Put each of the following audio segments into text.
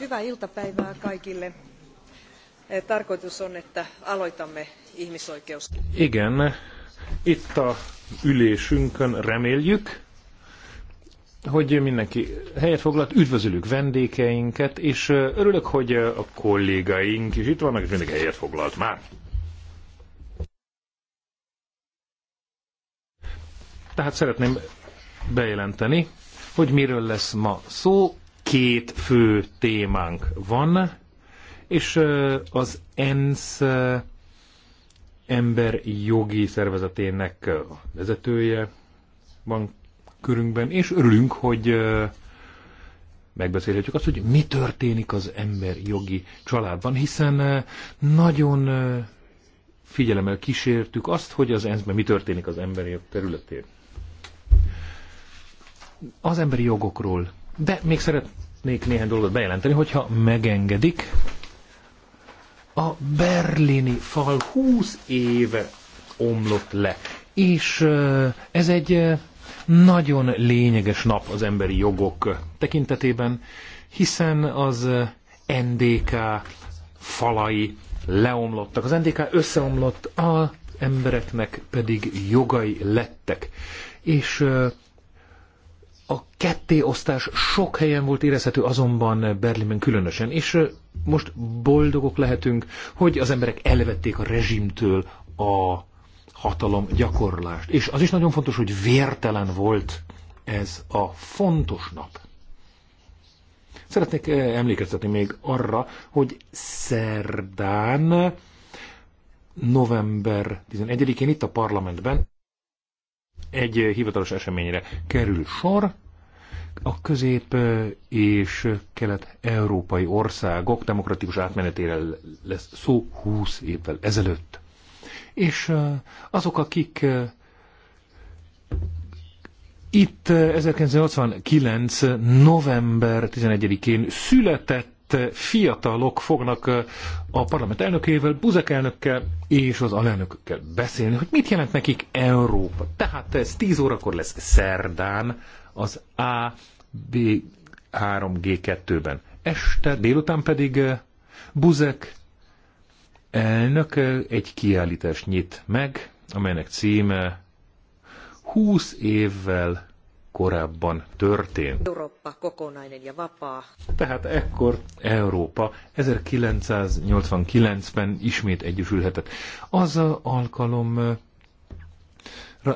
Hyvää iltapäivää kaikille. Eh, tarkoitus on, että aloitamme ihmisoikeus. Igen, itt a ülésünkön reméljük, hogy mindenki helyet foglalt, üdvözölük vendégeinket, és eh, örülök, hogy eh, a kollégáink is itt vannak, és mindenki helyet foglalt már. Tehát szeretném bejelenteni, hogy miről lesz ma szó. Két fő témánk van, és az ENSZ emberjogi szervezetének vezetője van körünkben, és örülünk, hogy megbeszélhetjük azt, hogy mi történik az emberjogi családban, hiszen nagyon figyelemmel kísértük azt, hogy az ENSZ-ben mi történik az emberi területén az emberi jogokról. De még szeretnék néhány dolgot bejelenteni, hogyha megengedik. A berlini fal 20 éve omlott le, és ez egy nagyon lényeges nap az emberi jogok tekintetében, hiszen az NDK falai leomlottak. Az NDK összeomlott, az embereknek pedig jogai lettek. És a kettéosztás sok helyen volt érezhető, azonban Berlinben különösen, és most boldogok lehetünk, hogy az emberek elvették a rezsimtől a hatalom gyakorlást. És az is nagyon fontos, hogy vértelen volt ez a fontos nap. Szeretnék emlékeztetni még arra, hogy szerdán, november 11-én itt a parlamentben egy hivatalos eseményre kerül sor, a közép- és kelet-európai országok demokratikus átmenetére lesz szó 20 évvel ezelőtt. És azok, akik itt 1989. november 11-én született mert fiatalok fognak a parlament elnökével, Buzek elnökkel és az alelnökökkel beszélni, hogy mit jelent nekik Európa. Tehát ez 10 órakor lesz szerdán az A, B, 3G2-ben. Este, délután pedig Buzek elnök egy kiállítás nyit meg, amelynek címe 20 évvel korábban történt. Európa kokonainen ja vapaa. Tehát ekkor Európa 1989-ben ismét egyesülhetett. Az alkalomra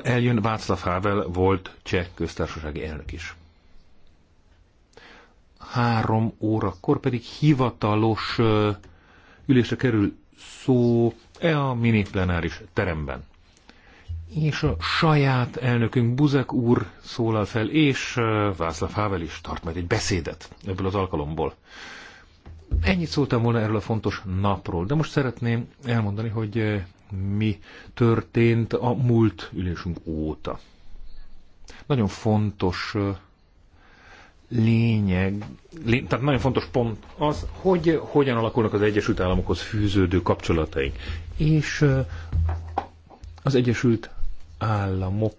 eljön Václav Havel volt cseh köztársasági elnök is. Három órakor pedig hivatalos ülésre kerül szó e a mini plenáris teremben és a saját elnökünk Buzek úr szólal fel, és Václav Havel is tart majd egy beszédet ebből az alkalomból. Ennyit szóltam volna erről a fontos napról, de most szeretném elmondani, hogy mi történt a múlt ülésünk óta. Nagyon fontos lényeg, lény, tehát nagyon fontos pont az, hogy hogyan alakulnak az Egyesült Államokhoz fűződő kapcsolataink. És az Egyesült államok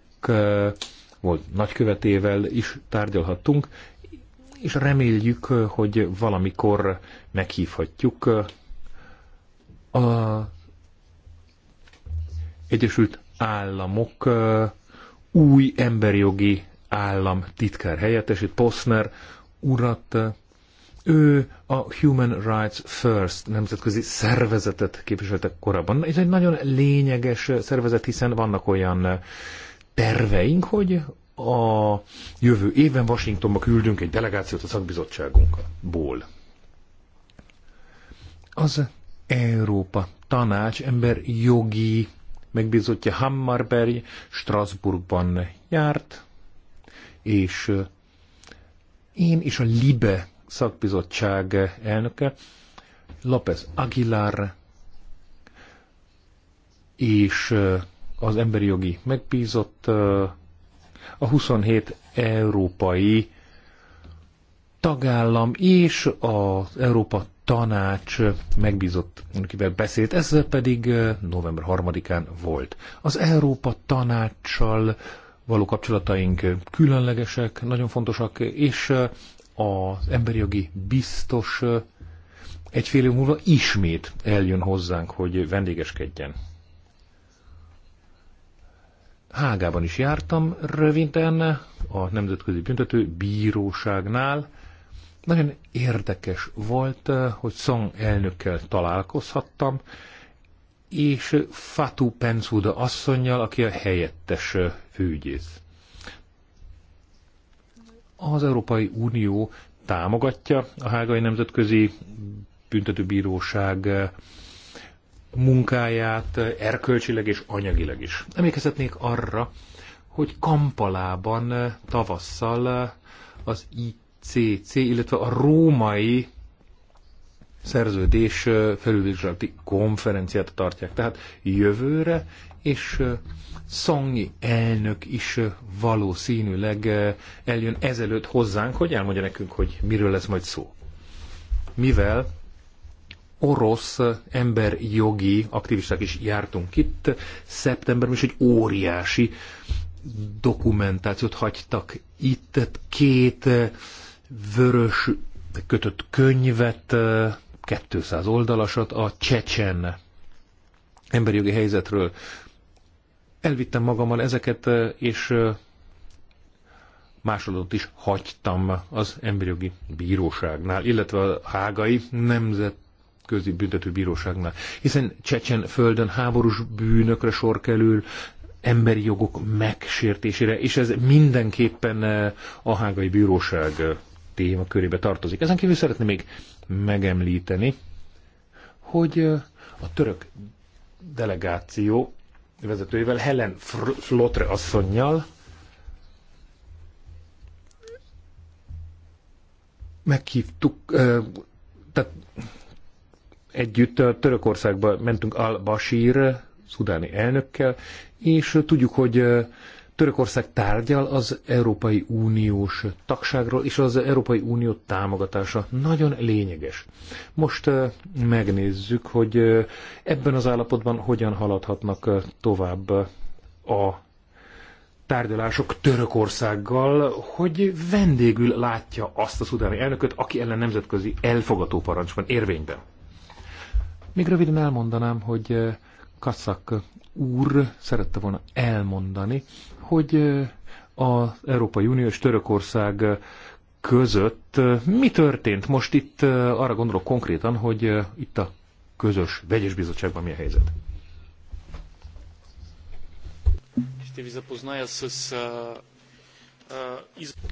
volt nagykövetével is tárgyalhattunk, és reméljük, hogy valamikor meghívhatjuk a Egyesült Államok új emberjogi állam titkár helyettesét, Posner urat, ő a Human Rights First nemzetközi szervezetet képviselte korábban. Ez egy nagyon lényeges szervezet, hiszen vannak olyan terveink, hogy a jövő évben Washingtonba küldünk egy delegációt a szakbizottságunkból. Az Európa Tanács ember jogi megbízottja Hammarberg Strasbourgban járt, és én és a Libe szakbizottság elnöke, López Aguilar és az emberi jogi megbízott a 27 európai tagállam és az Európa Tanács megbízott, akivel beszélt, ez pedig november 3-án volt. Az Európa Tanácssal való kapcsolataink különlegesek, nagyon fontosak, és az emberi jogi biztos egy fél év múlva ismét eljön hozzánk, hogy vendégeskedjen. Hágában is jártam röviden a Nemzetközi Büntető Bíróságnál. Nagyon érdekes volt, hogy Song elnökkel találkozhattam, és Fatu Pensuda asszonynal, aki a helyettes főügyész. Az Európai Unió támogatja a Hágai Nemzetközi Büntetőbíróság munkáját erkölcsileg és anyagileg is. Emlékezhetnék arra, hogy Kampalában tavasszal az ICC, illetve a római szerződés felülvizsgálati konferenciát tartják. Tehát jövőre és Szongi elnök is valószínűleg eljön ezelőtt hozzánk, hogy elmondja nekünk, hogy miről lesz majd szó. Mivel orosz emberjogi aktivisták is jártunk itt, szeptemberben is egy óriási dokumentációt hagytak itt, két vörös kötött könyvet, 200 oldalasat a csecsen emberjogi helyzetről elvittem magammal ezeket, és másodott is hagytam az emberjogi bíróságnál, illetve a hágai nemzetközi büntetőbíróságnál. Hiszen Csecsen földön háborús bűnökre sor kerül, emberi jogok megsértésére, és ez mindenképpen a hágai bíróság téma körébe tartozik. Ezen kívül szeretném még megemlíteni, hogy a török delegáció vezetőjével, Helen Flotre asszonynal, meghívtuk, tehát együtt Törökországba mentünk Al-Bashir szudáni elnökkel, és tudjuk, hogy Törökország tárgyal az Európai Uniós tagságról, és az Európai Unió támogatása nagyon lényeges. Most megnézzük, hogy ebben az állapotban hogyan haladhatnak tovább a tárgyalások Törökországgal, hogy vendégül látja azt a szudáni elnököt, aki ellen nemzetközi elfogató parancs van érvényben. Még röviden elmondanám, hogy Kaszak úr szerette volna elmondani, hogy az Európai Unió és Törökország között mi történt? Most itt arra gondolok konkrétan, hogy itt a közös vegyes bizottságban mi a helyzet?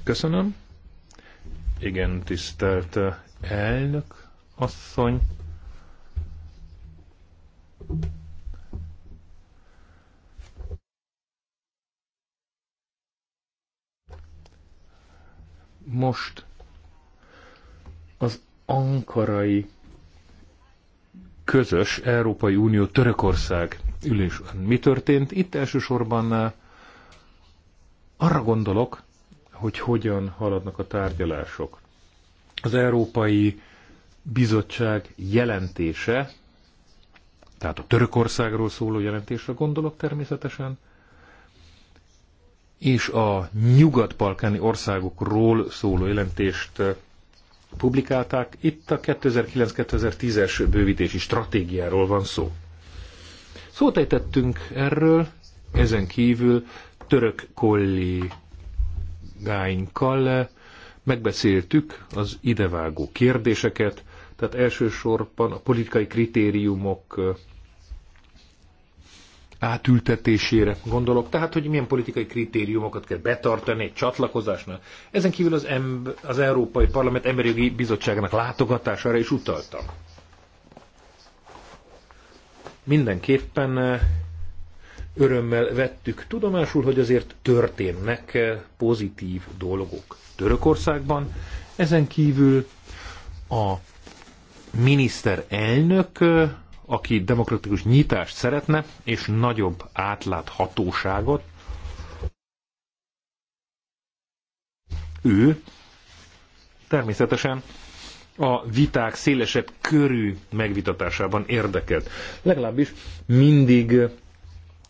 Köszönöm. Igen, tisztelt elnök asszony. Most az ankarai közös Európai Unió Törökország ülés. Mi történt? Itt elsősorban eh, arra gondolok, hogy hogyan haladnak a tárgyalások. Az Európai Bizottság jelentése, tehát a Törökországról szóló jelentésre gondolok természetesen, és a nyugat-balkáni országokról szóló jelentést eh, publikálták. Itt a 2009-2010-es bővítési stratégiáról van szó. Szót ejtettünk erről, ezen kívül török kollégáinkkal eh, megbeszéltük az idevágó kérdéseket, tehát elsősorban a politikai kritériumok eh, átültetésére gondolok, tehát hogy milyen politikai kritériumokat kell betartani egy csatlakozásnál. Ezen kívül az, em- az Európai Parlament Emberi Jogi Bizottságának látogatására is utaltam. Mindenképpen eh, örömmel vettük tudomásul, hogy azért történnek eh, pozitív dolgok Törökországban. Ezen kívül a miniszterelnök eh, aki demokratikus nyitást szeretne, és nagyobb átláthatóságot, ő természetesen a viták szélesebb körű megvitatásában érdekelt. Legalábbis mindig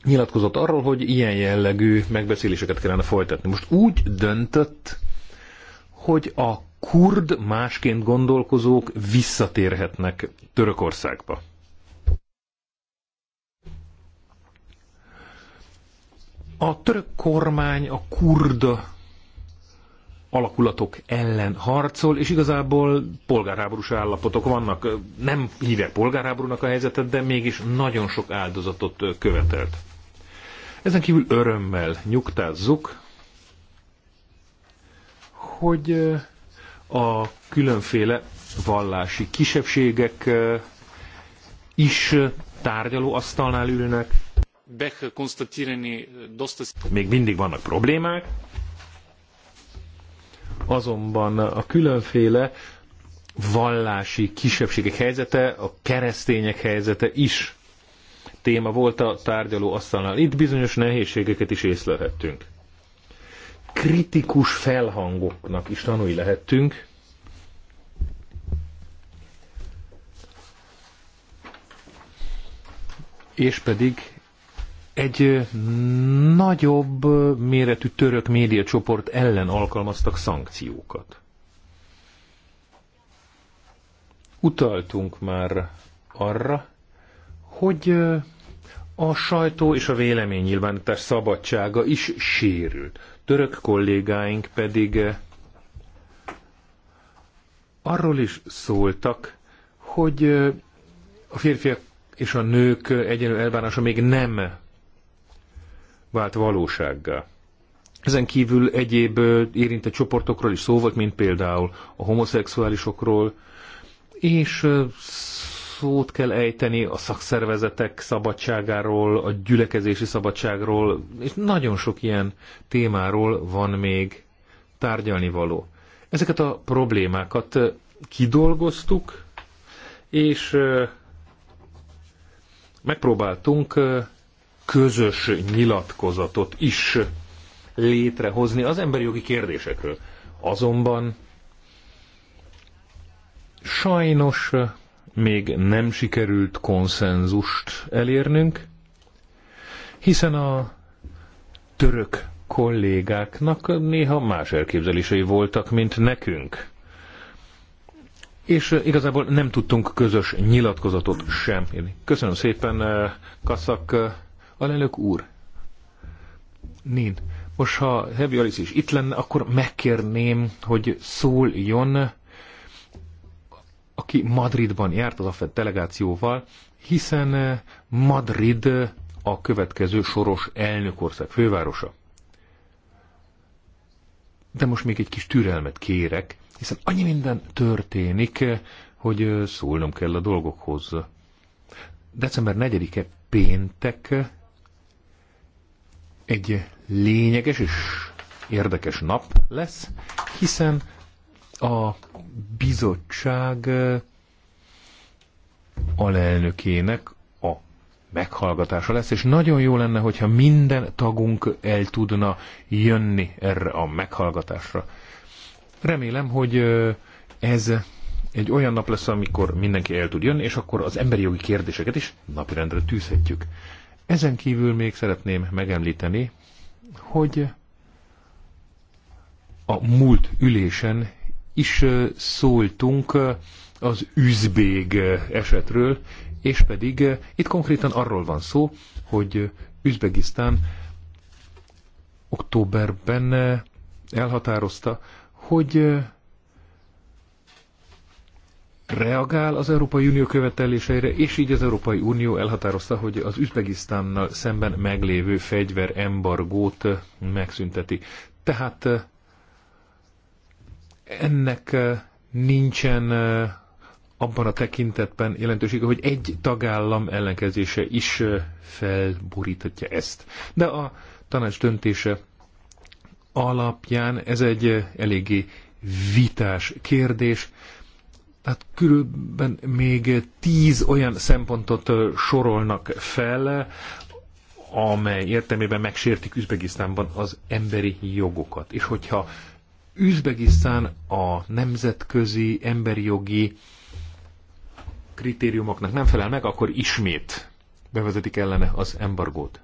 nyilatkozott arról, hogy ilyen jellegű megbeszéléseket kellene folytatni. Most úgy döntött, hogy a kurd másként gondolkozók visszatérhetnek Törökországba. A török kormány a kurd alakulatok ellen harcol, és igazából polgárháborús állapotok vannak. Nem híve polgárháborúnak a helyzetet, de mégis nagyon sok áldozatot követelt. Ezen kívül örömmel nyugtázzuk, hogy a különféle vallási kisebbségek is tárgyaló asztalnál ülnek, még mindig vannak problémák, azonban a különféle vallási kisebbségek helyzete, a keresztények helyzete is téma volt a tárgyaló asztalnál. Itt bizonyos nehézségeket is észlelhettünk. Kritikus felhangoknak is tanulni lehettünk. És pedig egy nagyobb méretű török médiacsoport ellen alkalmaztak szankciókat. Utaltunk már arra, hogy a sajtó és a véleménynyilvánítás szabadsága is sérült. Török kollégáink pedig arról is szóltak, hogy a férfiak és a nők egyenlő elvárása még nem vált valósággá. Ezen kívül egyéb érintett csoportokról is szó volt, mint például a homoszexuálisokról, és szót kell ejteni a szakszervezetek szabadságáról, a gyülekezési szabadságról, és nagyon sok ilyen témáról van még tárgyalni való. Ezeket a problémákat kidolgoztuk, és megpróbáltunk közös nyilatkozatot is létrehozni az emberi jogi kérdésekről. Azonban sajnos még nem sikerült konszenzust elérnünk, hiszen a török kollégáknak néha más elképzelései voltak, mint nekünk. És igazából nem tudtunk közös nyilatkozatot sem Köszönöm szépen, eh, Kaszak eh, Alelnök úr, Nin, most ha Hevi Alice is itt lenne, akkor megkérném, hogy szóljon, aki Madridban járt az AFED delegációval, hiszen eh, Madrid a következő soros elnökország fővárosa. De most még egy kis türelmet kérek, hiszen annyi minden történik, eh, hogy eh, szólnom kell a dolgokhoz. December 4-e péntek egy lényeges és érdekes nap lesz, hiszen a bizottság alelnökének a meghallgatása lesz, és nagyon jó lenne, hogyha minden tagunk el tudna jönni erre a meghallgatásra. Remélem, hogy ez egy olyan nap lesz, amikor mindenki el tud jönni, és akkor az emberi jogi kérdéseket is napirendre tűzhetjük. Ezen kívül még szeretném megemlíteni, hogy a múlt ülésen is szóltunk az üzbég esetről, és pedig itt konkrétan arról van szó, hogy Üzbegisztán októberben elhatározta, hogy reagál az Európai Unió követeléseire, és így az Európai Unió elhatározta, hogy az Üzbegisztánnal szemben meglévő fegyver embargót megszünteti. Tehát eh, ennek eh, nincsen eh, abban a tekintetben jelentősége, hogy egy tagállam ellenkezése is felboríthatja ezt. De a tanács döntése alapján ez egy eléggé vitás kérdés, tehát körülben még tíz olyan szempontot sorolnak fel, amely értelmében megsértik Üzbegisztánban az emberi jogokat. És hogyha Üzbegisztán a nemzetközi emberi jogi kritériumoknak nem felel meg, akkor ismét bevezetik ellene az embargót.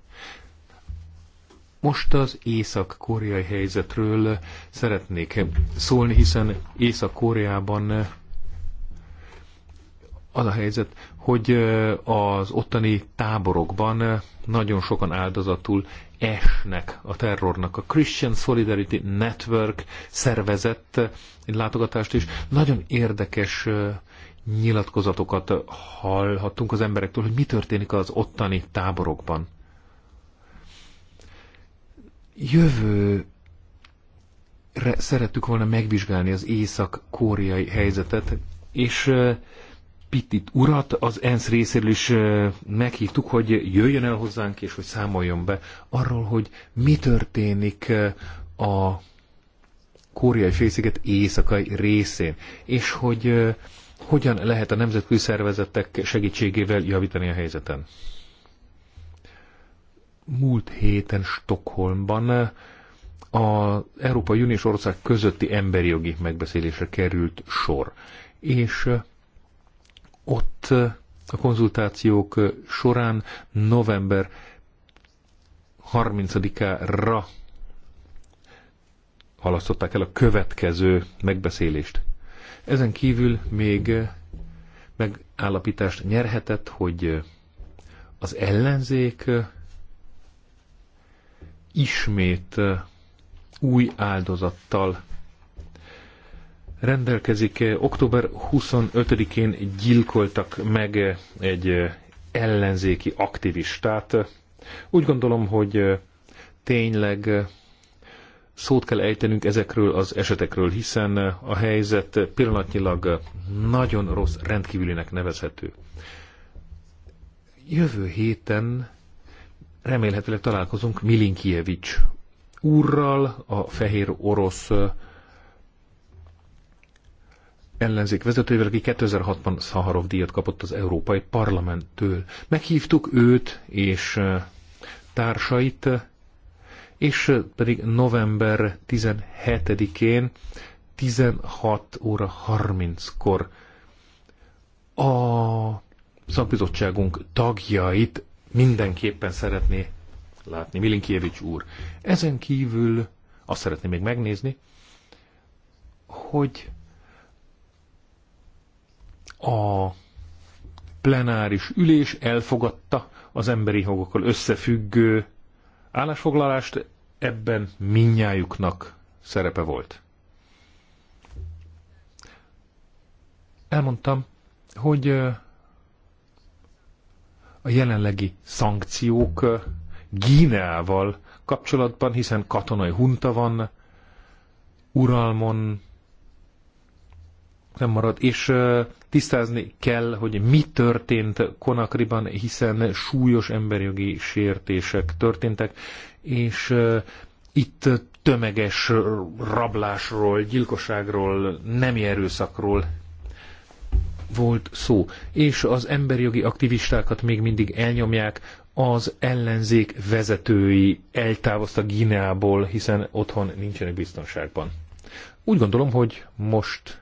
Most az észak-koreai helyzetről szeretnék szólni, hiszen Észak-Koreában az a helyzet, hogy az ottani táborokban nagyon sokan áldozatul esnek a terrornak. A Christian Solidarity Network szervezett egy látogatást is. Nagyon érdekes nyilatkozatokat hallhattunk az emberektől, hogy mi történik az ottani táborokban. Jövő szerettük volna megvizsgálni az észak kóriai helyzetet, és Pitit urat az ENSZ részéről is meghívtuk, hogy jöjjön el hozzánk, és hogy számoljon be arról, hogy mi történik a kóriai félsziget éjszakai részén, és hogy hogyan lehet a nemzetközi szervezetek segítségével javítani a helyzeten. Múlt héten Stockholmban az Európai Uniós ország közötti emberi jogi megbeszélésre került sor, és ott a konzultációk során november 30-ára halasztották el a következő megbeszélést. Ezen kívül még megállapítást nyerhetett, hogy az ellenzék ismét új áldozattal rendelkezik. Október 25-én gyilkoltak meg egy ellenzéki aktivistát. Úgy gondolom, hogy tényleg szót kell ejtenünk ezekről az esetekről, hiszen a helyzet pillanatnyilag nagyon rossz, rendkívülinek nevezhető. Jövő héten remélhetőleg találkozunk Milinkievics úrral, a fehér orosz ellenzék vezetőjével, aki 2006-ban Szaharov díjat kapott az Európai Parlamenttől. Meghívtuk őt és társait, és pedig november 17-én 16 óra 30-kor a szakbizottságunk tagjait mindenképpen szeretné látni, Milinkievics úr. Ezen kívül azt szeretném még megnézni, hogy a plenáris ülés elfogadta az emberi jogokkal összefüggő állásfoglalást, ebben minnyájuknak szerepe volt. Elmondtam, hogy a jelenlegi szankciók Gíneával kapcsolatban, hiszen katonai hunta van, uralmon nem marad, és Tisztázni kell, hogy mi történt Konakriban, hiszen súlyos emberjogi sértések történtek, és itt tömeges rablásról, gyilkosságról, nemi erőszakról volt szó. És az emberjogi aktivistákat még mindig elnyomják, az ellenzék vezetői eltávoztak Gineából, hiszen otthon nincsenek biztonságban. Úgy gondolom, hogy most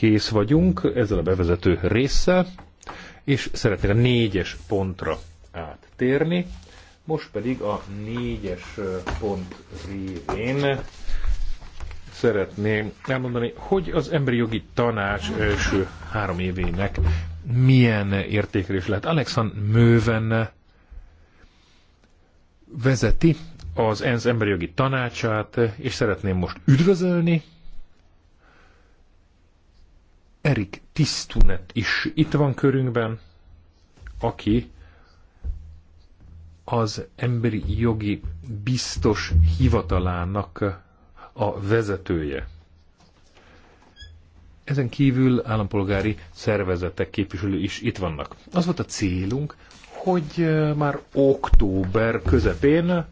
kész vagyunk ezzel a bevezető résszel, és szeretnék a négyes pontra áttérni. Most pedig a négyes pont révén szeretném elmondani, hogy az Emberi Jogi Tanács első három évének milyen értékelés lehet. Alexan Möven vezeti az ENSZ Emberi Jogi Tanácsát, és szeretném most üdvözölni Erik Tisztunet is itt van körünkben, aki az emberi jogi biztos hivatalának a vezetője. Ezen kívül állampolgári szervezetek képviselői is itt vannak. Az volt a célunk, hogy eh, már október közepén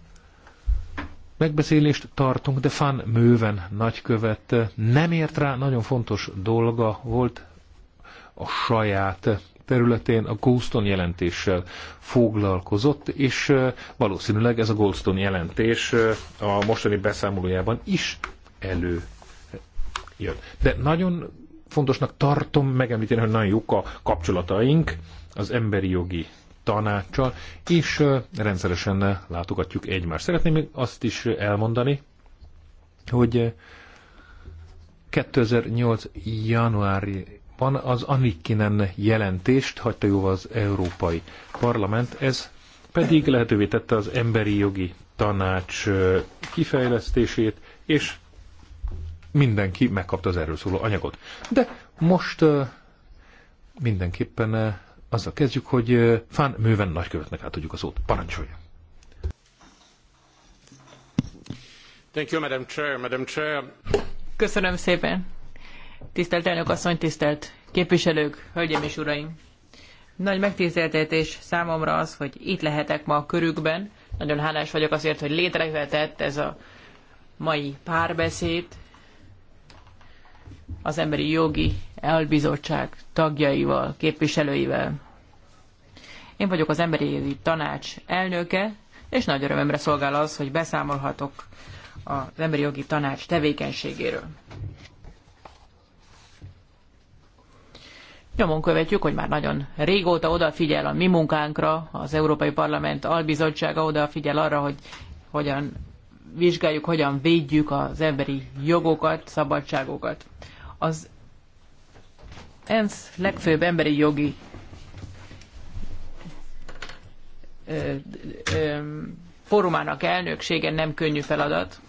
megbeszélést tartunk, de Fan Möven nagykövet nem ért rá, nagyon fontos dolga volt a saját területén a Goldstone jelentéssel foglalkozott, és valószínűleg ez a Goldstone jelentés a mostani beszámolójában is elő jön. De nagyon fontosnak tartom megemlíteni, hogy nagyon jók a kapcsolataink az emberi jogi tanácsal, és rendszeresen látogatjuk egymást. Szeretném még azt is elmondani, hogy 2008. januárban az Anikinen jelentést hagyta jó az Európai Parlament, ez pedig lehetővé tette az emberi jogi tanács kifejlesztését, és mindenki megkapta az erről szóló anyagot. De most mindenképpen azzal kezdjük, hogy Fán Műven nagykövetnek átadjuk a szót. Parancsolja! Thank you, Madam Chair, Madam Chair. Köszönöm szépen! Tisztelt elnök asszony, tisztelt képviselők, hölgyeim és uraim! Nagy megtiszteltetés számomra az, hogy itt lehetek ma a körükben. Nagyon hálás vagyok azért, hogy létrejöhetett ez a mai párbeszéd, az Emberi Jogi Elbizottság tagjaival, képviselőivel. Én vagyok az Emberi Jogi Tanács elnöke, és nagy örömömre szolgál az, hogy beszámolhatok az Emberi Jogi Tanács tevékenységéről. Nyomon követjük, hogy már nagyon régóta odafigyel a mi munkánkra, az Európai Parlament albizottsága odafigyel arra, hogy hogyan vizsgáljuk, hogyan védjük az emberi jogokat, szabadságokat. Az ENSZ legfőbb emberi jogi fórumának elnöksége nem könnyű feladat,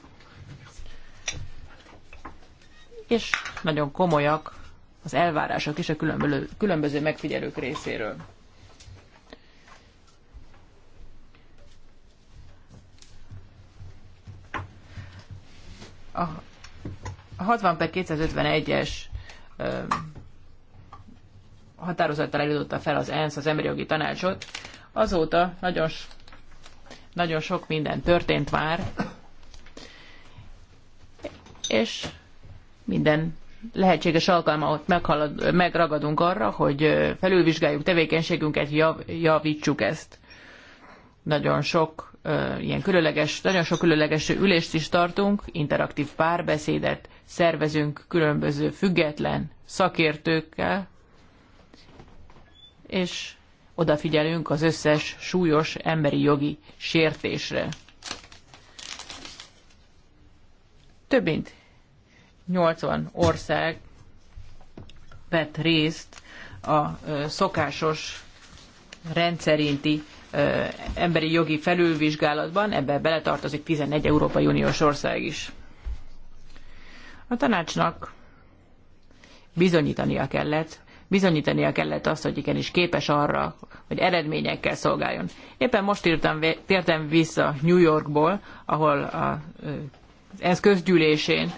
és nagyon komolyak az elvárások is a különböző, különböző megfigyelők részéről. A a 60 per 251-es határozattal előadotta fel az ENSZ az emberi jogi tanácsot. Azóta nagyon, nagyon sok minden történt már, és minden lehetséges alkalmat megragadunk arra, hogy felülvizsgáljuk tevékenységünket, jav, javítsuk ezt. Nagyon sok ilyen különleges, nagyon sok különleges ülést is tartunk, interaktív párbeszédet szervezünk különböző független szakértőkkel, és odafigyelünk az összes súlyos emberi jogi sértésre. Több mint 80 ország vett részt a szokásos rendszerinti emberi jogi felülvizsgálatban, ebbe beletartozik 11 Európai Uniós ország is. A tanácsnak bizonyítania kellett, bizonyítania kellett azt, hogy igenis képes arra, hogy eredményekkel szolgáljon. Éppen most írtam, tértem vissza New Yorkból, ahol a ENSZ közgyűlésén,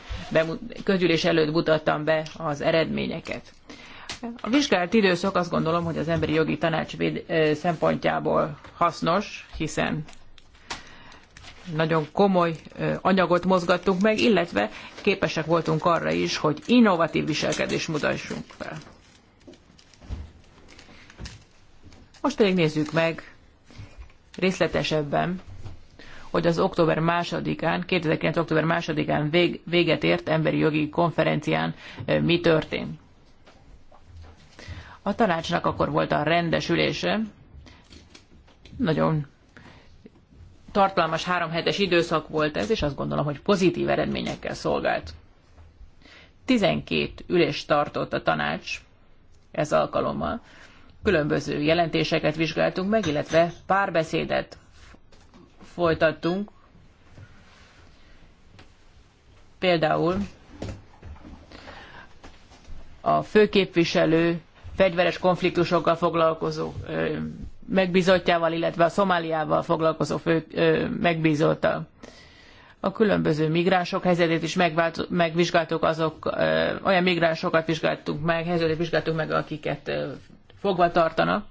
közgyűlés előtt mutattam be az eredményeket. A vizsgált időszak azt gondolom, hogy az emberi jogi tanács szempontjából hasznos, hiszen nagyon komoly anyagot mozgattunk meg, illetve képesek voltunk arra is, hogy innovatív viselkedést mutassunk fel. Most pedig nézzük meg részletesebben, hogy az október másodikán, 2009. október másodikán vég, véget ért emberi jogi konferencián mi történt. A tanácsnak akkor volt a rendes ülése nagyon tartalmas háromhetes időszak volt ez, és azt gondolom, hogy pozitív eredményekkel szolgált. 12 ülést tartott a tanács ez alkalommal. Különböző jelentéseket vizsgáltunk meg, illetve párbeszédet folytattunk. Például a főképviselő fegyveres konfliktusokkal foglalkozó megbízottjával, illetve a Szomáliával foglalkozó fő megbízottal. A különböző migránsok helyzetét is megvizsgáltuk, azok olyan migránsokat vizsgáltunk meg, helyzetet vizsgáltunk meg, akiket fogva tartanak.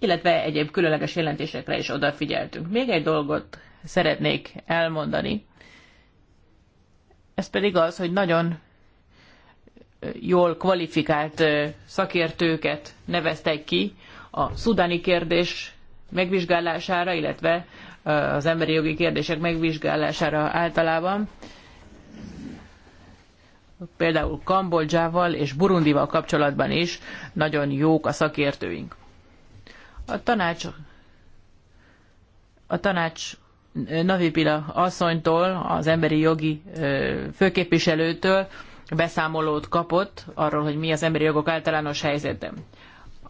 Illetve egyéb különleges jelentésekre is odafigyeltünk. Még egy dolgot szeretnék elmondani. Ez pedig az, hogy nagyon jól kvalifikált szakértőket neveztek ki a szudáni kérdés megvizsgálására, illetve az emberi jogi kérdések megvizsgálására általában. Például Kambodzsával és Burundival kapcsolatban is nagyon jók a szakértőink. A tanács, a tanács Navipila asszonytól, az emberi jogi főképviselőtől beszámolót kapott arról, hogy mi az emberi jogok általános helyzete.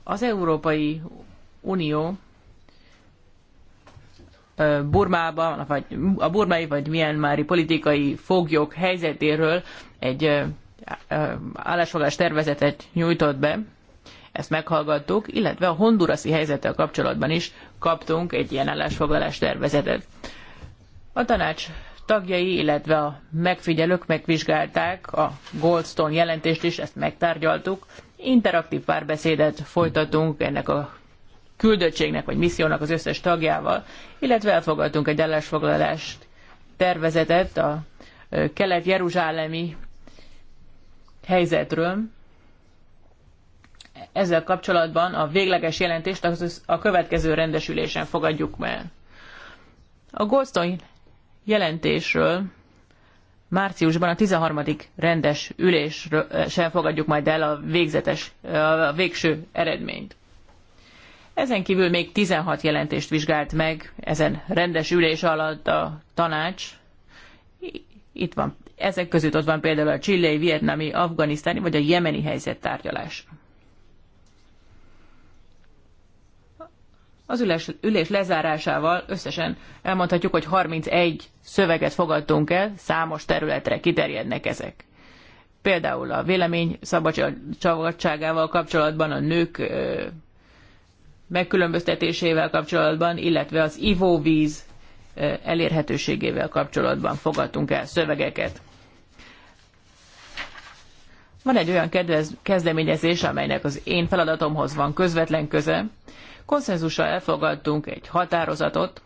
Az Európai Unió Burmában, vagy a burmai vagy mári politikai foglyok helyzetéről egy állásfogás tervezetet nyújtott be, ezt meghallgattuk, illetve a hondurasi helyzettel kapcsolatban is kaptunk egy ilyen állásfoglalás tervezetet. A tanács tagjai, illetve a megfigyelők megvizsgálták a Goldstone jelentést is, ezt megtárgyaltuk. Interaktív párbeszédet folytatunk ennek a küldöttségnek vagy missziónak az összes tagjával, illetve elfogadtunk egy állásfoglalást tervezetet a kelet-jeruzsálemi helyzetről. Ezzel kapcsolatban a végleges jelentést a következő rendesülésen fogadjuk meg. A Goldstone jelentésről márciusban a 13. rendes eh, sem fogadjuk majd el a végzetes, eh, a végső eredményt. Ezen kívül még 16 jelentést vizsgált meg ezen rendes ülés alatt a tanács. Itt van, ezek között ott van például a csillei, vietnami, afganisztáni vagy a jemeni helyzet tárgyalása. Az ülés, ülés lezárásával összesen elmondhatjuk, hogy 31 szöveget fogadtunk el, számos területre kiterjednek ezek. Például a vélemény szabadságával kapcsolatban, a nők ö, megkülönböztetésével kapcsolatban, illetve az ivóvíz ö, elérhetőségével kapcsolatban fogadtunk el szövegeket. Van egy olyan kedvez, kezdeményezés, amelynek az én feladatomhoz van közvetlen köze, Konszenzusra elfogadtunk egy határozatot,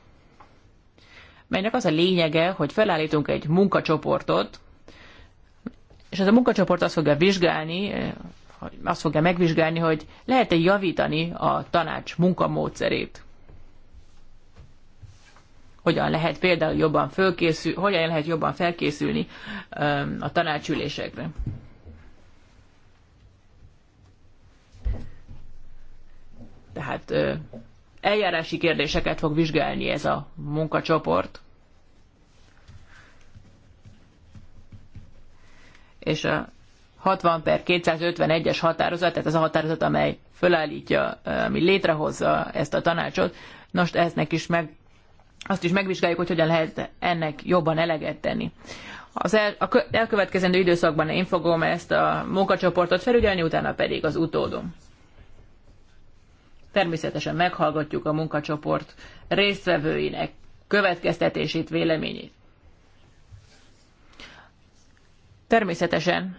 melynek az a lényege, hogy felállítunk egy munkacsoportot, és ez a munkacsoport azt fogja vizsgálni, azt fogja megvizsgálni, hogy lehet-e javítani a tanács munkamódszerét. Hogyan lehet például jobban fölkészül, hogyan lehet jobban felkészülni a tanácsülésekre. Tehát eljárási kérdéseket fog vizsgálni ez a munkacsoport. És a 60 per 251-es határozat, tehát ez a határozat, amely fölállítja, ami létrehozza ezt a tanácsot, most eznek is meg, azt is megvizsgáljuk, hogy hogyan lehet ennek jobban eleget tenni. Az el, a elkövetkezendő időszakban én fogom ezt a munkacsoportot felügyelni, utána pedig az utódom természetesen meghallgatjuk a munkacsoport résztvevőinek következtetését, véleményét. Természetesen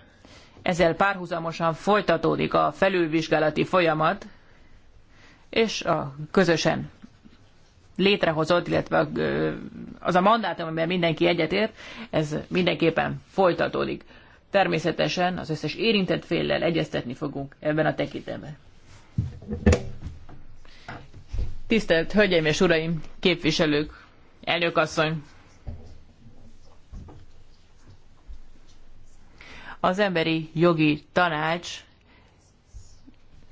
ezzel párhuzamosan folytatódik a felülvizsgálati folyamat, és a közösen létrehozott, illetve az a mandátum, amiben mindenki egyetért, ez mindenképpen folytatódik. Természetesen az összes érintett féllel egyeztetni fogunk ebben a tekintetben. Tisztelt Hölgyeim és Uraim, képviselők, elnök asszony! Az Emberi Jogi Tanács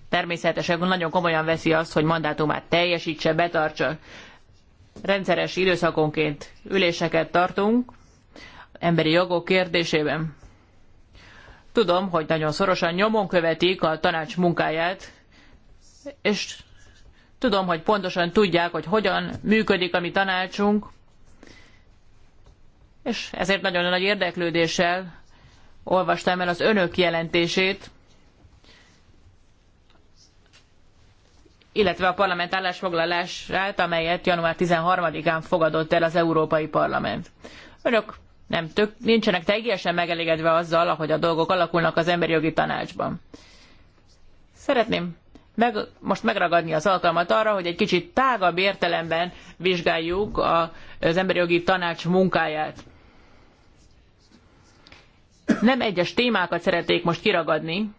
természetesen nagyon komolyan veszi azt, hogy mandátumát teljesítse, betartsa. Rendszeres időszakonként üléseket tartunk emberi jogok kérdésében. Tudom, hogy nagyon szorosan nyomon követik a tanács munkáját, és Tudom, hogy pontosan tudják, hogy hogyan működik a mi tanácsunk, és ezért nagyon nagy érdeklődéssel olvastam el az önök jelentését, illetve a parlament állásfoglalását, amelyet január 13-án fogadott el az Európai Parlament. Önök nem tök, nincsenek teljesen megelégedve azzal, ahogy a dolgok alakulnak az emberi jogi tanácsban. Szeretném meg, most megragadni az alkalmat arra, hogy egy kicsit tágabb értelemben vizsgáljuk a, az emberi jogi tanács munkáját. Nem egyes témákat szeretnék most kiragadni,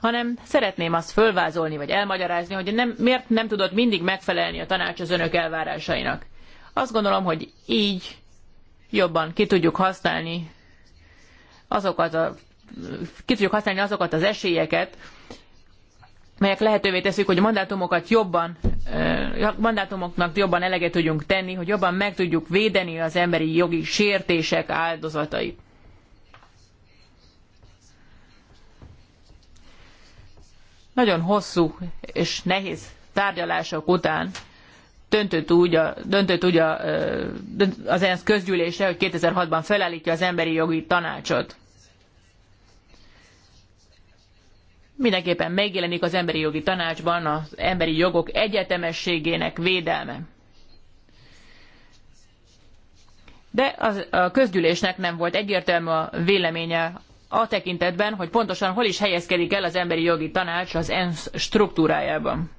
hanem szeretném azt fölvázolni, vagy elmagyarázni, hogy nem, miért nem tudott mindig megfelelni a tanács az önök elvárásainak. Azt gondolom, hogy így jobban ki tudjuk használni azokat a, ki tudjuk használni azokat az esélyeket, melyek lehetővé teszik, hogy a mandátumokat jobban, mandátumoknak jobban eleget tudjunk tenni, hogy jobban meg tudjuk védeni az emberi jogi sértések áldozatait. Nagyon hosszú és nehéz tárgyalások után döntött úgy, a, döntött úgy a, az ENSZ közgyűlése, hogy 2006-ban felállítja az emberi jogi tanácsot. mindenképpen megjelenik az emberi jogi tanácsban az emberi jogok egyetemességének védelme. De az, a közgyűlésnek nem volt egyértelmű a véleménye a tekintetben, hogy pontosan hol is helyezkedik el az emberi jogi tanács az ENSZ struktúrájában.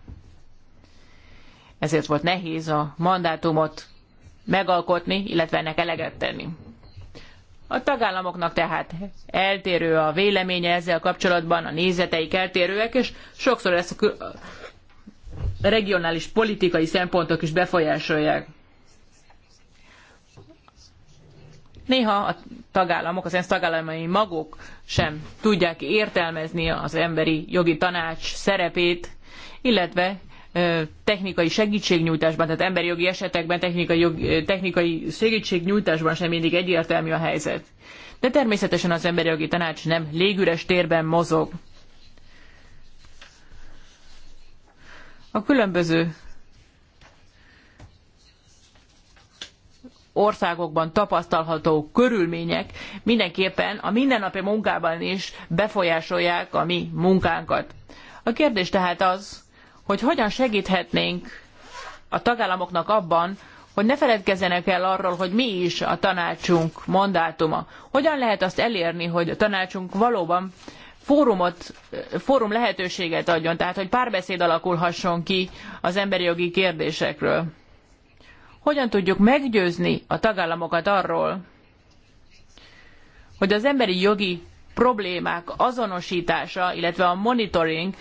Ezért volt nehéz a mandátumot megalkotni, illetve ennek eleget tenni. A tagállamoknak tehát eltérő a véleménye ezzel kapcsolatban, a nézeteik eltérőek, és sokszor ezt a regionális politikai szempontok is befolyásolják. Néha a tagállamok, az ENSZ tagállamai maguk sem tudják értelmezni az emberi jogi tanács szerepét, illetve technikai segítségnyújtásban, tehát emberi jogi esetekben, technikai, jog, technikai segítségnyújtásban sem mindig egyértelmű a helyzet. De természetesen az emberi jogi tanács nem légüres térben mozog. A különböző országokban tapasztalható körülmények mindenképpen a mindennapi munkában is befolyásolják a mi munkánkat. A kérdés tehát az, hogy hogyan segíthetnénk a tagállamoknak abban, hogy ne feledkezzenek el arról, hogy mi is a tanácsunk mandátuma. Hogyan lehet azt elérni, hogy a tanácsunk valóban fórumot, fórum lehetőséget adjon, tehát hogy párbeszéd alakulhasson ki az emberi jogi kérdésekről. Hogyan tudjuk meggyőzni a tagállamokat arról, hogy az emberi jogi problémák azonosítása, illetve a monitoring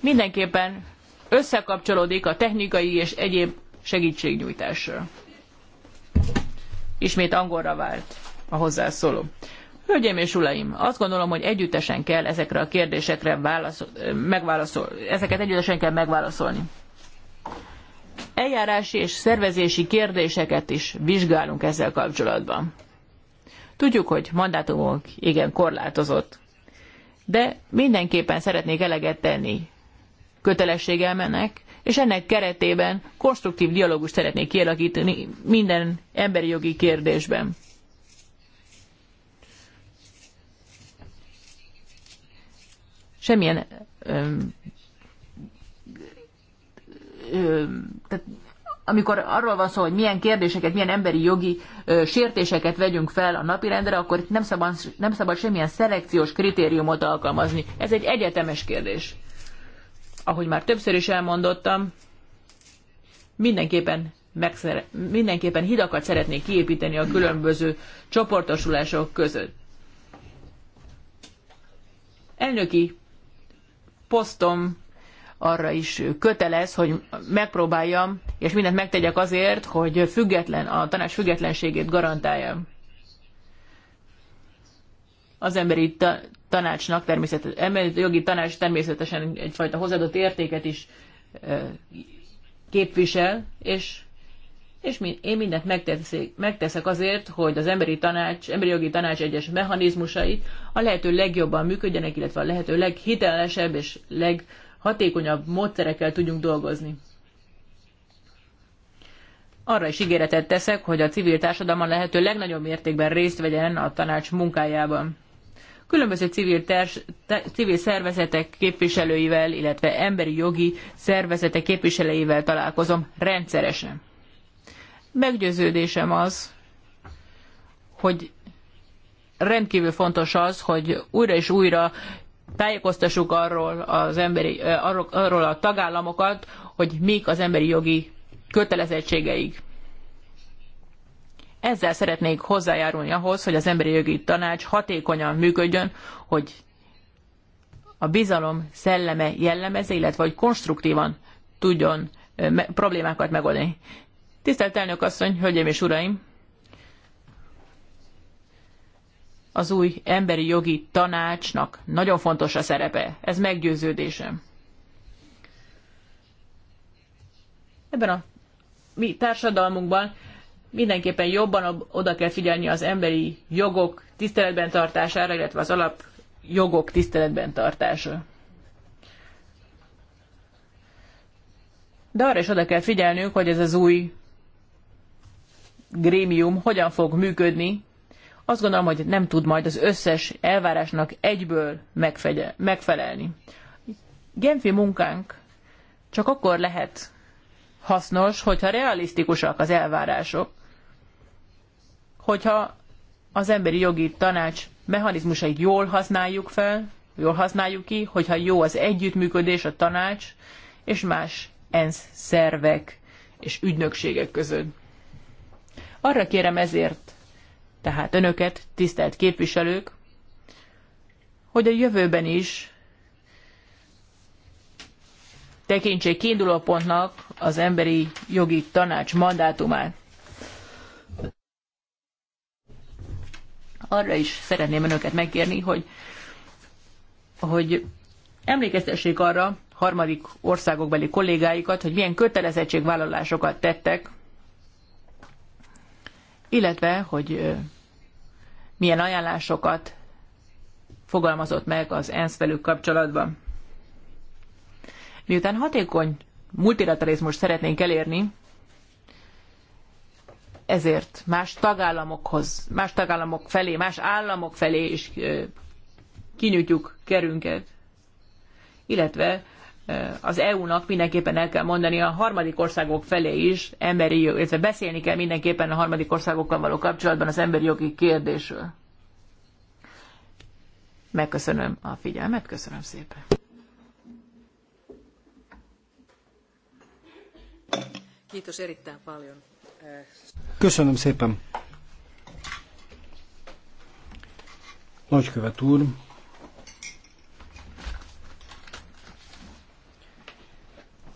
mindenképpen összekapcsolódik a technikai és egyéb segítségnyújtással. Ismét angolra vált a hozzászóló. Hölgyeim és uraim, azt gondolom, hogy együttesen kell ezekre a kérdésekre válaszol, ezeket együttesen kell megválaszolni. Eljárási és szervezési kérdéseket is vizsgálunk ezzel kapcsolatban. Tudjuk, hogy mandátumunk igen korlátozott, de mindenképpen szeretnék eleget tenni kötelességgel mennek, és ennek keretében konstruktív dialógust szeretnék kialakítani minden emberi jogi kérdésben. Semmilyen öm, öm, tehát amikor arról van szó, hogy milyen kérdéseket, milyen emberi jogi ö, sértéseket vegyünk fel a napirendre, akkor nem szabad, nem szabad semmilyen szelekciós kritériumot alkalmazni. Ez egy egyetemes kérdés ahogy már többször is elmondottam, mindenképpen, megszere, mindenképpen hidakat szeretnék kiépíteni a különböző csoportosulások között. Elnöki posztom arra is kötelez, hogy megpróbáljam, és mindent megtegyek azért, hogy független, a tanács függetlenségét garantáljam. Az emberi tanácsnak, természetesen, jogi tanács természetesen egyfajta hozadott értéket is képvisel, és, és én mindent megteszek, megteszek azért, hogy az emberi tanács, emberi jogi tanács egyes mechanizmusai a lehető legjobban működjenek, illetve a lehető leghitelesebb és leghatékonyabb módszerekkel tudjunk dolgozni. Arra is ígéretet teszek, hogy a civil társadalom a lehető legnagyobb mértékben részt vegyen a tanács munkájában különböző civil, ters, te, civil szervezetek képviselőivel, illetve emberi jogi szervezetek képviselőivel találkozom rendszeresen. Meggyőződésem az, hogy rendkívül fontos az, hogy újra és újra tájékoztassuk arról, az emberi, eh, arról a tagállamokat, hogy mik az emberi jogi kötelezettségeik ezzel szeretnék hozzájárulni ahhoz, hogy az emberi jogi tanács hatékonyan működjön, hogy a bizalom szelleme jellemezze, illetve hogy konstruktívan tudjon me problémákat megoldani. Tisztelt elnök asszony, hölgyeim és uraim! Az új emberi jogi tanácsnak nagyon fontos a szerepe. Ez meggyőződésem. Ebben a mi társadalmunkban mindenképpen jobban oda kell figyelni az emberi jogok tiszteletben tartására, illetve az alap jogok tiszteletben tartása. De arra is oda kell figyelnünk, hogy ez az új grémium hogyan fog működni. Azt gondolom, hogy nem tud majd az összes elvárásnak egyből megfelelni. Genfi munkánk csak akkor lehet hasznos, hogyha realisztikusak az elvárások, hogyha az emberi jogi tanács mechanizmusait jól használjuk fel, jól használjuk ki, hogyha jó az együttműködés a tanács és más ENSZ szervek és ügynökségek között. Arra kérem ezért, tehát önöket, tisztelt képviselők, hogy a jövőben is tekintsék kiinduló pontnak az emberi jogi tanács mandátumát. arra is szeretném önöket megkérni, hogy, hogy emlékeztessék arra harmadik országokbeli kollégáikat, hogy milyen kötelezettségvállalásokat tettek, illetve, hogy milyen ajánlásokat fogalmazott meg az ENSZ velük kapcsolatban. Miután hatékony multilateralizmus szeretnénk elérni, ezért más tagállamokhoz, más tagállamok felé, más államok felé is kinyújtjuk kerünket. Illetve az EU-nak mindenképpen el kell mondani a harmadik országok felé is emberi jog, illetve beszélni kell mindenképpen a harmadik országokkal való kapcsolatban az emberi jogi kérdésről. Megköszönöm a figyelmet, köszönöm szépen. Kiitos erittäin paljon. Köszönöm szépen. Nagykövet úr,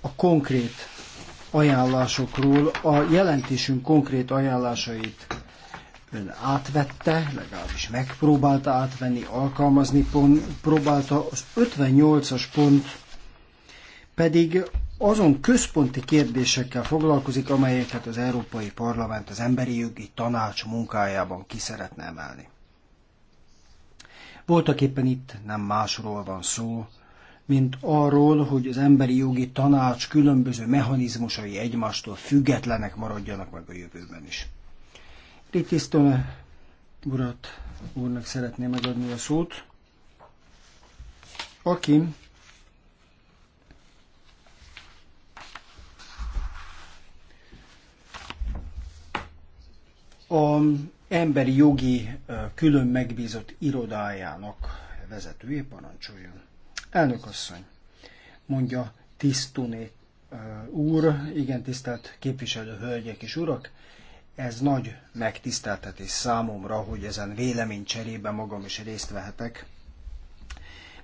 a konkrét ajánlásokról, a jelentésünk konkrét ajánlásait ön átvette, legalábbis megpróbálta átvenni, alkalmazni pont, próbálta. Az 58-as pont pedig azon központi kérdésekkel foglalkozik, amelyeket az Európai Parlament az Emberi Jogi Tanács munkájában ki szeretne emelni. Voltak éppen itt nem másról van szó, mint arról, hogy az emberi jogi tanács különböző mechanizmusai egymástól függetlenek maradjanak meg a jövőben is. Ritisztone urat, úrnak szeretném megadni a szót, aki a emberi jogi külön megbízott irodájának vezetője parancsoljon. Elnök asszony, mondja Tisztuné úr, igen tisztelt képviselő hölgyek és urak, ez nagy megtiszteltetés számomra, hogy ezen véleménycserében magam is részt vehetek.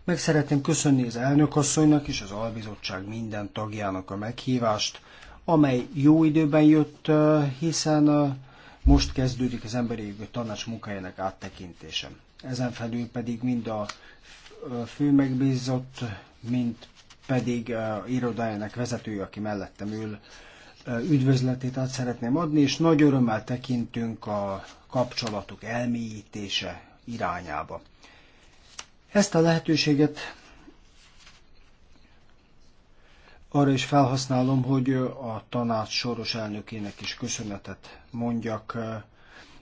Meg szeretném köszönni az elnökasszonynak és az albizottság minden tagjának a meghívást, amely jó időben jött, hiszen most kezdődik az emberi jogi tanács munkájának áttekintése. Ezen felül pedig mind a fő megbízott, mind pedig a irodájának vezetője, aki mellettem ül, üdvözletét át szeretném adni, és nagy örömmel tekintünk a kapcsolatok elmélyítése irányába. Ezt a lehetőséget Arra is felhasználom, hogy a tanács soros elnökének is köszönetet mondjak.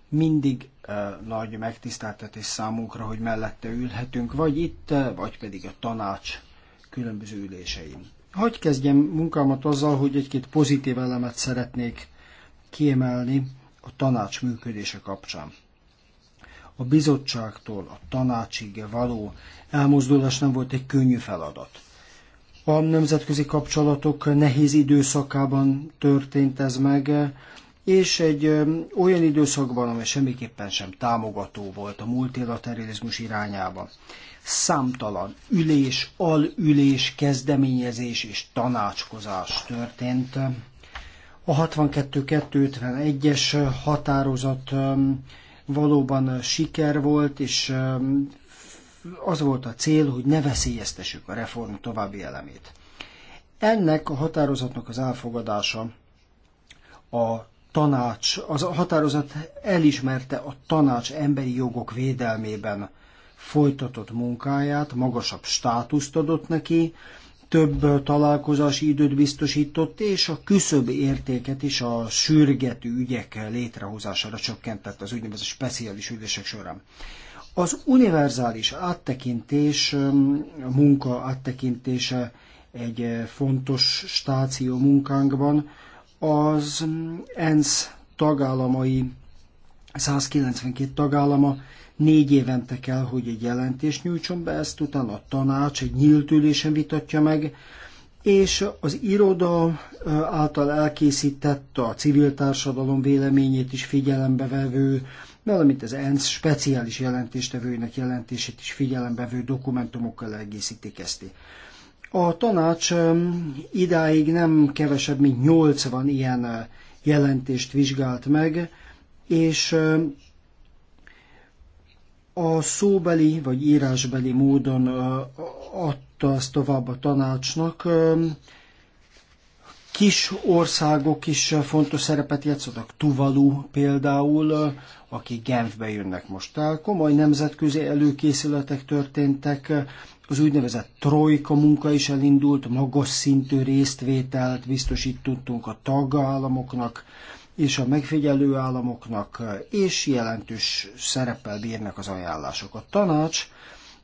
Mindig eh, nagy megtiszteltetés számunkra, hogy mellette ülhetünk, vagy itt, eh, vagy pedig a tanács különböző ülésein. Hogy kezdjem munkámat azzal, hogy egy-két pozitív elemet szeretnék kiemelni a tanács működése kapcsán. A bizottságtól a tanácsig való elmozdulás nem volt egy könnyű feladat a nemzetközi kapcsolatok nehéz időszakában történt ez meg, és egy olyan időszakban, amely semmiképpen sem támogató volt a multilateralizmus irányába. Számtalan ülés, alülés, kezdeményezés és tanácskozás történt. A 62-251-es határozat valóban siker volt, és az volt a cél, hogy ne veszélyeztessük a reform további elemét. Ennek a határozatnak az elfogadása a tanács, az a határozat elismerte a tanács emberi jogok védelmében folytatott munkáját, magasabb státuszt adott neki, több találkozási időt biztosított, és a küszöbb értéket is a sürgető ügyek létrehozására csökkentett az úgynevezett speciális ülések során. Az univerzális áttekintés, a munka áttekintése egy fontos stáció munkánkban, az ENSZ tagállamai, 192 tagállama négy évente kell, hogy egy jelentést nyújtson be, ezt utána a tanács egy nyílt ülésen vitatja meg, és az iroda által elkészített a civil társadalom véleményét is figyelembe vevő valamint az ENSZ speciális jelentéstevőinek jelentését is figyelembevő dokumentumokkal egészítik ezt. A tanács idáig nem kevesebb, mint 80 ilyen jelentést vizsgált meg, és a szóbeli vagy írásbeli módon adta ezt tovább a tanácsnak, kis országok is fontos szerepet játszottak, Tuvalu például, aki Genfbe jönnek most el. Komoly nemzetközi előkészületek történtek, az úgynevezett trojka munka is elindult, magas szintű résztvételt biztosítottunk a tagállamoknak és a megfigyelő államoknak, és jelentős szereppel bírnak az ajánlások. A tanács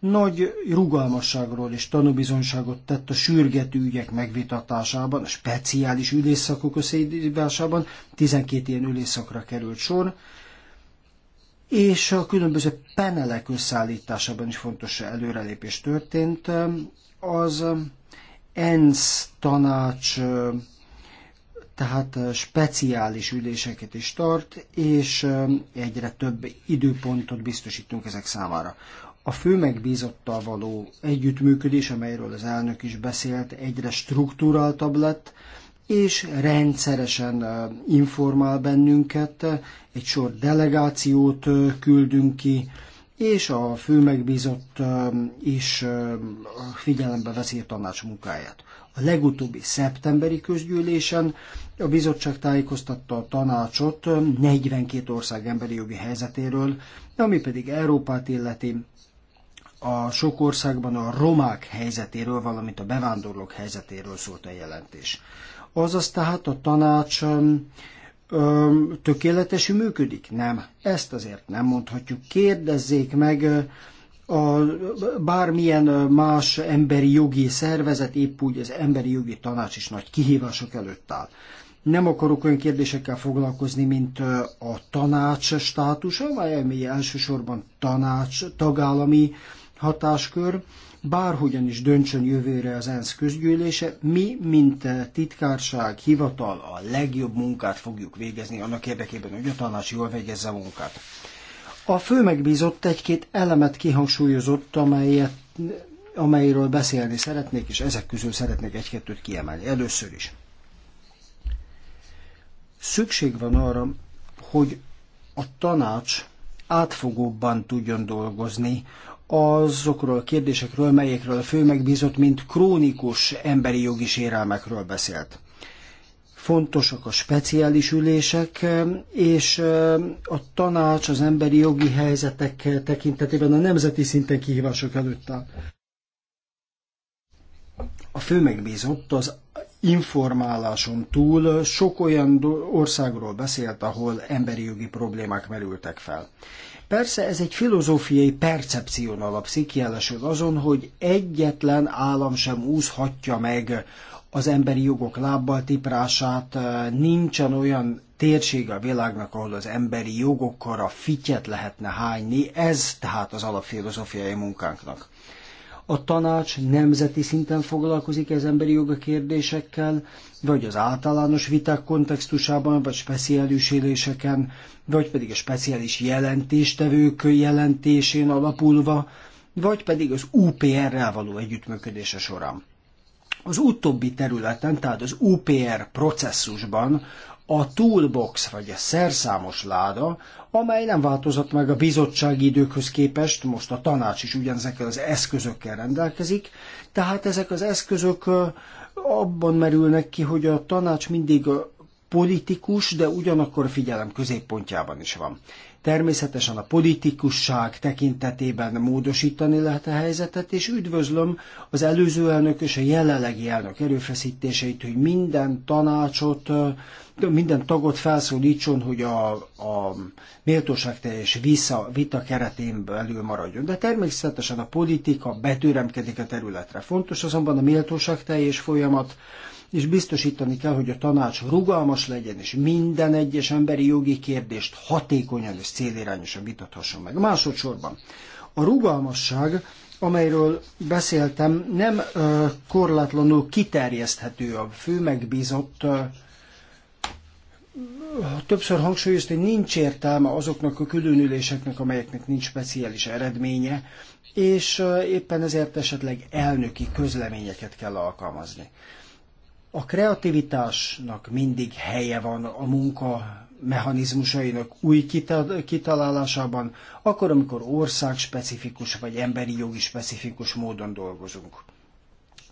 nagy rugalmasságról és tanúbizonyságot tett a sürgető ügyek megvitatásában, a speciális ülésszakok összehívásában, 12 ilyen ülésszakra került sor, és a különböző penelek összeállításában is fontos előrelépés történt. Az ENSZ tanács tehát speciális üléseket is tart, és egyre több időpontot biztosítunk ezek számára a fő megbízottal való együttműködés, amelyről az elnök is beszélt, egyre struktúráltabb lett, és rendszeresen informál bennünket, egy sor delegációt küldünk ki, és a fő megbízott is figyelembe veszi a tanács munkáját. A legutóbbi szeptemberi közgyűlésen a bizottság tájékoztatta a tanácsot 42 ország emberi jogi helyzetéről, ami pedig Európát illeti a sok országban a romák helyzetéről, valamint a bevándorlók helyzetéről szólt a jelentés. Azaz tehát a tanács tökéletesen működik? Nem. Ezt azért nem mondhatjuk. Kérdezzék meg a bármilyen más emberi jogi szervezet, épp úgy az emberi jogi tanács is nagy kihívások előtt áll. Nem akarok olyan kérdésekkel foglalkozni, mint a tanács státusa, amely elsősorban tanács, tagállami hatáskör, bárhogyan is döntsön jövőre az ENSZ közgyűlése, mi, mint eh, titkárság, hivatal a legjobb munkát fogjuk végezni annak érdekében, hogy a tanács jól végezze a munkát. A fő megbízott egy-két elemet kihangsúlyozott, amelyet, amelyről beszélni szeretnék, és ezek közül szeretnék egy-kettőt kiemelni. Először is. Szükség van arra, hogy a tanács átfogóbban tudjon dolgozni azokról a kérdésekről, melyekről a fő megbízott, mint krónikus emberi jogi sérelmekről beszélt. Fontosak a speciális ülések, és a tanács az emberi jogi helyzetek tekintetében a nemzeti szinten kihívások előtt áll. A fő megbízott az informáláson túl sok olyan országról beszélt, ahol emberi jogi problémák merültek fel. Persze ez egy filozófiai percepción alapszik, jelesül azon, hogy egyetlen állam sem úszhatja meg az emberi jogok lábbal tiprását, nincsen olyan térség a világnak, ahol az emberi jogokkal a fityet lehetne hányni, ez tehát az alapfilozófiai munkánknak a tanács nemzeti szinten foglalkozik az emberi jogi kérdésekkel, vagy az általános viták kontextusában, vagy speciális éléseken, vagy pedig a speciális jelentéstevők jelentésén alapulva, vagy pedig az UPR-rel való együttműködése során. Az utóbbi területen, tehát az UPR processzusban a toolbox, vagy a szerszámos láda, amely nem változott meg a bizottsági időkhöz képest, most a tanács is ugyanezekkel az eszközökkel rendelkezik, tehát ezek az eszközök abban merülnek ki, hogy a tanács mindig politikus, de ugyanakkor figyelem középpontjában is van. Természetesen a politikusság tekintetében módosítani lehet a helyzetet, és üdvözlöm az előző elnök és a jelenlegi elnök erőfeszítéseit, hogy minden tanácsot, minden tagot felszólítson, hogy a, a teljes vissza, vita keretén belül maradjon. De természetesen a politika betűremkedik a területre. Fontos azonban a teljes folyamat, és biztosítani kell, hogy a tanács rugalmas legyen, és minden egyes emberi jogi kérdést hatékonyan és célirányosan vitathasson meg. Másodszorban a rugalmasság amelyről beszéltem, nem korlátlanul kiterjeszthető a fő megbízott. Többször hangsúlyozta, hogy nincs értelme azoknak a különüléseknek, amelyeknek nincs speciális eredménye, és éppen ezért esetleg elnöki közleményeket kell alkalmazni. A kreativitásnak mindig helye van a munka mechanizmusainak új kitalálásában, akkor, amikor országspecifikus vagy emberi jogi specifikus módon dolgozunk.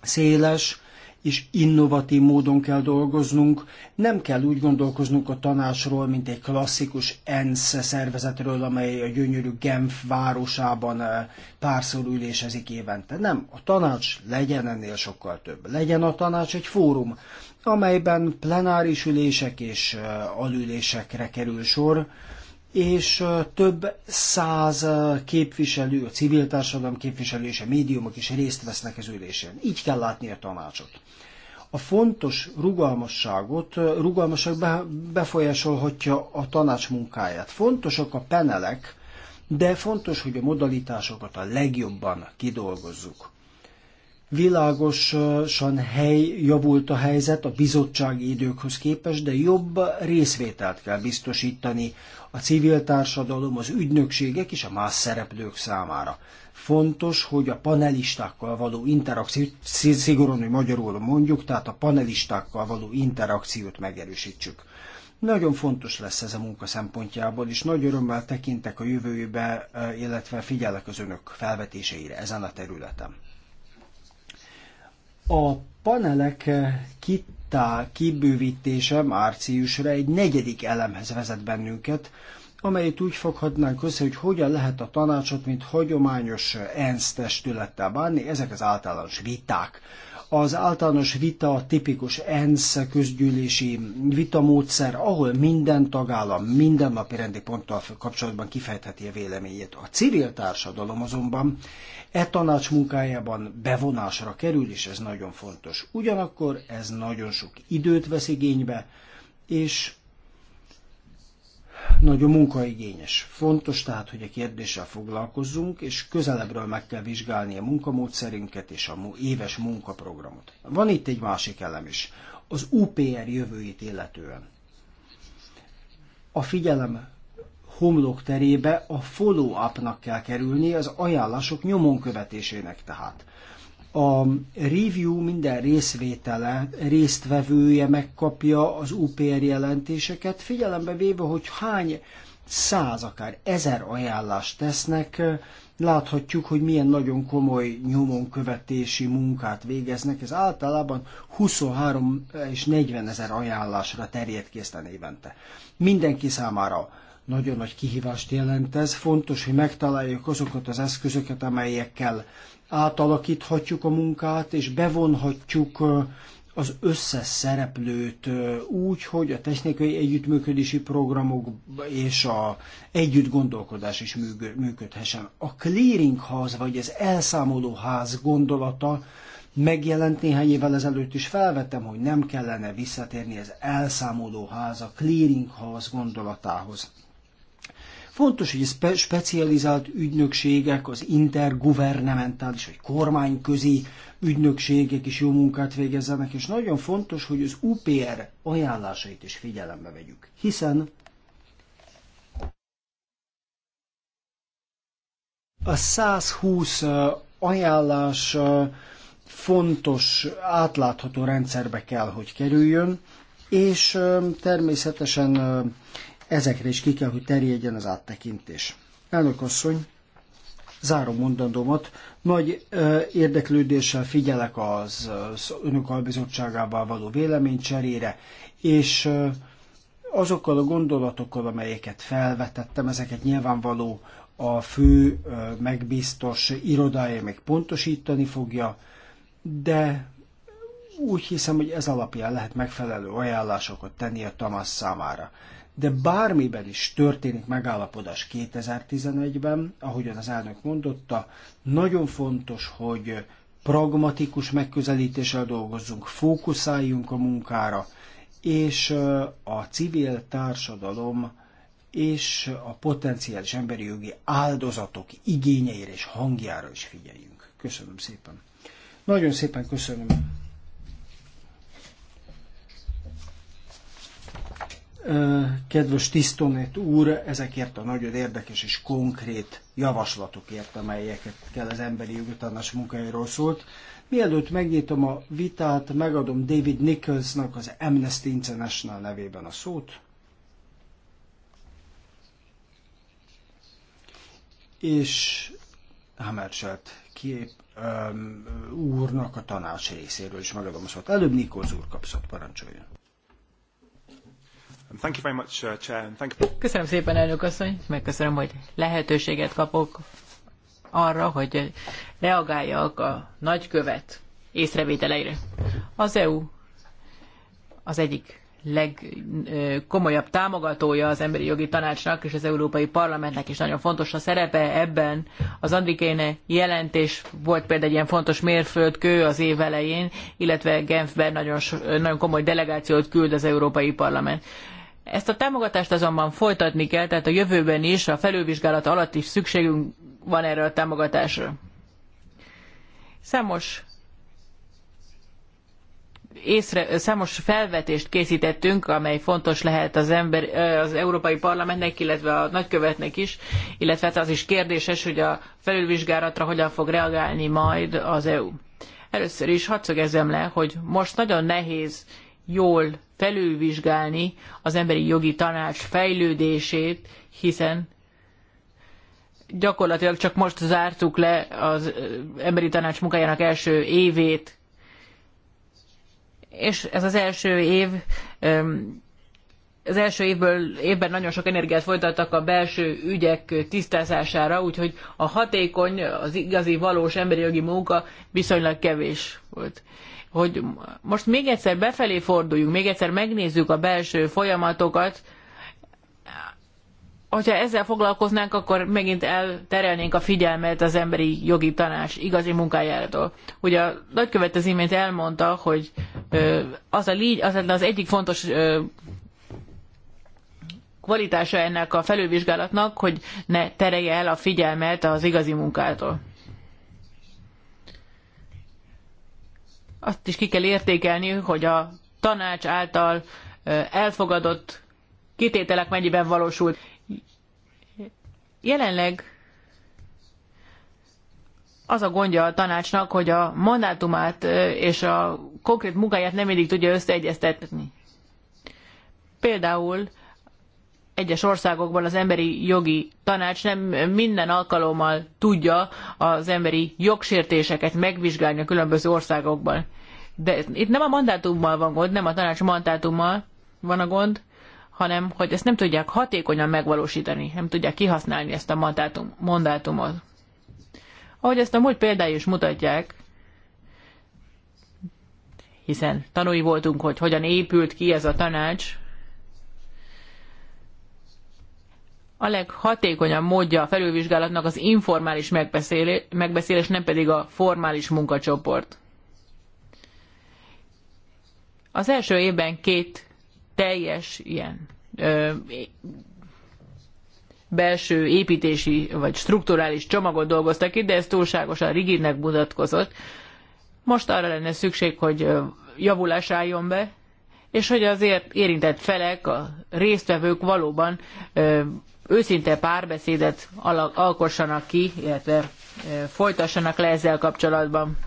Széles, és innovatív módon kell dolgoznunk. Nem kell úgy gondolkoznunk a tanácsról, mint egy klasszikus ENSZ szervezetről, amely a gyönyörű Genf városában eh, párszor ülésezik évente. Nem, a tanács legyen ennél sokkal több. Legyen a tanács egy fórum, amelyben plenáris ülések és eh, alülésekre kerül sor, és több száz képviselő, a civil társadalom képviselő és a médiumok is részt vesznek az ülésen. Így kell látni a tanácsot. A fontos rugalmasságot, rugalmasság befolyásolhatja a tanács munkáját. Fontosak a penelek, de fontos, hogy a modalitásokat a legjobban kidolgozzuk világosan hely, javult a helyzet a bizottsági időkhöz képest, de jobb részvételt kell biztosítani a civil társadalom, az ügynökségek és a más szereplők számára. Fontos, hogy a panelistákkal való interakciót, szigorúan, hogy magyarul mondjuk, tehát a panelistákkal való interakciót megerősítsük. Nagyon fontos lesz ez a munka szempontjából, és nagy örömmel tekintek a jövőbe, eh, illetve figyelek az önök felvetéseire ezen a területen. A panelek kitta kibővítése márciusra egy negyedik elemhez vezet bennünket, amelyet úgy foghatnánk össze, hogy hogyan lehet a tanácsot, mint hagyományos ENSZ testülettel bánni, ezek az általános viták, az általános vita tipikus ENSZ közgyűlési vitamódszer, ahol minden tagállam minden napi rendi ponttal kapcsolatban kifejtheti a véleményét. A civil társadalom azonban e tanács munkájában bevonásra kerül, és ez nagyon fontos. Ugyanakkor ez nagyon sok időt vesz igénybe, és nagyon munkaigényes. Fontos tehát, hogy a kérdéssel foglalkozzunk, és közelebbről meg kell vizsgálni a munkamódszerünket és a éves munkaprogramot. Van itt egy másik elem is, az UPR jövőjét illetően. A figyelem homlok terébe a follow-upnak kell kerülni, az ajánlások nyomon követésének tehát. A review minden részvétele, résztvevője megkapja az UPR jelentéseket, figyelembe véve, hogy hány száz, akár ezer ajánlást tesznek, láthatjuk, hogy milyen nagyon komoly nyomonkövetési munkát végeznek. Ez általában 23 és 40 ezer ajánlásra terjed ki a évente. Mindenki számára nagyon nagy kihívást jelent ez. Fontos, hogy megtaláljuk azokat az eszközöket, amelyekkel átalakíthatjuk a munkát, és bevonhatjuk az összes szereplőt úgy, hogy a technikai együttműködési programok és a együtt gondolkodás is működhessen. A ház vagy az ház gondolata megjelent néhány évvel ezelőtt is felvettem, hogy nem kellene visszatérni az ház a clearing ház gondolatához. Fontos, hogy a spe- specializált ügynökségek, az intergovernmentális vagy kormányközi ügynökségek is jó munkát végezzenek, és nagyon fontos, hogy az UPR ajánlásait is figyelembe vegyük, hiszen a 120 ajánlás fontos, átlátható rendszerbe kell, hogy kerüljön, és természetesen ezekre is ki kell, hogy terjedjen az áttekintés. Elnök asszony, zárom mondandómat. Nagy érdeklődéssel figyelek az, az önök albizottságával való véleménycserére, és azokkal a gondolatokkal, amelyeket felvetettem, ezeket nyilvánvaló a fő megbiztos irodája meg pontosítani fogja, de úgy hiszem, hogy ez alapján lehet megfelelő ajánlásokat tenni a Tamás számára de bármiben is történik megállapodás 2011-ben, ahogy az elnök mondotta, nagyon fontos, hogy pragmatikus megközelítéssel dolgozzunk, fókuszáljunk a munkára, és a civil társadalom és a potenciális emberi jogi áldozatok igényeire és hangjára is figyeljünk. Köszönöm szépen. Nagyon szépen köszönöm kedves Tisztonét úr, ezekért a nagyon érdekes és konkrét javaslatokért, amelyeket kell az emberi jogutanás munkájáról szólt. Mielőtt megnyitom a vitát, megadom David Nicholsnak az Amnesty International nevében a szót. És Hammerselt kép um, úrnak a tanács részéről is megadom a szót. Előbb Nikolz úr kapszott, parancsoljon. Köszönöm szépen, elnök asszony, megköszönöm, hogy lehetőséget kapok arra, hogy reagáljak a nagykövet észrevételeire. Az EU az egyik legkomolyabb támogatója az Emberi Jogi Tanácsnak és az Európai Parlamentnek is nagyon fontos a szerepe ebben. Az Andrikéne jelentés volt például egy ilyen fontos mérföldkő az év elején, illetve Genfben nagyon, nagyon komoly delegációt küld az Európai Parlament. Ezt a támogatást azonban folytatni kell, tehát a jövőben is, a felülvizsgálat alatt is szükségünk van erre a támogatásra. Számos észre, számos felvetést készítettünk, amely fontos lehet az, ember, az Európai Parlamentnek, illetve a nagykövetnek is, illetve hát az is kérdéses, hogy a felülvizsgálatra hogyan fog reagálni majd az EU. Először is hadd szögezzem le, hogy most nagyon nehéz jól felülvizsgálni az emberi jogi tanács fejlődését, hiszen gyakorlatilag csak most zártuk le az emberi tanács munkájának első évét, és ez az első év az első évből, évben nagyon sok energiát folytattak a belső ügyek tisztázására, úgyhogy a hatékony, az igazi, valós emberi jogi munka viszonylag kevés volt hogy most még egyszer befelé forduljunk, még egyszer megnézzük a belső folyamatokat, hogyha ezzel foglalkoznánk, akkor megint elterelnénk a figyelmet az emberi jogi tanács igazi munkájától. Ugye a nagykövet az imént elmondta, hogy az, a lígy, az, az egyik fontos kvalitása ennek a felülvizsgálatnak, hogy ne terelje el a figyelmet az igazi munkától. azt is ki kell értékelni, hogy a tanács által elfogadott kitételek mennyiben valósult. Jelenleg az a gondja a tanácsnak, hogy a mandátumát és a konkrét munkáját nem mindig tudja összeegyeztetni. Például egyes országokban az emberi jogi tanács nem minden alkalommal tudja az emberi jogsértéseket megvizsgálni a különböző országokban. De itt nem a mandátummal van gond, nem a tanács mandátummal van a gond, hanem hogy ezt nem tudják hatékonyan megvalósítani, nem tudják kihasználni ezt a mandátum, mandátumot. Ahogy ezt a múlt példái is mutatják, hiszen tanúi voltunk, hogy hogyan épült ki ez a tanács, a leghatékonyabb módja a felülvizsgálatnak az informális megbeszélés, nem pedig a formális munkacsoport. Az első évben két teljes ilyen ö, belső építési vagy strukturális csomagot dolgoztak ki, de ez túlságosan rigidnek mutatkozott. Most arra lenne szükség, hogy javulás álljon be, és hogy azért érintett felek, a résztvevők valóban ö, őszinte párbeszédet alkossanak ki, illetve folytassanak le ezzel kapcsolatban.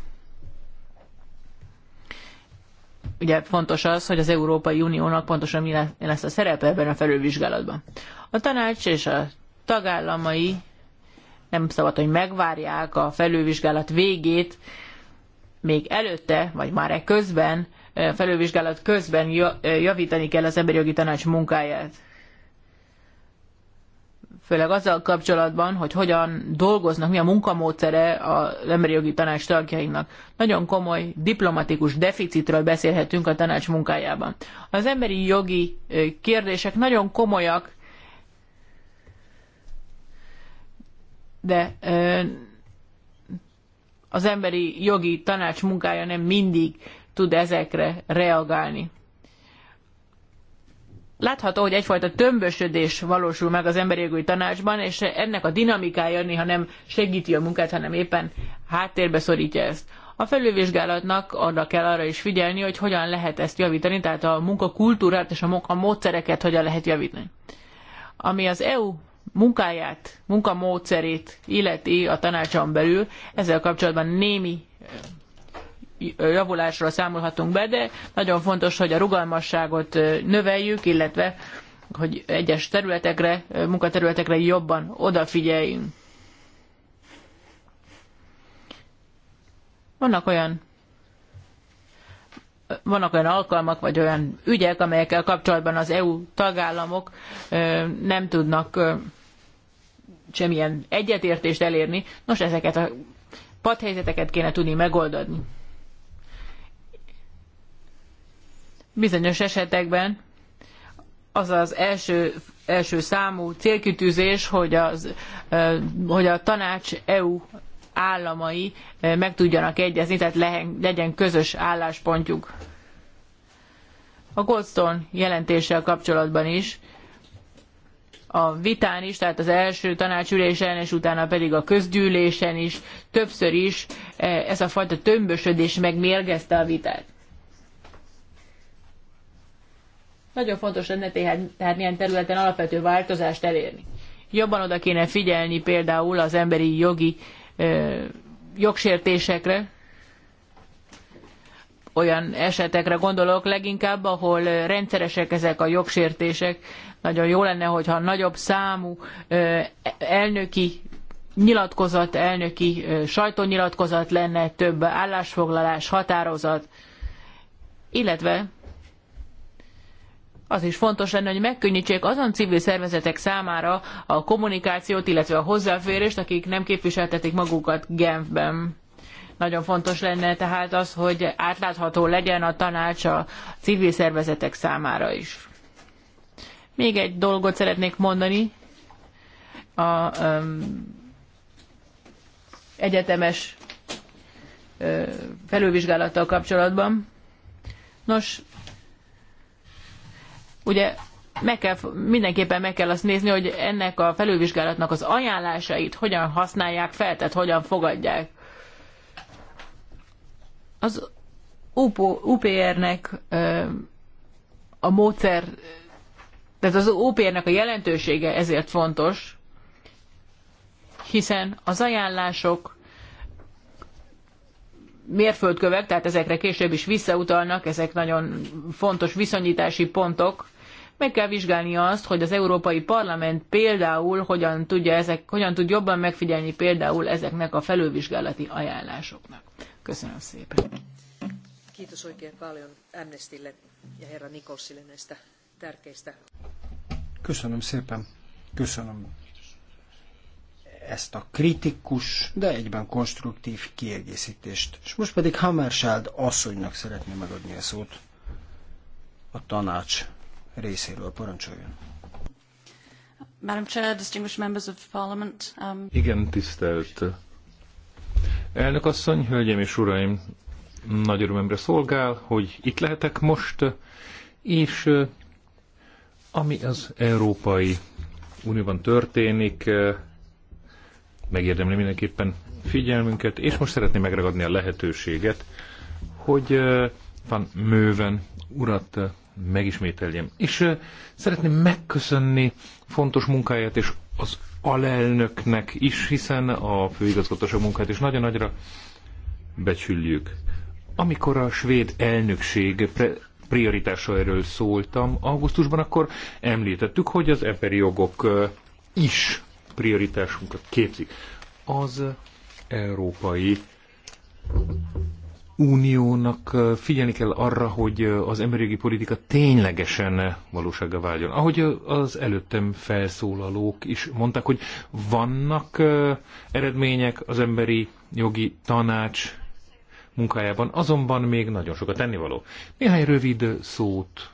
Ugye fontos az, hogy az Európai Uniónak pontosan mi lesz a szerepe ebben a felülvizsgálatban. A tanács és a tagállamai nem szabad, hogy megvárják a felülvizsgálat végét, még előtte, vagy már e közben, felülvizsgálat közben javítani kell az emberi jogi tanács munkáját főleg azzal kapcsolatban, hogy hogyan dolgoznak, mi a munkamódszere az emberi jogi tanács tagjainak. Nagyon komoly diplomatikus deficitről beszélhetünk a tanács munkájában. Az emberi jogi kérdések nagyon komolyak, de az emberi jogi tanács munkája nem mindig tud ezekre reagálni látható, hogy egyfajta tömbösödés valósul meg az emberi jogi tanácsban, és ennek a dinamikája néha nem segíti a munkát, hanem éppen háttérbe szorítja ezt. A felülvizsgálatnak oda kell arra is figyelni, hogy hogyan lehet ezt javítani, tehát a munkakultúrát és a munkamódszereket hogyan lehet javítani. Ami az EU munkáját, munkamódszerét illeti a tanácson belül, ezzel kapcsolatban némi javulásról számolhatunk be, de nagyon fontos, hogy a rugalmasságot növeljük, illetve hogy egyes területekre, munkaterületekre jobban odafigyeljünk. Vannak olyan vannak olyan alkalmak, vagy olyan ügyek, amelyekkel kapcsolatban az EU tagállamok nem tudnak semmilyen egyetértést elérni. Nos, ezeket a padhelyzeteket kéne tudni megoldani. Bizonyos esetekben az az első, első számú célkitűzés, hogy, az, hogy a tanács EU államai meg tudjanak egyezni, tehát legyen közös álláspontjuk. A Goldstone jelentéssel kapcsolatban is a vitán is, tehát az első tanácsülésen, és utána pedig a közgyűlésen is, többször is ez a fajta tömbösödés megmérgezte a vitát. Nagyon fontos lenne tehát milyen területen alapvető változást elérni. Jobban oda kéne figyelni például az emberi jogi ö, jogsértésekre, olyan esetekre gondolok leginkább, ahol rendszeresek ezek a jogsértések. Nagyon jó lenne, hogyha nagyobb számú elnöki nyilatkozat, elnöki sajtónyilatkozat lenne, több állásfoglalás, határozat, illetve az is fontos lenne, hogy megkönnyítsék azon civil szervezetek számára a kommunikációt, illetve a hozzáférést, akik nem képviseltetik magukat Genfben. Nagyon fontos lenne tehát az, hogy átlátható legyen a tanács a civil szervezetek számára is. Még egy dolgot szeretnék mondani. A um, egyetemes felülvizsgálattal kapcsolatban. Nos, Ugye meg kell, mindenképpen meg kell azt nézni, hogy ennek a felülvizsgálatnak az ajánlásait hogyan használják fel, tehát hogyan fogadják. Az UPR-nek a módszer, tehát az upr nek a jelentősége ezért fontos, hiszen az ajánlások mérföldkövek, tehát ezekre később is visszautalnak, ezek nagyon fontos viszonyítási pontok, meg kell vizsgálni azt, hogy az Európai Parlament például hogyan tudja, ezek, hogyan tud jobban megfigyelni például ezeknek a felülvizsgálati ajánlásoknak. Köszönöm szépen. Kiitos oikein paljon Amnestille ja herra Nikosille näistä tärkeistä. Köszönöm szépen. Köszönöm ezt a kritikus, de egyben konstruktív kiegészítést. És most pedig Hammersáld asszonynak szeretné megadni a szót. A tanács részéről. Parancsoljon! Madam Chair, distinguished members of Parliament. Um... Igen, tisztelt elnök asszony, hölgyeim és uraim, nagy örömömre szolgál, hogy itt lehetek most, és ami az Európai Unióban történik, megérdemli mindenképpen figyelmünket, és most szeretném megragadni a lehetőséget, hogy Van Möven urat megismételjem. És szeretném megköszönni fontos munkáját és az alelnöknek is, hiszen a főigazgatóság munkáját is nagyon nagyra becsüljük. Amikor a svéd elnökség prioritásairól szóltam augusztusban, akkor említettük, hogy az emberi jogok is prioritásunkat képzik. Az európai Uniónak figyelni kell arra, hogy az emberi politika ténylegesen valósága váljon. Ahogy az előttem felszólalók is mondták, hogy vannak eredmények az emberi jogi tanács munkájában, azonban még nagyon sokat tennivaló. Néhány rövid szót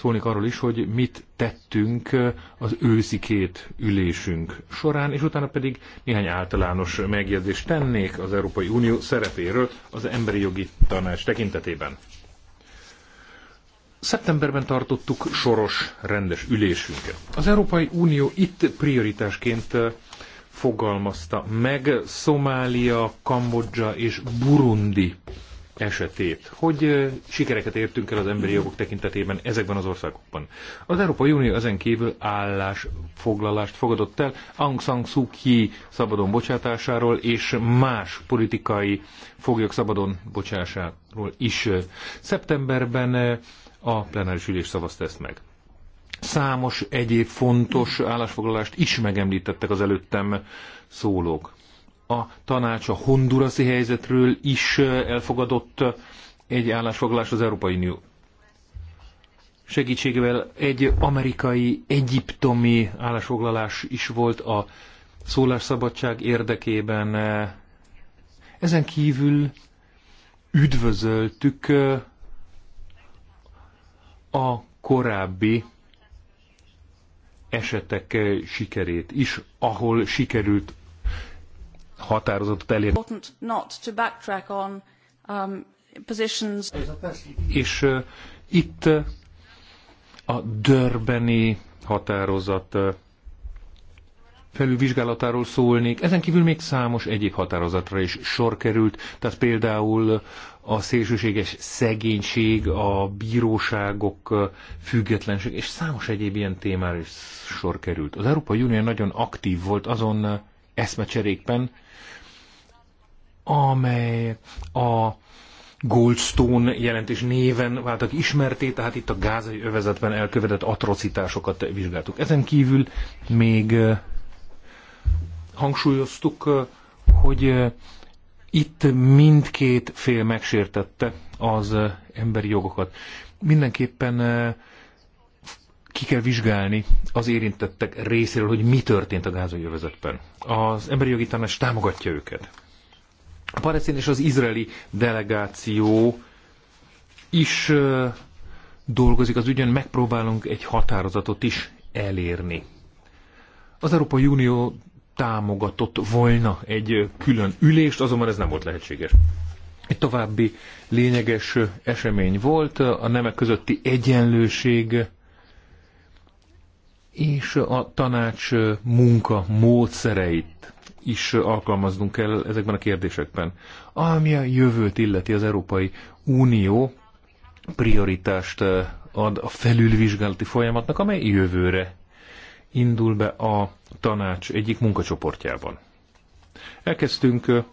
szólnék arról is, hogy mit tettünk az őszi két ülésünk során, és utána pedig néhány általános megjegyzést tennék az Európai Unió szerepéről az emberi jogi tanács tekintetében. Szeptemberben tartottuk soros rendes ülésünket. Az Európai Unió itt prioritásként fogalmazta meg Szomália, Kambodzsa és Burundi esetét, hogy sikereket értünk el az emberi jogok tekintetében ezekben az országokban. Az Európai Unió ezen kívül állásfoglalást fogadott el Aung San Suu Kyi szabadon bocsátásáról és más politikai foglyok szabadon bocsátásáról is. Szeptemberben a plenáris ülés szavazta ezt meg. Számos egyéb fontos állásfoglalást is megemlítettek az előttem szólók a tanács a honduraszi helyzetről is elfogadott egy állásfoglalás az Európai Unió segítségével egy amerikai, egyiptomi állásfoglalás is volt a szólásszabadság érdekében. Ezen kívül üdvözöltük a korábbi esetek sikerét is, ahol sikerült határozatot elérni. Um, és uh, itt uh, a Dörbeni határozat uh, felülvizsgálatáról szólnék. Ezen kívül még számos egyéb határozatra is sor került, tehát például a szélsőséges szegénység, a bíróságok függetlenség, és számos egyéb ilyen témára is sor került. Az Európai Unió nagyon aktív volt azon eszmecserékben, amely a Goldstone jelentés néven váltak ismerté, tehát itt a gázai övezetben elkövetett atrocitásokat vizsgáltuk. Ezen kívül még eh, hangsúlyoztuk, eh, hogy eh, itt mindkét fél megsértette az emberi jogokat. Mindenképpen ki kell vizsgálni az érintettek részéről, hogy mi történt a gázai övezetben. Az emberi jogi tanács támogatja őket. A palesztin és az izraeli delegáció is dolgozik az ügyön, megpróbálunk egy határozatot is elérni. Az Európai Unió támogatott volna egy külön ülést, azonban ez nem volt lehetséges. Egy további lényeges esemény volt a nemek közötti egyenlőség és a tanács munka módszereit is alkalmaznunk kell ezekben a kérdésekben. Ami a jövőt illeti az Európai Unió prioritást eh, ad a felülvizsgálati folyamatnak, amely jövőre indul be a tanács egyik munkacsoportjában. Elkezdtünk eh,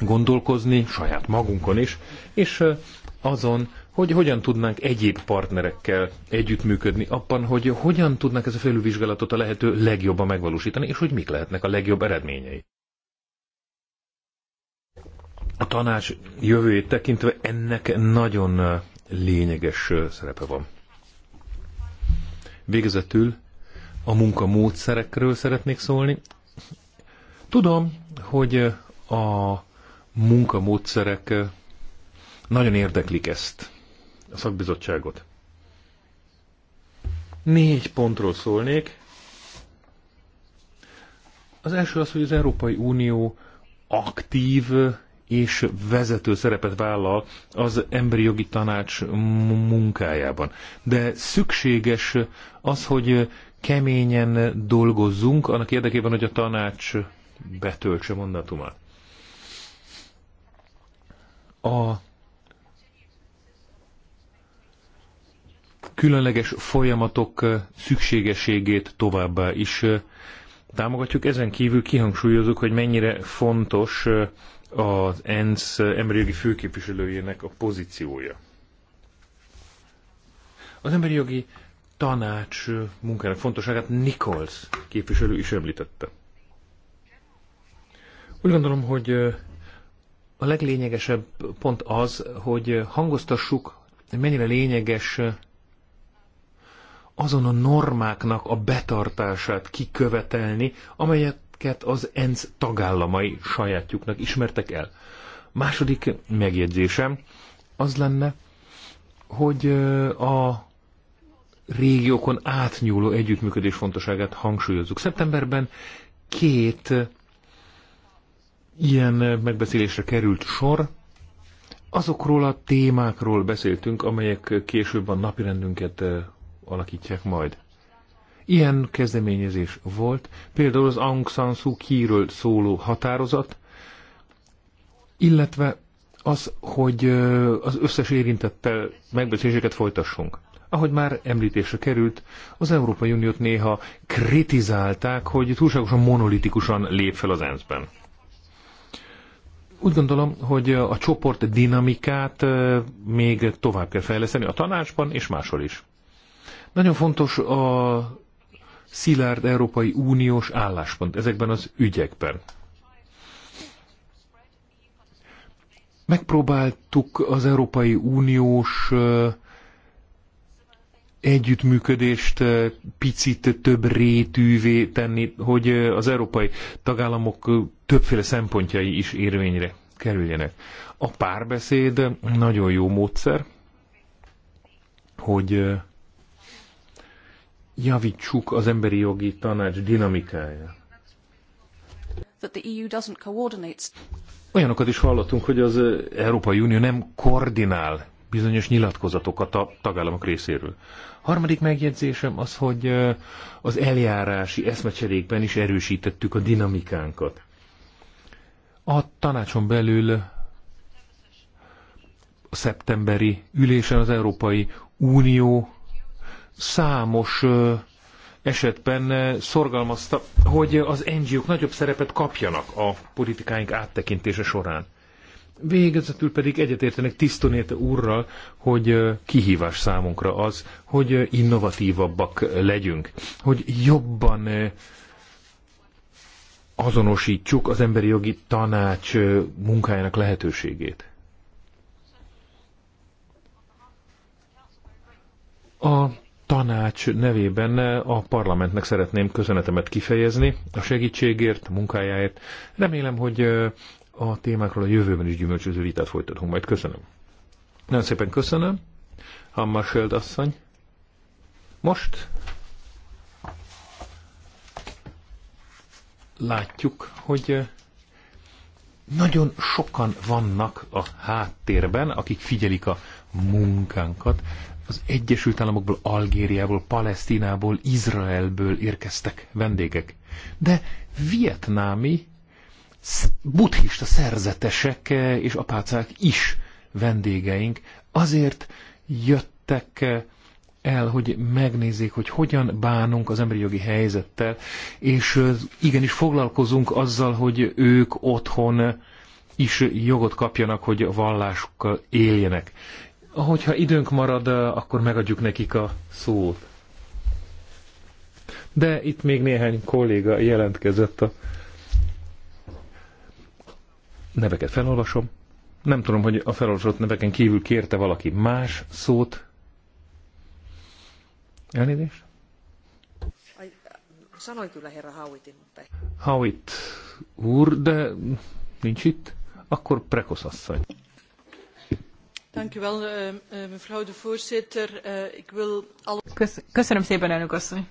gondolkozni saját magunkon is, és eh, azon, hogy hogyan tudnánk egyéb partnerekkel együttműködni abban, hogy hogyan tudnak ez a felülvizsgálatot a lehető legjobban megvalósítani, és hogy mik lehetnek a legjobb eredményei. A tanács jövőjét tekintve ennek nagyon lényeges szerepe van. Végezetül a munkamódszerekről szeretnék szólni. Tudom, hogy a munkamódszerek nagyon érdeklik ezt a szakbizottságot. Négy pontról szólnék. Az első az, hogy az Európai Unió aktív és vezető szerepet vállal az emberi jogi tanács munkájában. De szükséges az, hogy keményen dolgozzunk annak érdekében, hogy a tanács betöltse mondatumát. A különleges folyamatok szükségességét továbbá is támogatjuk. Ezen kívül kihangsúlyozunk, hogy mennyire fontos az ENSZ emberi jogi főképviselőjének a pozíciója. Az emberi jogi tanács munkának fontosságát Nichols képviselő is említette. Úgy gondolom, hogy a leglényegesebb pont az, hogy hangoztassuk, mennyire lényeges azon a normáknak a betartását kikövetelni, amelyeket az ENSZ tagállamai sajátjuknak ismertek el. Második megjegyzésem az lenne, hogy a régiókon átnyúló együttműködés fontosságát hangsúlyozzuk. Szeptemberben két ilyen megbeszélésre került sor, azokról a témákról beszéltünk, amelyek később a napirendünket alakítják majd. Ilyen kezdeményezés volt, például az Aung San Suu Kyi-ről szóló határozat, illetve az, hogy az összes érintettel megbeszéléseket folytassunk. Ahogy már említésre került, az Európai Uniót néha kritizálták, hogy túlságosan monolitikusan lép fel az ENSZ-ben. Úgy gondolom, hogy a csoport dinamikát még tovább kell fejleszteni a tanácsban és máshol is. Nagyon fontos a szilárd Európai Uniós álláspont ezekben az ügyekben. Megpróbáltuk az Európai Uniós együttműködést picit több rétűvé tenni, hogy az európai tagállamok többféle szempontjai is érvényre kerüljenek. A párbeszéd nagyon jó módszer, hogy javítsuk az emberi jogi tanács dinamikáját. E Olyanokat is hallottunk, hogy az eh, Európai Unió nem koordinál bizonyos nyilatkozatokat a tagállamok részéről. Harmadik megjegyzésem az, hogy eh, az eljárási eszmecserékben is erősítettük a dinamikánkat. A tanácson belül a szeptemberi ülésen az Európai Unió számos esetben szorgalmazta, hogy az NGO-k nagyobb szerepet kapjanak a politikáink áttekintése során. Végezetül pedig egyetértenek Tisztonéte úrral, hogy kihívás számunkra az, hogy innovatívabbak legyünk, hogy jobban azonosítsuk az emberi jogi tanács munkájának lehetőségét. A tanács nevében a parlamentnek szeretném köszönetemet kifejezni a segítségért, a munkájáért. Remélem, hogy a témákról a jövőben is gyümölcsöző vitát folytatunk. Majd köszönöm. Nagyon szépen köszönöm. Hammarsöld asszony. Most látjuk, hogy nagyon sokan vannak a háttérben, akik figyelik a munkánkat, az Egyesült Államokból, Algériából, Palesztinából, Izraelből érkeztek vendégek. De vietnámi buddhista szerzetesek eh, és apácák is vendégeink azért jöttek eh, el, hogy megnézzék, hogy hogyan bánunk az emberi jogi helyzettel, és eh, igenis foglalkozunk azzal, hogy ők otthon is jogot kapjanak, hogy a vallásukkal éljenek. Ahogyha időnk marad, akkor megadjuk nekik a szót. De itt még néhány kolléga jelentkezett a neveket felolvasom. Nem tudom, hogy a felolvasott neveken kívül kérte valaki más szót. Elnézést? Sanoin kyllä herra Howitin, mutta... Howitt úr, de nincs itt. Akkor Prekosz asszony. Eh, eh, eh, köszönöm szépen, elnök asszony.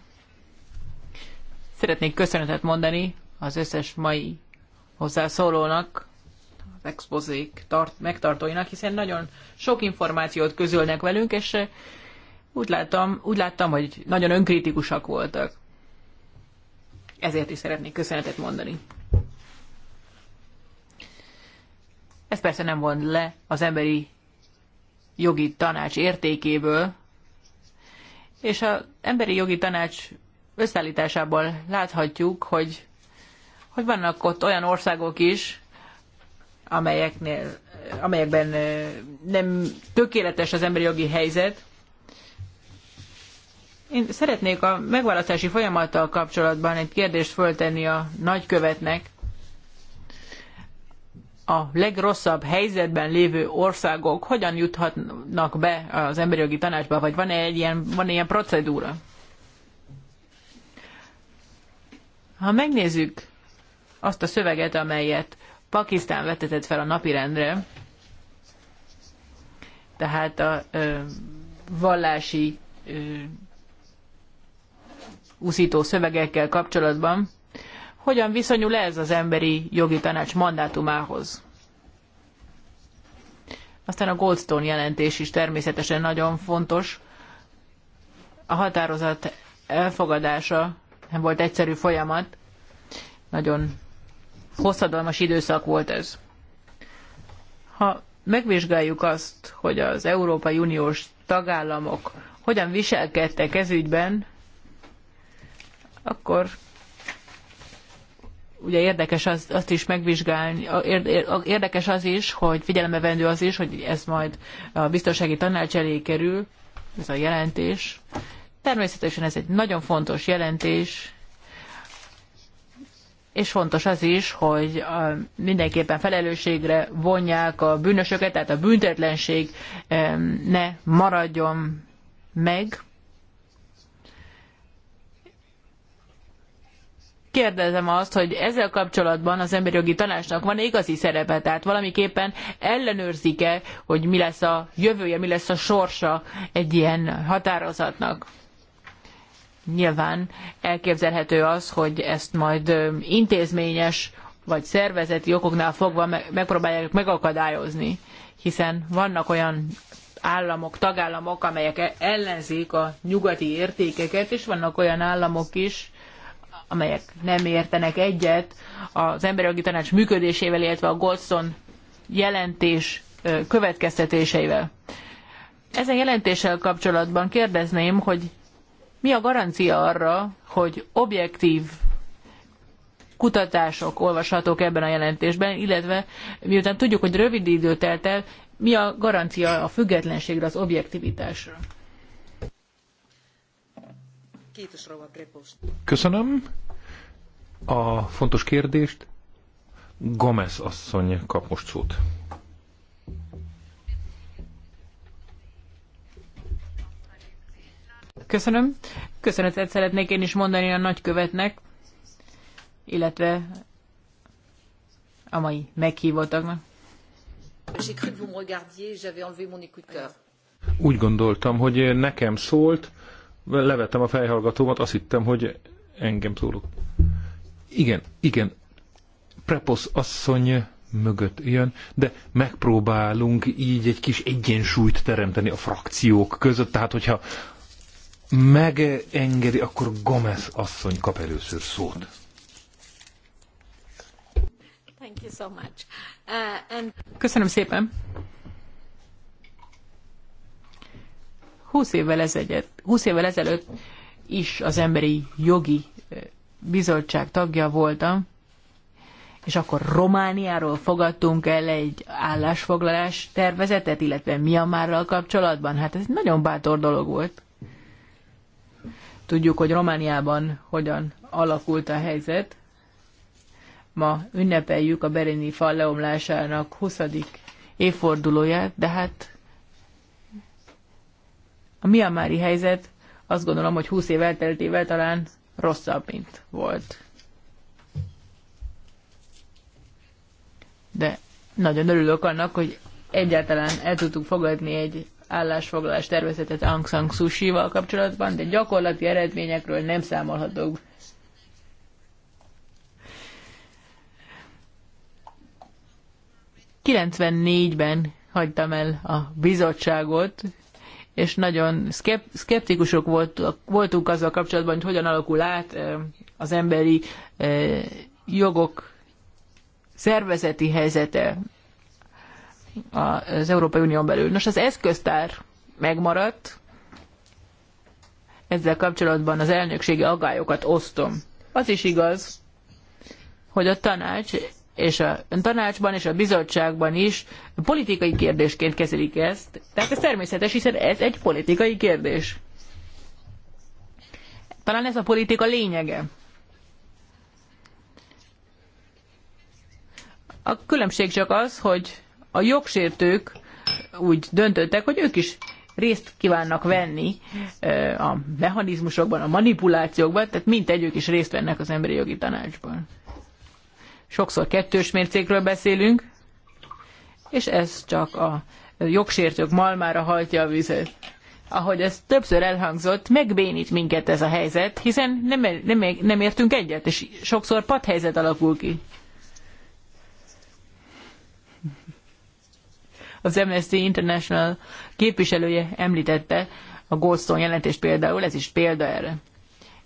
Szeretnék köszönetet mondani az összes mai hozzászólónak, az expozék tart, megtartóinak, hiszen nagyon sok információt közölnek velünk, és úgy láttam, úgy láttam, hogy nagyon önkritikusak voltak. Ezért is szeretnék köszönetet mondani. Ez persze nem von le az emberi jogi tanács értékéből, és az emberi jogi tanács összeállításából láthatjuk, hogy, hogy vannak ott olyan országok is, amelyeknél, amelyekben nem tökéletes az emberi jogi helyzet. Én szeretnék a megválasztási folyamattal kapcsolatban egy kérdést föltenni a nagykövetnek a legrosszabb helyzetben lévő országok hogyan juthatnak be az emberi jogi tanácsba, vagy van-e egy ilyen, van -e ilyen procedúra? Ha megnézzük azt a szöveget, amelyet Pakisztán vetetett fel a napirendre, tehát a ö, vallási ö, úszító szövegekkel kapcsolatban, hogyan viszonyul ez az emberi jogi tanács mandátumához? Aztán a Goldstone jelentés is természetesen nagyon fontos. A határozat elfogadása nem volt egyszerű folyamat. Nagyon hosszadalmas időszak volt ez. Ha megvizsgáljuk azt, hogy az Európai Uniós tagállamok hogyan viselkedtek ez ügyben, akkor ugye érdekes az, azt is megvizsgálni, érdekes az is, hogy figyelembe vendő az is, hogy ez majd a biztonsági tanács elé kerül, ez a jelentés. Természetesen ez egy nagyon fontos jelentés, és fontos az is, hogy mindenképpen felelősségre vonják a bűnösöket, tehát a büntetlenség ne maradjon meg. kérdezem azt, hogy ezzel kapcsolatban az emberi jogi tanácsnak van -e igazi szerepe, tehát valamiképpen ellenőrzik-e, hogy mi lesz a jövője, mi lesz a sorsa egy ilyen határozatnak. Nyilván elképzelhető az, hogy ezt majd intézményes vagy szervezeti okoknál fogva megpróbálják megakadályozni, hiszen vannak olyan államok, tagállamok, amelyek e-, ellenzik a nyugati értékeket, és vannak olyan államok is, amelyek nem értenek egyet az emberjogi tanács működésével, illetve a Goldstone jelentés következtetéseivel. Ezen jelentéssel kapcsolatban kérdezném, hogy mi a garancia arra, hogy objektív kutatások olvashatók ebben a jelentésben, illetve miután tudjuk, hogy rövid idő telt el, mi a garancia a függetlenségre, az objektivitásra? Köszönöm a fontos kérdést. Gomez asszony kap most szót. Köszönöm. Köszönetet szeretnék én is mondani a nagykövetnek, illetve a mai meghívottaknak. Úgy gondoltam, hogy nekem szólt, levettem a fejhallgatómat, azt hittem, hogy engem szólok. Igen, igen, Prepos asszony mögött jön, de megpróbálunk így egy kis egyensúlyt teremteni a frakciók között, tehát hogyha megengedi, akkor Gomez asszony kap először szót. Thank you so much. Uh, and... Köszönöm szépen. 20 évvel, ezelőtt, 20 évvel ezelőtt is az Emberi Jogi Bizottság tagja voltam, és akkor Romániáról fogadtunk el egy állásfoglalás tervezetet, illetve Miamárral kapcsolatban. Hát ez egy nagyon bátor dolog volt. Tudjuk, hogy Romániában hogyan alakult a helyzet. Ma ünnepeljük a Berényi fal leomlásának 20. évfordulóját, de hát a miamári helyzet azt gondolom, hogy 20 év elteltével talán rosszabb, mint volt. De nagyon örülök annak, hogy egyáltalán el tudtuk fogadni egy állásfoglalás tervezetet Aung San Suu Kyi-val kapcsolatban, de gyakorlati eredményekről nem számolhatok. ben hagytam el a bizottságot, és nagyon szkeptikusok voltak, voltunk azzal kapcsolatban, hogy hogyan alakul át az emberi jogok szervezeti helyzete az Európai Unión belül. Nos, az eszköztár megmaradt, ezzel kapcsolatban az elnökségi agályokat osztom. Az is igaz, hogy a tanács és a tanácsban és a bizottságban is politikai kérdésként kezelik ezt. Tehát ez természetes, hiszen ez egy politikai kérdés. Talán ez a politika lényege. A különbség csak az, hogy a jogsértők úgy döntöttek, hogy ők is részt kívánnak venni a mechanizmusokban, a manipulációkban, tehát mint ők is részt vennek az emberi jogi tanácsban. Sokszor kettős mércékről beszélünk, és ez csak a jogsértők malmára hajtja a vizet. Ahogy ez többször elhangzott, megbénít minket ez a helyzet, hiszen nem, nem, nem értünk egyet, és sokszor padhelyzet alakul ki. Az Amnesty International képviselője említette a Goldstone jelentést például, ez is példa erre.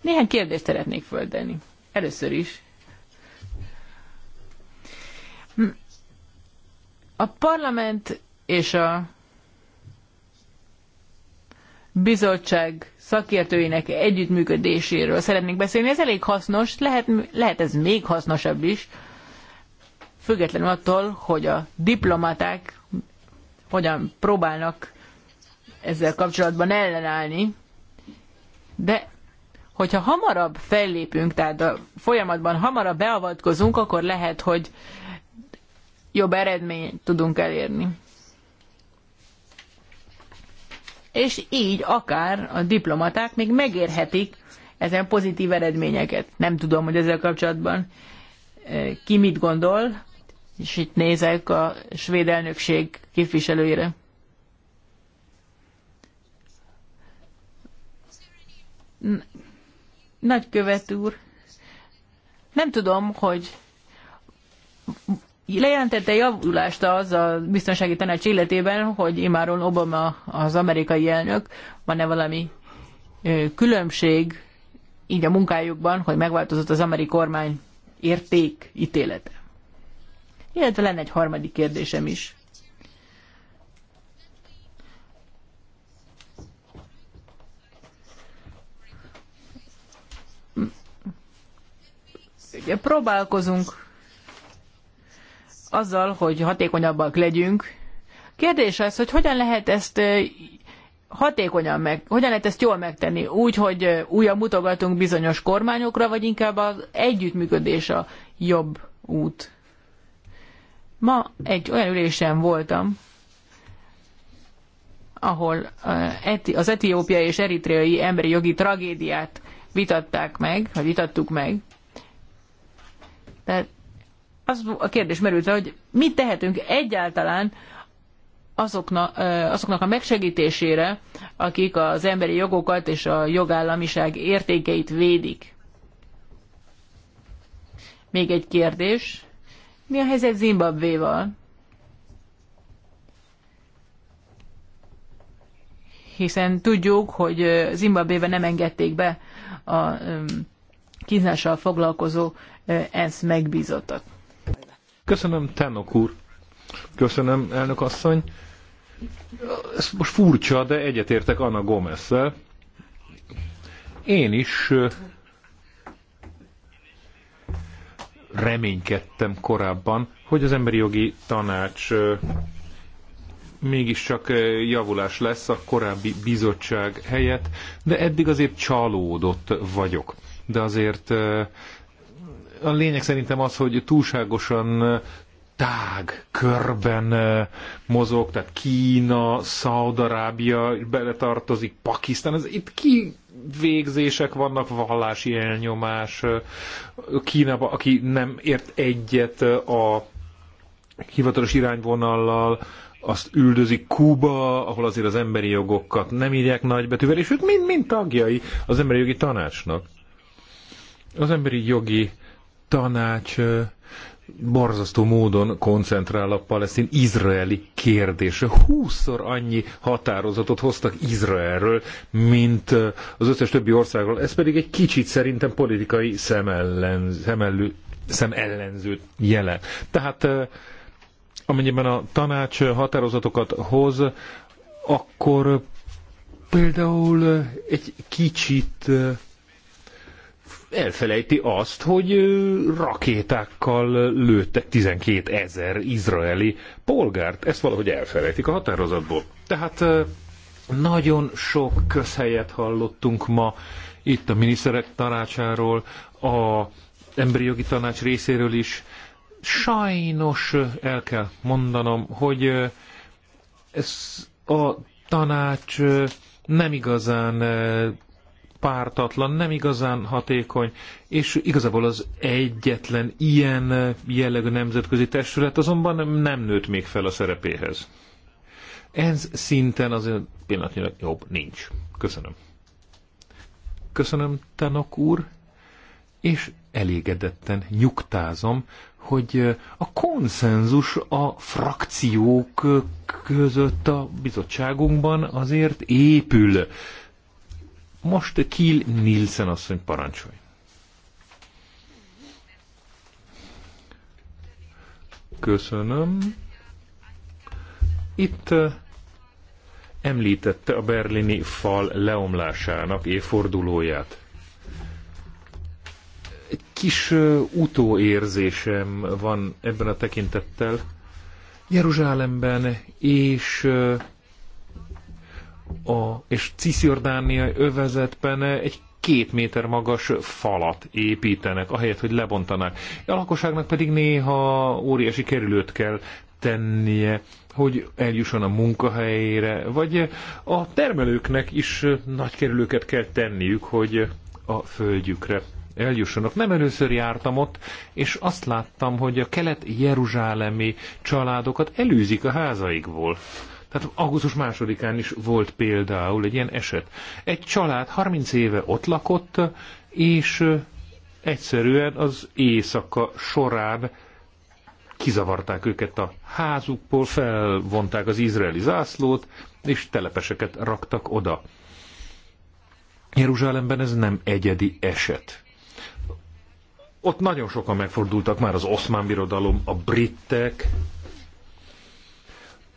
Néhány kérdést szeretnék föltenni. Először is, a parlament és a bizottság szakértőinek együttműködéséről szeretnék beszélni. Ez elég hasznos, lehet, lehet ez még hasznosabb is, függetlenül attól, hogy a diplomaták hogyan próbálnak ezzel kapcsolatban ellenállni. De hogyha hamarabb fellépünk, tehát a folyamatban hamarabb beavatkozunk, akkor lehet, hogy jobb eredményt tudunk elérni. És így akár a diplomaták még megérhetik ezen pozitív eredményeket. Nem tudom, hogy ezzel kapcsolatban eh, ki mit gondol, és itt nézek a svéd elnökség képviselőire. Nagykövet úr, nem tudom, hogy lejelentette javulást az a biztonsági tanács életében, hogy imáron Obama az amerikai elnök, van-e valami különbség így a munkájukban, hogy megváltozott az amerikai kormány érték ítélete? Illetve lenne egy harmadik kérdésem is. Ugye próbálkozunk azzal, hogy hatékonyabbak legyünk. Kérdés az, hogy hogyan lehet ezt hatékonyan meg, hogyan lehet ezt jól megtenni? Úgy, hogy újra mutogatunk bizonyos kormányokra, vagy inkább az együttműködés a jobb út? Ma egy olyan ülésen voltam, ahol az etiópiai és eritreai emberi jogi tragédiát vitatták meg, vagy vitattuk meg. Tehát az a kérdés merült fel, hogy mit tehetünk egyáltalán azoknak, azoknak a megsegítésére, akik az emberi jogokat és a jogállamiság értékeit védik. Még egy kérdés. Mi a helyzet Zimbabvéval? Hiszen tudjuk, hogy Zimbabvébe nem engedték be a kínzással foglalkozó ENSZ megbízottat. Köszönöm, Tenok úr. Köszönöm, elnök asszony. Ez most furcsa, de egyetértek Anna gomez -szel. Én is reménykedtem korábban, hogy az emberi jogi tanács mégiscsak javulás lesz a korábbi bizottság helyett, de eddig azért csalódott vagyok. De azért a lényeg szerintem az, hogy túlságosan tág körben mozog, tehát Kína, Szaudarábia beletartozik, Pakisztán, ez itt ki végzések vannak, vallási elnyomás, Kínába, aki nem ért egyet a hivatalos irányvonallal, azt üldözik Kuba, ahol azért az emberi jogokat nem írják nagybetűvel, és ők mind, mind tagjai az emberi jogi tanácsnak. Az emberi jogi tanács borzasztó módon koncentrál a palesztin-izraeli kérdése. Húszszor annyi határozatot hoztak Izraelről, mint az összes többi országról. Ez pedig egy kicsit szerintem politikai szemellen, szemellenző jele. Tehát amennyiben a tanács határozatokat hoz, akkor például egy kicsit elfelejti azt, hogy rakétákkal lőttek 12 ezer izraeli polgárt. Ezt valahogy elfelejtik a határozatból. Tehát nagyon sok közhelyet hallottunk ma itt a miniszterek tanácsáról, a emberi jogi tanács részéről is. Sajnos el kell mondanom, hogy ez a tanács nem igazán pártatlan, nem igazán hatékony, és igazából az egyetlen ilyen jellegű nemzetközi testület azonban nem nőtt még fel a szerepéhez. Ez szinten azért pillanatnyilag jobb nincs. Köszönöm. Köszönöm, Tanok úr, és elégedetten nyugtázom, hogy a konszenzus a frakciók között a bizottságunkban azért épül. Most Kiel Nielsen asszony parancsolj. Köszönöm. Itt eh, említette a berlini fal leomlásának évfordulóját. Egy kis eh, utóérzésem van ebben a tekintettel. Jeruzsálemben és eh, a, és Cisjordánia övezetben egy két méter magas falat építenek, ahelyett, hogy lebontanák. A lakosságnak pedig néha óriási kerülőt kell tennie, hogy eljusson a munkahelyére, vagy a termelőknek is nagy kerülőket kell tenniük, hogy a földjükre eljussanak. Nem először jártam ott, és azt láttam, hogy a kelet-jeruzsálemi családokat elűzik a házaikból. Tehát augusztus másodikán is volt például egy ilyen eset. Egy család 30 éve ott lakott, és egyszerűen az éjszaka során kizavarták őket a házukból, felvonták az izraeli zászlót, és telepeseket raktak oda. Jeruzsálemben ez nem egyedi eset. Ott nagyon sokan megfordultak már az oszmán birodalom, a britek,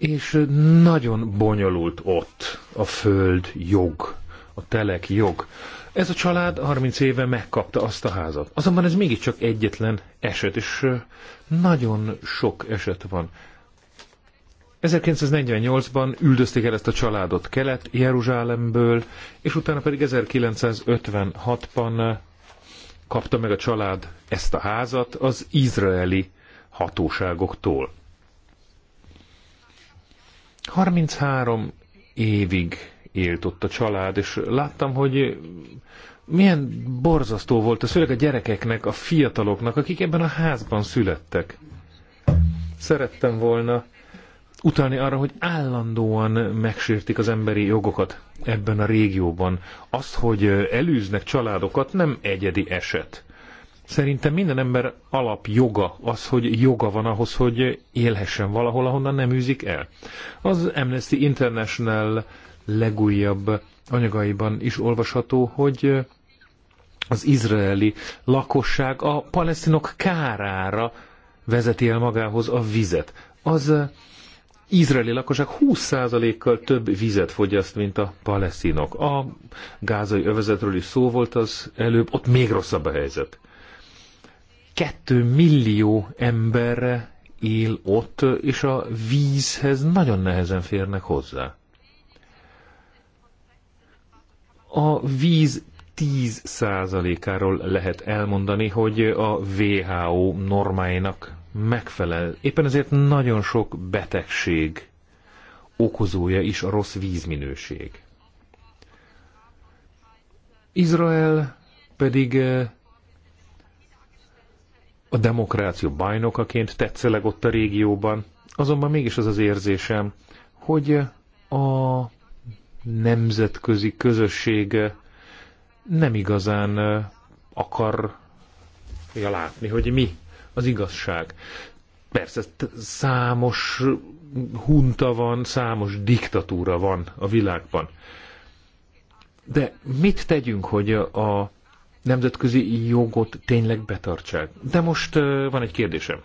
és nagyon bonyolult ott a föld jog, a telek jog. Ez a család 30 éve megkapta azt a házat. Azonban ez mégiscsak egyetlen eset, és nagyon sok eset van. 1948-ban üldözték el ezt a családot Kelet-Jeruzsálemből, és utána pedig 1956-ban kapta meg a család ezt a házat az izraeli hatóságoktól. 33 évig élt ott a család, és láttam, hogy milyen borzasztó volt ez, főleg a gyerekeknek, a fiataloknak, akik ebben a házban születtek. Szerettem volna utalni arra, hogy állandóan megsértik az emberi jogokat ebben a régióban. Azt, hogy elűznek családokat, nem egyedi eset. Szerintem minden ember alapjoga az, hogy joga van ahhoz, hogy élhessen valahol, ahonnan nem űzik el. Az Amnesty International legújabb anyagaiban is olvasható, hogy az izraeli lakosság a palesztinok kárára vezeti el magához a vizet. Az izraeli lakosság 20%-kal több vizet fogyaszt, mint a palesztinok. A gázai övezetről is szó volt az előbb, ott még rosszabb a helyzet. 2 millió ember él ott, és a vízhez nagyon nehezen férnek hozzá. A víz 10 százalékáról lehet elmondani, hogy a WHO normáinak megfelel. Éppen ezért nagyon sok betegség okozója is a rossz vízminőség. Izrael pedig eh, a demokrácia bajnokaként tetszeleg ott a régióban, azonban mégis az az érzésem, hogy a nemzetközi közösség nem igazán akar látni, hogy mi az igazság. Persze számos hunta van, számos diktatúra van a világban. De mit tegyünk, hogy a nemzetközi jogot tényleg betartsák. De most van egy kérdésem.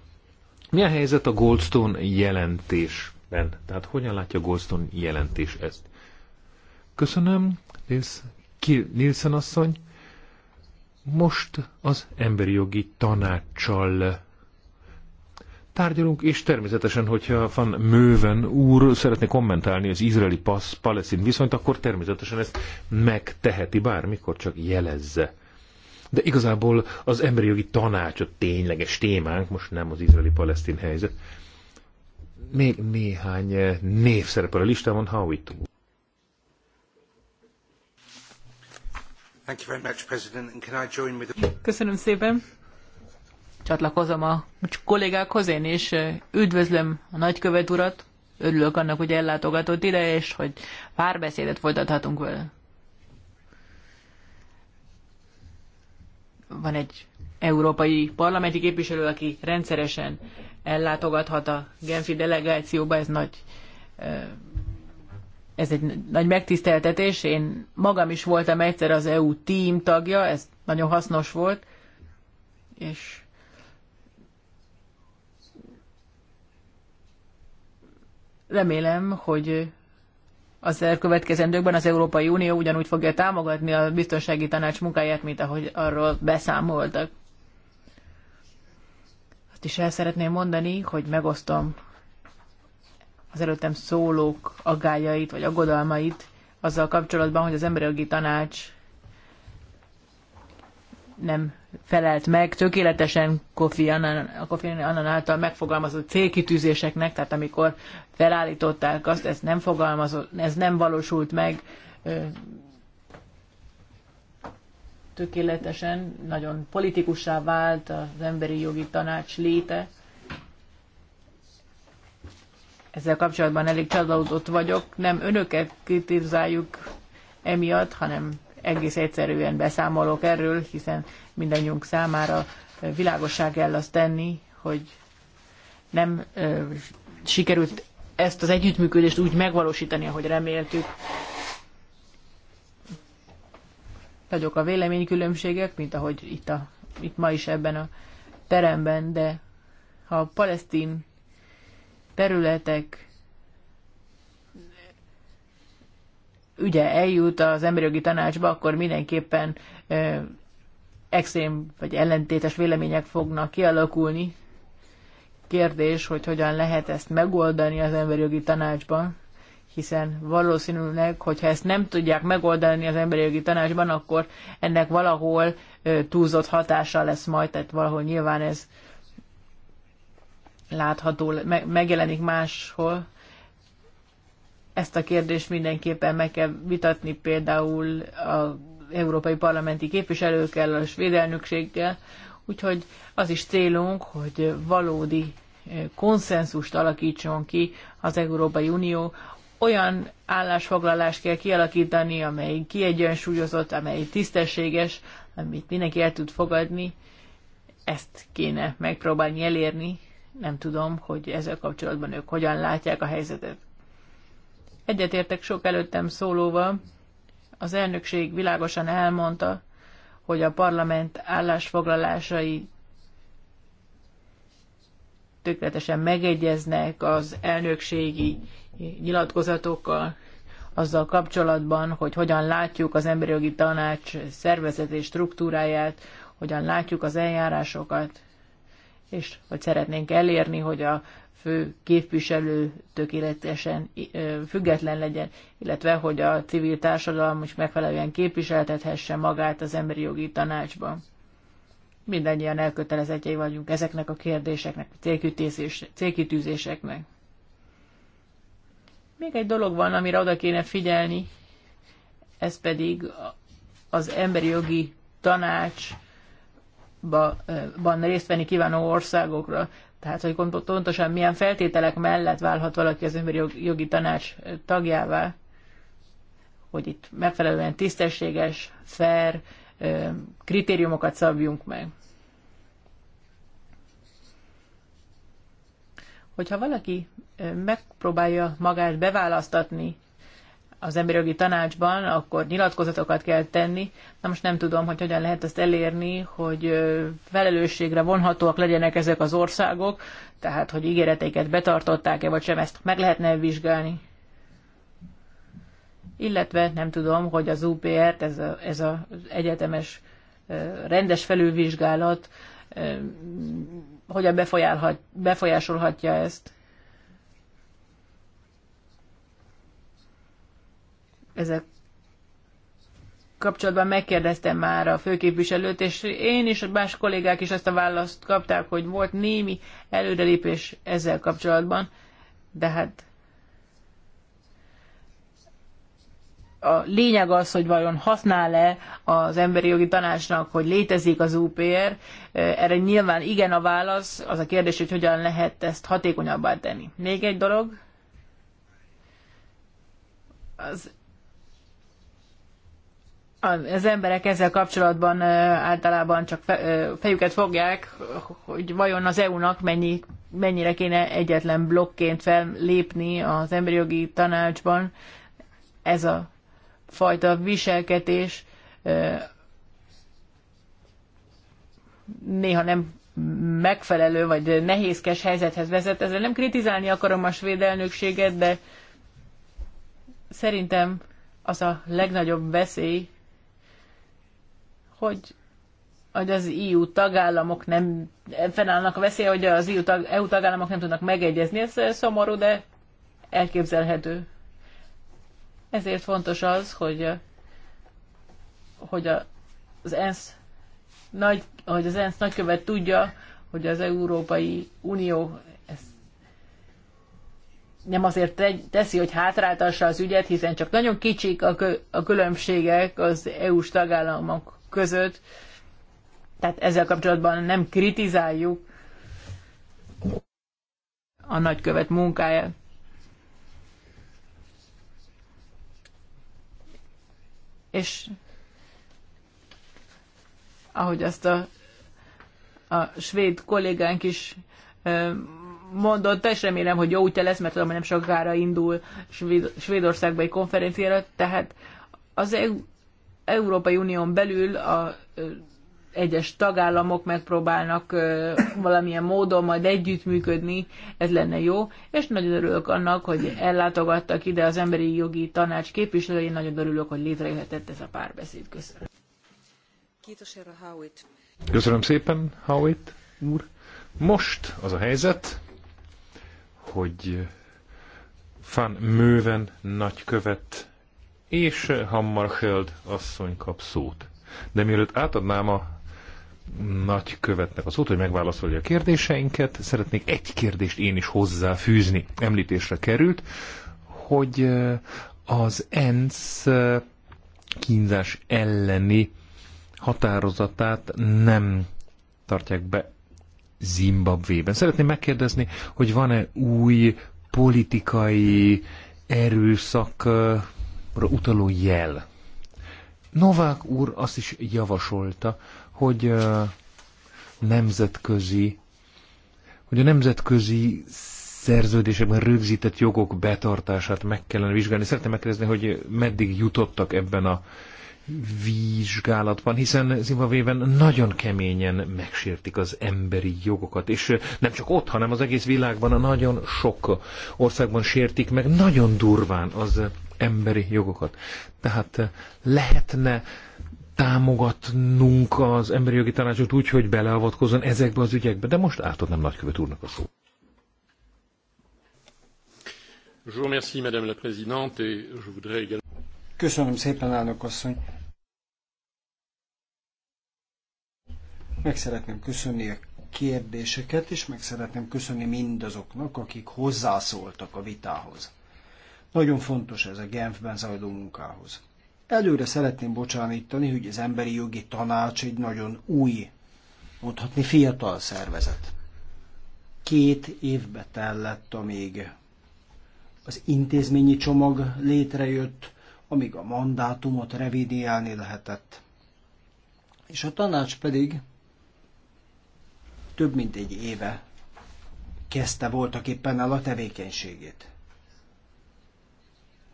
Mi a helyzet a Goldstone jelentésben? Tehát hogyan látja Goldstone jelentés ezt? Köszönöm, Nils, Nilsen asszony. Most az emberi jogi tanácssal tárgyalunk, és természetesen, hogyha Van Möven úr szeretné kommentálni az izraeli pasz palesztin viszonyt, akkor természetesen ezt megteheti bármikor, csak jelezze. De igazából az emberi jogi tanács a tényleges témánk, most nem az izraeli-palesztin helyzet. Még néhány eh, név szerepel a ha úgy túl. Köszönöm szépen. Csatlakozom a kollégákhoz, én és eh, üdvözlöm a nagykövet urat. Örülök annak, hogy ellátogatott ide, és hogy párbeszédet folytathatunk vele. van egy európai parlamenti képviselő, aki rendszeresen ellátogathat a Genfi delegációba, ez nagy ez egy nagy megtiszteltetés. Én magam is voltam egyszer az EU team tagja, ez nagyon hasznos volt, és remélem, hogy az elkövetkezendőkben az Európai Unió ugyanúgy fogja támogatni a biztonsági tanács munkáját, mint ahogy arról beszámoltak. Azt is el szeretném mondani, hogy megosztom az előttem szólók aggájait vagy aggodalmait azzal kapcsolatban, hogy az emberi jogi tanács nem felelt meg tökéletesen Kofi Annan, Kofi Annan által megfogalmazott célkitűzéseknek, tehát amikor felállították azt, ez nem, fogalmazott, ez nem valósult meg tökéletesen, nagyon politikussá vált az emberi jogi tanács léte. Ezzel kapcsolatban elég csalódott vagyok. Nem önöket kritizáljuk emiatt, hanem egész egyszerűen beszámolok erről, hiszen mindannyiunk számára világosság kell azt tenni, hogy nem ö, sikerült ezt az együttműködést úgy megvalósítani, ahogy reméltük. Nagyok a véleménykülönbségek, mint ahogy itt, a, itt ma is ebben a teremben, de ha a palesztin területek ügye eljut az emberjogi tanácsba, akkor mindenképpen extrém vagy ellentétes vélemények fognak kialakulni. Kérdés, hogy hogyan lehet ezt megoldani az emberjogi tanácsban, hiszen valószínűleg, hogyha ezt nem tudják megoldani az emberjogi tanácsban, akkor ennek valahol túlzott hatása lesz majd, tehát valahol nyilván ez látható, megjelenik máshol. Ezt a kérdést mindenképpen meg kell vitatni például az európai parlamenti képviselőkkel, a svéd elnökséggel, úgyhogy az is célunk, hogy valódi eh, konszenzust alakítson ki az Európai Unió, olyan állásfoglalást kell kialakítani, amely kiegyensúlyozott, amely tisztességes, amit mindenki el tud fogadni, ezt kéne megpróbálni elérni. Nem tudom, hogy ezzel kapcsolatban ők hogyan látják a helyzetet. Egyetértek sok előttem szólóval, az elnökség világosan elmondta, hogy a parlament állásfoglalásai tökéletesen megegyeznek az elnökségi nyilatkozatokkal azzal kapcsolatban, hogy hogyan látjuk az emberi jogi tanács szervezet és struktúráját, hogyan látjuk az eljárásokat, és hogy szeretnénk elérni, hogy a fő képviselő tökéletesen független legyen, illetve hogy a civil társadalom is megfelelően képviseltethesse magát az emberi jogi tanácsban. Mindannyian elkötelezettjei vagyunk ezeknek a kérdéseknek, célkitűzéseknek. Még egy dolog van, amire oda kéne figyelni, ez pedig az emberi jogi tanácsban részt venni kívánó országokra tehát hogy pontosan milyen feltételek mellett válhat valaki az emberi jogi tanács tagjává, hogy itt megfelelően tisztességes, fair kritériumokat szabjunk meg. Hogyha valaki megpróbálja magát beválasztatni az emberjogi tanácsban, akkor nyilatkozatokat kell tenni. Na most nem tudom, hogy hogyan lehet ezt elérni, hogy felelősségre vonhatóak legyenek ezek az országok, tehát hogy ígéreteiket betartották-e vagy sem, ezt meg lehetne vizsgálni. Illetve nem tudom, hogy az UPR-t, ez, a, ez az egyetemes rendes felülvizsgálat, hogyan befolyásolhatja ezt. ezek kapcsolatban megkérdeztem már a főképviselőt, és én is, más kollégák is ezt a választ kapták, hogy volt némi előrelépés ezzel kapcsolatban, de hát a lényeg az, hogy vajon használ-e az emberi jogi tanácsnak, hogy létezik az UPR. Erre nyilván igen a válasz, az a kérdés, hogy hogyan lehet ezt hatékonyabbá tenni. Még egy dolog, az az emberek ezzel kapcsolatban általában csak fejüket fogják, hogy vajon az EU-nak mennyi, mennyire kéne egyetlen blokként fellépni az emberi jogi tanácsban. Ez a fajta viselkedés néha nem megfelelő vagy nehézkes helyzethez vezet. Ezzel nem kritizálni akarom a svéd elnökséget, de szerintem az a legnagyobb veszély, hogy, hogy az EU tagállamok nem, fennállnak a veszélye, hogy az EU, tag, EU tagállamok nem tudnak megegyezni. Ez szomorú, de elképzelhető. Ezért fontos az, hogy, hogy a, az ENSZ nagy, hogy az ENSZ nagykövet tudja, hogy az Európai Unió ezt nem azért teszi, hogy hátráltassa az ügyet, hiszen csak nagyon kicsik a, kö, a különbségek az EU-s tagállamok között. Tehát ezzel kapcsolatban nem kritizáljuk a nagykövet munkáját. És ahogy azt a, a svéd kollégánk is mondott, és remélem, hogy jó útja lesz, mert tudom, hogy nem sokára indul Svéd, Svédországba egy konferenciára, tehát az EU, Európai Unión belül a egyes tagállamok megpróbálnak valamilyen módon majd együttműködni, ez lenne jó, és nagyon örülök annak, hogy ellátogattak ide az Emberi Jogi Tanács képviselői, nagyon örülök, hogy létrejöhetett ez a párbeszéd. Köszönöm. Köszönöm szépen, Howitt úr. Most az a helyzet, hogy Fan Möven nagykövet és Hammarskjöld asszony kap szót. De mielőtt átadnám a nagy követnek a szót, hogy megválaszolja a kérdéseinket, szeretnék egy kérdést én is hozzáfűzni. Említésre került, hogy eh, az ENSZ eh, kínzás elleni határozatát nem tartják be Zimbabvében. Szeretném megkérdezni, hogy van-e új politikai erőszak eh, utaló jel. Novák úr azt is javasolta, hogy nemzetközi, hogy a nemzetközi szerződésekben rögzített jogok betartását meg kellene vizsgálni. Szeretném megkérdezni, hogy meddig jutottak ebben a vizsgálatban, hiszen Zimbabwe-ben nagyon keményen megsértik az emberi jogokat, és nem csak ott, hanem az egész világban, a nagyon sok országban sértik meg nagyon durván az emberi jogokat. Tehát eh, lehetne támogatnunk az emberi jogi tanácsot úgy, hogy beleavatkozzon ezekbe az ügyekbe, de most átadnám nagykövet úrnak a szót. Köszönöm szépen, elnök asszony. Meg szeretném köszönni a kérdéseket, és meg szeretném köszönni mindazoknak, akik hozzászóltak a vitához. Nagyon fontos ez a Genfben zajló munkához. Előre szeretném bocsánítani, hogy az Emberi Jogi Tanács egy nagyon új, mondhatni fiatal szervezet. Két évbe tellett, amíg az intézményi csomag létrejött, amíg a mandátumot revidiálni lehetett. És a tanács pedig több mint egy éve kezdte voltak éppen el a tevékenységét.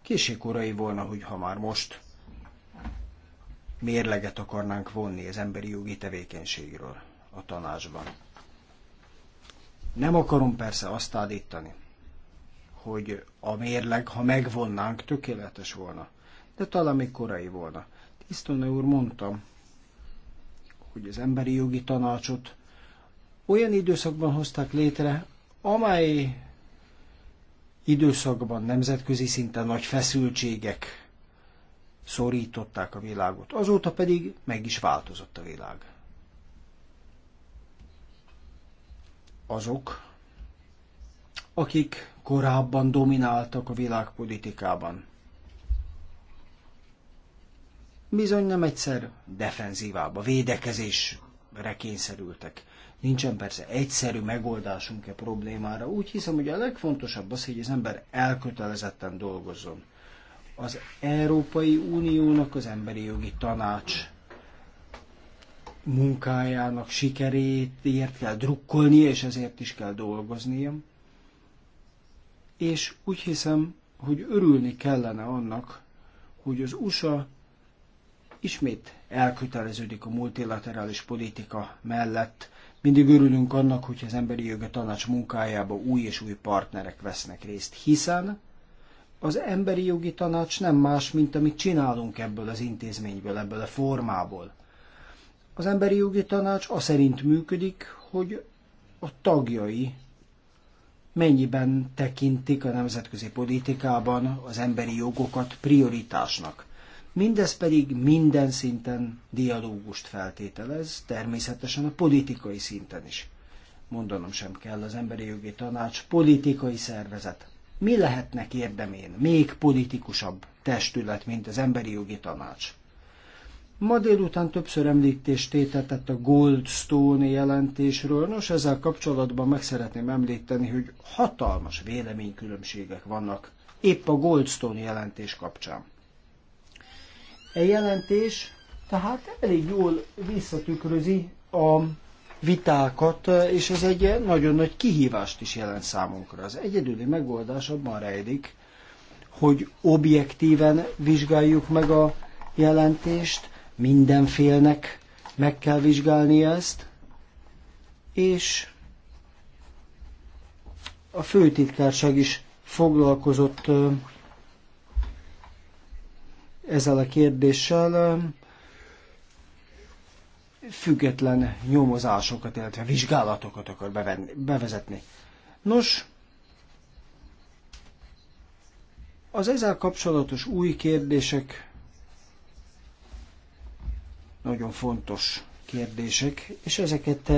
Késő korai volna, hogy ha már most mérleget akarnánk vonni az emberi jogi tevékenységről a tanácsban. Nem akarom persze azt állítani, hogy a mérleg, ha megvonnánk, tökéletes volna. De talán még korai volna. Tisztone úr, mondtam, hogy az emberi jogi tanácsot olyan időszakban hozták létre, amely időszakban nemzetközi szinten nagy feszültségek szorították a világot. Azóta pedig meg is változott a világ. Azok, akik korábban domináltak a világpolitikában, bizony nem egyszer defenzívába, védekezésre kényszerültek. Nincsen persze egyszerű megoldásunk e problémára. Úgy hiszem, hogy a legfontosabb az, hogy az ember elkötelezetten dolgozzon. Az Európai Uniónak az emberi jogi tanács munkájának sikerét ért kell drukkolnia, és ezért is kell dolgoznia. És úgy hiszem, hogy örülni kellene annak, hogy az USA ismét elköteleződik a multilaterális politika mellett, mindig örülünk annak, hogy az Emberi Jogi Tanács munkájába új és új partnerek vesznek részt, hiszen az Emberi Jogi Tanács nem más, mint amit csinálunk ebből az intézményből, ebből a formából. Az Emberi Jogi Tanács szerint működik, hogy a tagjai mennyiben tekintik a nemzetközi politikában az emberi jogokat prioritásnak. Mindez pedig minden szinten dialógust feltételez, természetesen a politikai szinten is. Mondanom sem kell, az Emberi Jogi Tanács politikai szervezet. Mi lehetnek érdemén még politikusabb testület, mint az Emberi Jogi Tanács? Ma délután többször említést tétetett a Goldstone jelentésről. Nos, ezzel kapcsolatban meg szeretném említeni, hogy hatalmas véleménykülönbségek vannak épp a Goldstone jelentés kapcsán. E jelentés tehát elég jól visszatükrözi a vitákat, és ez egy nagyon nagy kihívást is jelent számunkra. Az egyedüli megoldás abban rejlik, hogy objektíven vizsgáljuk meg a jelentést, mindenfélnek meg kell vizsgálni ezt, és a főtitkárság is foglalkozott ezzel a kérdéssel független nyomozásokat, illetve vizsgálatokat akar bevenni, bevezetni. Nos, az ezzel kapcsolatos új kérdések nagyon fontos kérdések, és ezeket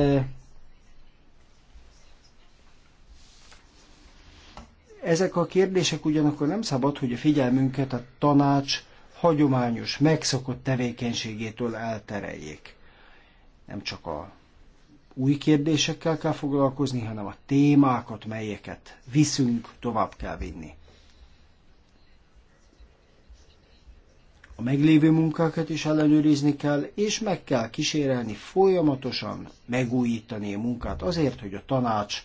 ezek a kérdések ugyanakkor nem szabad, hogy a figyelmünket a tanács hagyományos, megszokott tevékenységétől eltereljék. Nem csak a új kérdésekkel kell foglalkozni, hanem a témákat, melyeket viszünk, tovább kell vinni. A meglévő munkákat is ellenőrizni kell, és meg kell kísérelni folyamatosan megújítani a munkát azért, hogy a tanács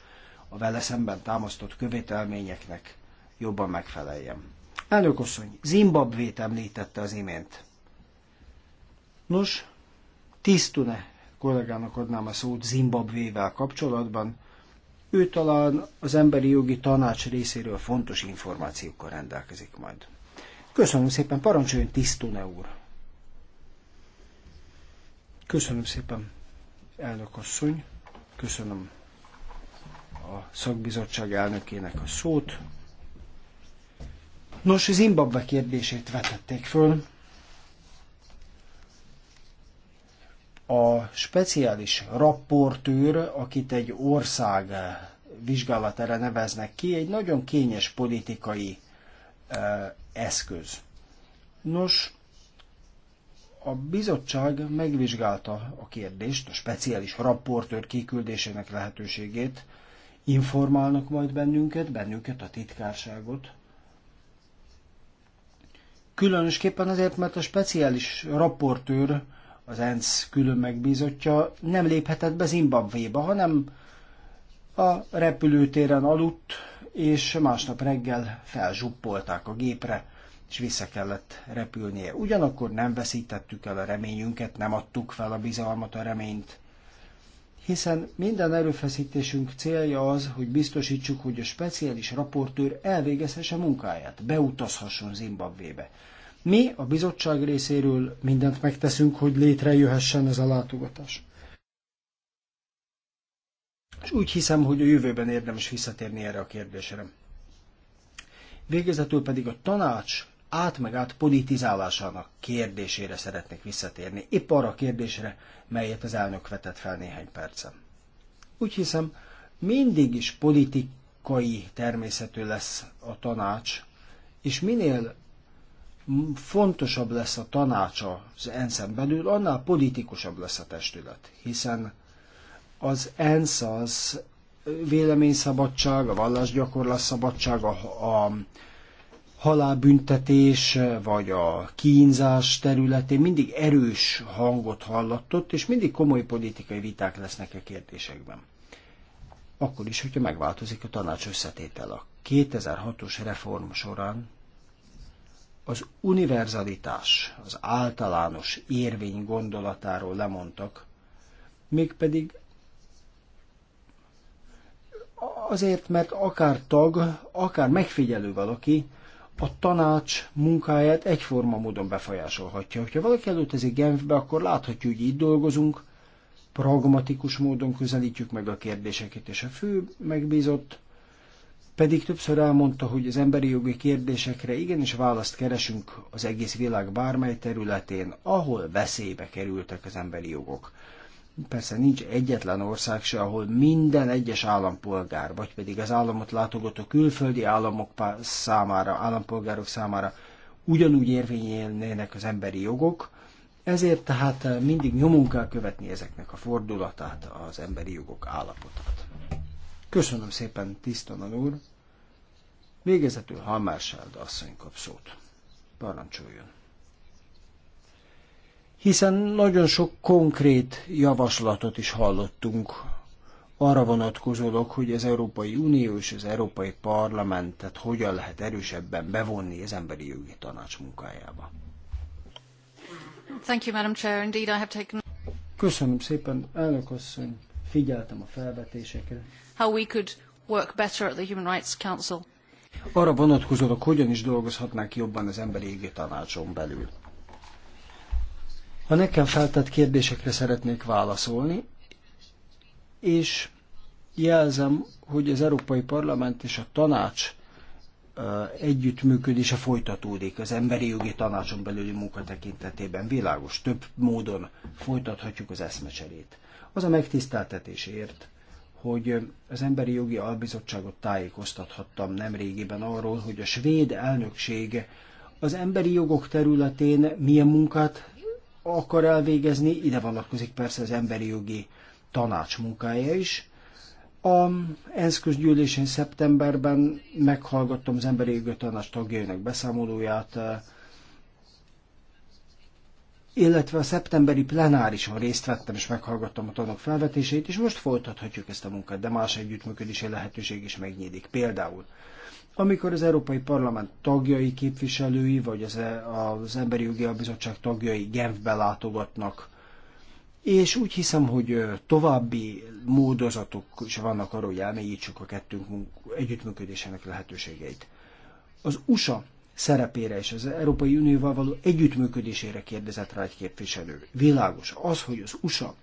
a vele szemben támasztott követelményeknek jobban megfeleljen. Elnök asszony, Zimbabvét említette az imént. Nos, Tisztune kollégának adnám a szót Zimbabvével kapcsolatban. Ő talán az emberi jogi tanács részéről fontos információkkal rendelkezik majd. Köszönöm szépen, parancsoljon Tisztune úr! Köszönöm szépen, elnök asszony, köszönöm a szakbizottság elnökének a szót, Nos, Zimbabwe kérdését vetették föl. A speciális rapportőr, akit egy ország vizsgálatára neveznek ki, egy nagyon kényes politikai e, eszköz. Nos, a bizottság megvizsgálta a kérdést, a speciális rapportőr kiküldésének lehetőségét, informálnak majd bennünket, bennünket a titkárságot Különösképpen azért, mert a speciális raportőr, az ENSZ külön megbízottja nem léphetett be Zimbabvéba, hanem a repülőtéren aludt, és másnap reggel felzsuppolták a gépre, és vissza kellett repülnie. Ugyanakkor nem veszítettük el a reményünket, nem adtuk fel a bizalmat, a reményt, hiszen minden erőfeszítésünk célja az, hogy biztosítsuk, hogy a speciális raportőr elvégezhesse munkáját, beutazhasson Zimbabvébe. Mi a bizottság részéről mindent megteszünk, hogy létrejöhessen ez a látogatás. És úgy hiszem, hogy a jövőben érdemes visszatérni erre a kérdésre. Végezetül pedig a tanács át meg át politizálásának kérdésére szeretnék visszatérni. Épp arra a kérdésre, melyet az elnök vetett fel néhány percen. Úgy hiszem, mindig is politikai természetű lesz a tanács, és minél fontosabb lesz a tanácsa az ensz belül, annál politikusabb lesz a testület, hiszen az ENSZ az véleményszabadság, a vallásgyakorlás szabadság, a, a halálbüntetés vagy a kínzás területén mindig erős hangot hallatott, és mindig komoly politikai viták lesznek a e kérdésekben. Akkor is, hogyha megváltozik a tanács összetétel. A 2006-os reform során az univerzalitás, az általános érvény gondolatáról lemondtak, mégpedig azért, mert akár tag, akár megfigyelő valaki, a tanács munkáját egyforma módon befolyásolhatja. Ha valaki elutazik Genfbe, akkor láthatjuk, hogy itt dolgozunk, pragmatikus módon közelítjük meg a kérdéseket, és a fő megbízott pedig többször elmondta, hogy az emberi jogi kérdésekre igenis választ keresünk az egész világ bármely területén, ahol veszélybe kerültek az emberi jogok persze nincs egyetlen ország se, ahol minden egyes állampolgár, vagy pedig az államot látogató külföldi államok számára, állampolgárok számára ugyanúgy érvényelnének az emberi jogok, ezért tehát eh, mindig nyomunk kell követni ezeknek a fordulatát, az emberi jogok állapotát. Köszönöm szépen, Tisztanan úr! Végezetül Halmár Sárda asszony kap szót. Parancsoljon! hiszen nagyon sok konkrét javaslatot is hallottunk arra vonatkozólag, hogy az Európai Unió és az Európai Parlamentet hogyan lehet erősebben bevonni az emberi jogi tanács munkájába. Thank you, Madam Chair. Indeed, I have taken... Köszönöm szépen, elnök asszony, figyeltem a felvetésekre. How we could work better at the Human Rights Council. Arra vonatkozólag, hogyan is dolgozhatnák jobban az emberi jogi tanácson belül. A nekem feltett kérdésekre szeretnék válaszolni, és jelzem, hogy az Európai Parlament és a tanács együttműködése folytatódik az emberi jogi tanácson belüli munka tekintetében. Világos, több módon folytathatjuk az eszmecserét. Az a megtiszteltetésért, hogy az Emberi Jogi Albizottságot tájékoztathattam nemrégiben arról, hogy a svéd elnökség az emberi jogok területén milyen munkát akar elvégezni, ide vonatkozik persze az emberi jogi tanács munkája is. A ENSZ közgyűlésén szeptemberben meghallgattam az emberi jogi tanács tagjainak beszámolóját, illetve a szeptemberi plenárison részt vettem és meghallgattam a tanok felvetéseit, és most folytathatjuk ezt a munkát, de más együttműködési lehetőség is megnyílik. Például amikor az Európai Parlament tagjai, képviselői, vagy az, e- az Emberi Jogi Bizottság tagjai Genfbe látogatnak. És úgy hiszem, hogy további módozatok is vannak arról, hogy elmélyítsük a kettőnk együttműködésének lehetőségeit. Az USA szerepére és az Európai Unióval való együttműködésére kérdezett rá egy képviselő. Világos az, hogy az USA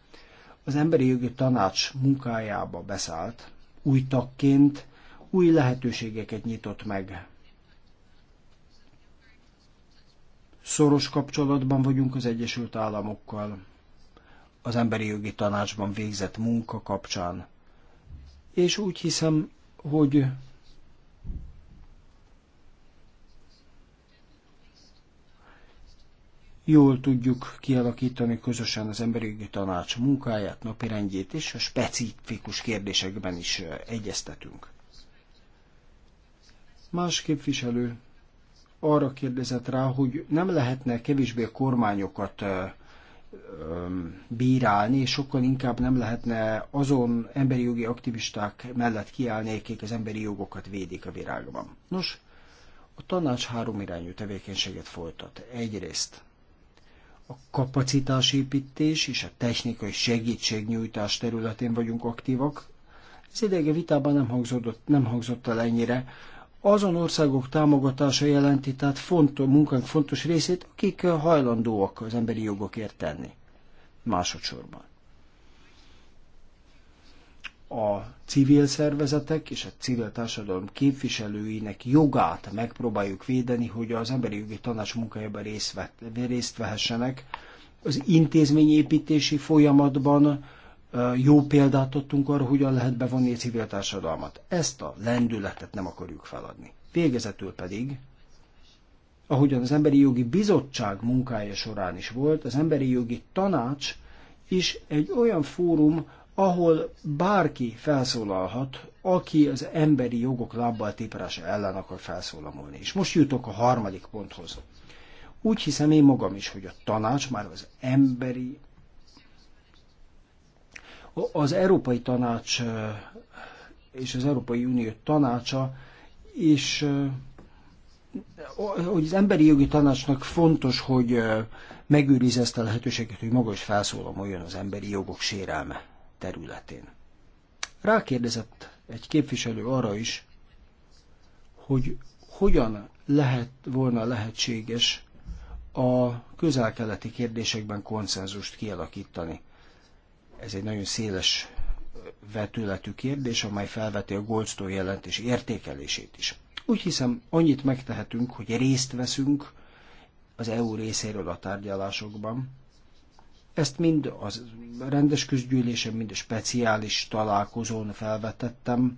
az Emberi Jogi Tanács munkájába beszállt, új tagként, új lehetőségeket nyitott meg. Szoros kapcsolatban vagyunk az Egyesült Államokkal, az Emberi Jogi Tanácsban végzett munka kapcsán. És úgy hiszem, hogy jól tudjuk kialakítani közösen az emberi jogi tanács munkáját, napirendjét, és a specifikus kérdésekben is eh, egyeztetünk. Más képviselő arra kérdezett rá, hogy nem lehetne kevésbé a kormányokat bírálni, és sokkal inkább nem lehetne azon emberi jogi aktivisták mellett kiállni, akik az emberi jogokat védik a virágban. Nos, a tanács három irányú tevékenységet folytat. Egyrészt a kapacitásépítés és a technikai segítségnyújtás területén vagyunk aktívak. Ez idege vitában nem hangzott, nem hangzott el ennyire, azon országok támogatása jelenti tehát fontos, munkánk fontos részét, akik eh, hajlandóak az emberi jogokért tenni. Másodszorban. A civil szervezetek és a civil társadalom képviselőinek jogát megpróbáljuk védeni, hogy az emberi jogi tanács munkájában részt, vett, részt vehessenek. Az intézményépítési folyamatban jó példát adtunk arra, hogyan lehet bevonni a civil társadalmat. Ezt a lendületet nem akarjuk feladni. Végezetül pedig, ahogyan az Emberi Jogi Bizottság munkája során is volt, az Emberi Jogi Tanács is egy olyan fórum, ahol bárki felszólalhat, aki az emberi jogok lábbal tiprása ellen akar felszólalni. És most jutok a harmadik ponthoz. Úgy hiszem én magam is, hogy a tanács már az emberi az Európai Tanács és az Európai Unió tanácsa és hogy az emberi jogi tanácsnak fontos, hogy megőrizze ezt a lehetőséget, hogy maga is felszólaljon az emberi jogok sérelme területén. Rákérdezett egy képviselő arra is, hogy hogyan lehet volna lehetséges a közel-keleti kérdésekben konszenzust kialakítani. Ez egy nagyon széles vetületű kérdés, amely felveti a Goldstone jelentés értékelését is. Úgy hiszem, annyit megtehetünk, hogy részt veszünk az EU részéről a tárgyalásokban. Ezt mind az rendes közgyűlésen, mind a speciális találkozón felvetettem.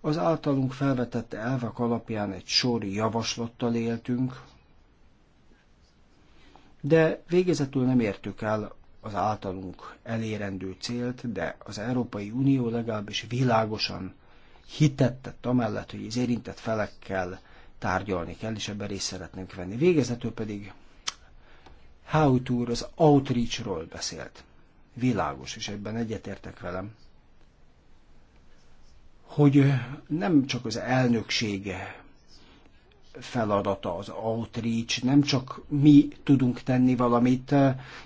Az általunk felvetett elvek alapján egy sor javaslattal éltünk, de végezetül nem értük el az általunk elérendő célt, de az Európai Unió legalábbis világosan hitettett amellett, hogy az érintett felekkel tárgyalni kell, és ebben részt szeretnénk venni. Végezetül pedig Howitt úr az outreach-ról beszélt. Világos, és ebben egyetértek velem, hogy nem csak az elnöksége feladata az outreach, nem csak mi tudunk tenni valamit,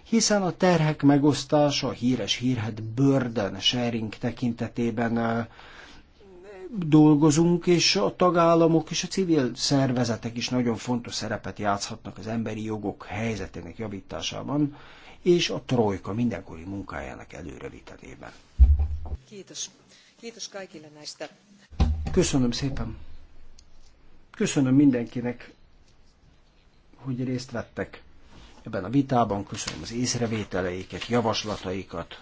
hiszen a terhek megosztása, a híres hírhet burden sharing tekintetében dolgozunk, és a tagállamok és a civil szervezetek is nagyon fontos szerepet játszhatnak az emberi jogok helyzetének javításában, és a trojka mindenkori munkájának előrevitelében. Köszönöm szépen! Köszönöm mindenkinek, hogy részt vettek ebben a vitában, köszönöm az észrevételeiket, javaslataikat.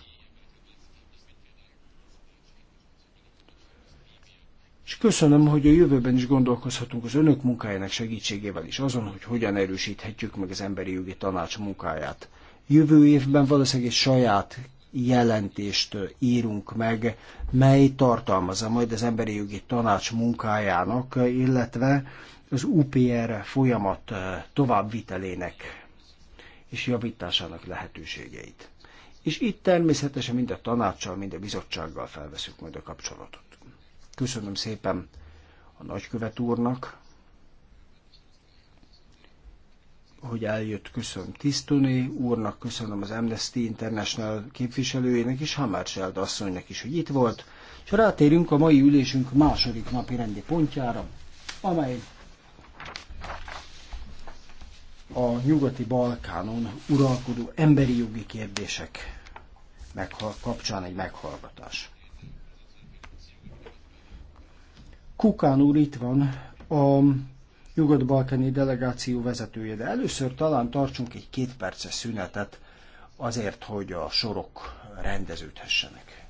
És köszönöm, hogy a jövőben is gondolkozhatunk az önök munkájának segítségével is azon, hogy hogyan erősíthetjük meg az emberi jogi tanács munkáját. Jövő évben valószínűleg egy saját jelentést írunk meg, mely tartalmazza majd az Emberi Jogi Tanács munkájának, illetve az UPR folyamat eh, továbbvitelének és javításának lehetőségeit. És itt természetesen mind a tanácssal, mind a bizottsággal felveszünk majd a kapcsolatot. Köszönöm szépen a nagykövet úrnak, hogy eljött, köszönöm Tisztoni úrnak, köszönöm az Amnesty International képviselőjének és Hamárseld asszonynak is, hogy itt volt. És rátérünk a mai ülésünk második napi rendi pontjára, amely a nyugati Balkánon uralkodó emberi jogi kérdések kapcsán egy meghallgatás. Kukán úr itt van, a nyugat-balkáni delegáció vezetője, de először talán tartsunk egy két perces szünetet azért, hogy a sorok rendeződhessenek.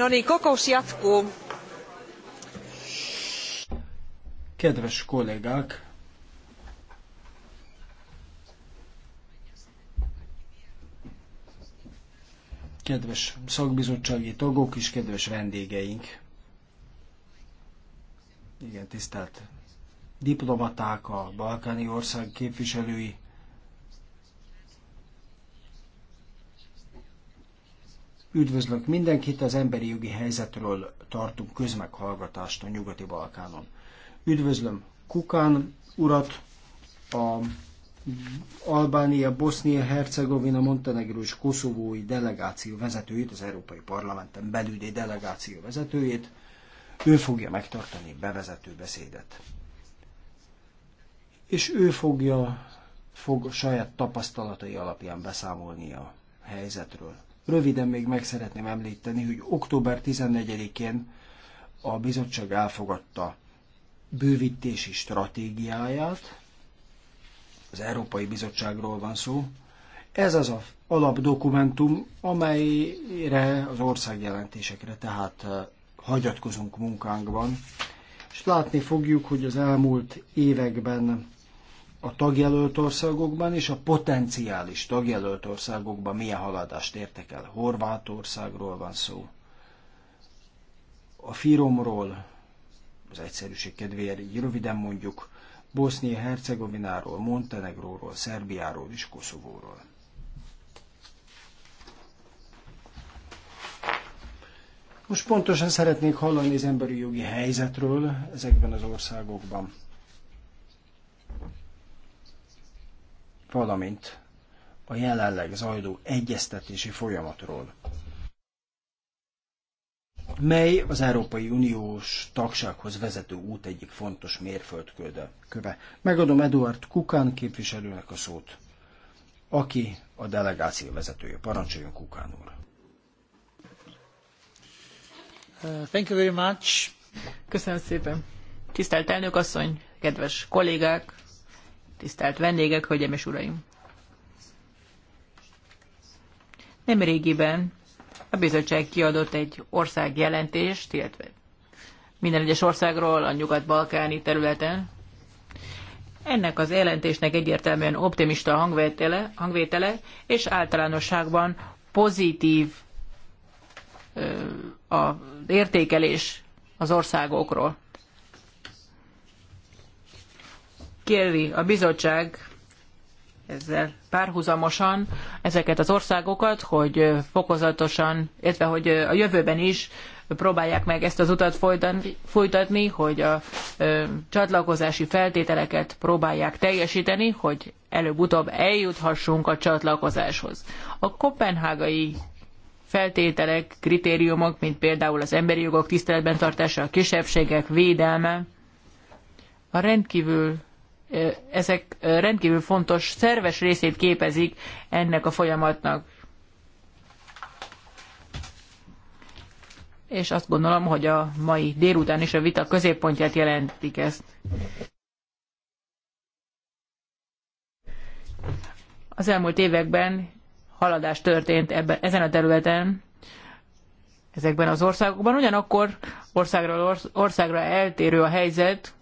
No niin, kokous jatkuu. Kedves kollégák! Kedves szakbizottsági tagok és kedves vendégeink! Igen, tisztelt diplomaták, a balkáni ország képviselői, Üdvözlök mindenkit, az emberi jogi helyzetről tartunk közmeghallgatást a nyugati Balkánon. Üdvözlöm Kukán urat, a Albánia, Bosznia, Hercegovina, Montenegro és Koszovói delegáció vezetőjét, az Európai Parlamenten belüli delegáció vezetőjét. Ő fogja megtartani bevezető beszédet. És ő fogja, fog saját tapasztalatai alapján beszámolni a helyzetről. Röviden még meg szeretném említeni, hogy október 14-én a bizottság elfogadta bővítési stratégiáját, az Európai Bizottságról van szó. Ez az a alapdokumentum, amelyre az országjelentésekre tehát eh, hagyatkozunk munkánkban, és látni fogjuk, hogy az elmúlt években a tagjelölt országokban és a potenciális tagjelölt országokban milyen haladást értek el. Horvátországról van szó, a Firomról, az egyszerűség kedvéért így röviden mondjuk, Bosznia-Hercegovináról, Montenegróról, Szerbiáról és Koszovóról. Most pontosan szeretnék hallani az emberi jogi helyzetről ezekben az országokban. valamint a jelenleg zajló egyeztetési folyamatról, mely az Európai Uniós tagsághoz vezető út egyik fontos mérföldköve. Megadom Eduard Kukán képviselőnek a szót, aki a delegáció vezetője. Parancsoljon Kukán úr! Uh, thank you very much. Köszönöm szépen. Tisztelt elnök asszony, kedves kollégák, tisztelt vendégek, hölgyeim és uraim! régiben, a bizottság kiadott egy jelentést, illetve minden egyes országról a nyugat-balkáni területen. Ennek az jelentésnek egyértelműen optimista hangvétele, hangvétele és általánosságban pozitív a értékelés az országokról. kéri a bizottság ezzel párhuzamosan ezeket az országokat, hogy fokozatosan, illetve hogy a jövőben is próbálják meg ezt az utat folytatni, hogy a csatlakozási feltételeket próbálják teljesíteni, hogy előbb-utóbb eljuthassunk a csatlakozáshoz. A kopenhágai feltételek, kritériumok, mint például az emberi jogok tiszteletben tartása, a kisebbségek védelme, a rendkívül ezek rendkívül fontos, szerves részét képezik ennek a folyamatnak. És azt gondolom, hogy a mai délután is a vita középpontját jelentik ezt. Az elmúlt években haladás történt ebben, ezen a területen, ezekben az országokban. Ugyanakkor országról országra eltérő a helyzet,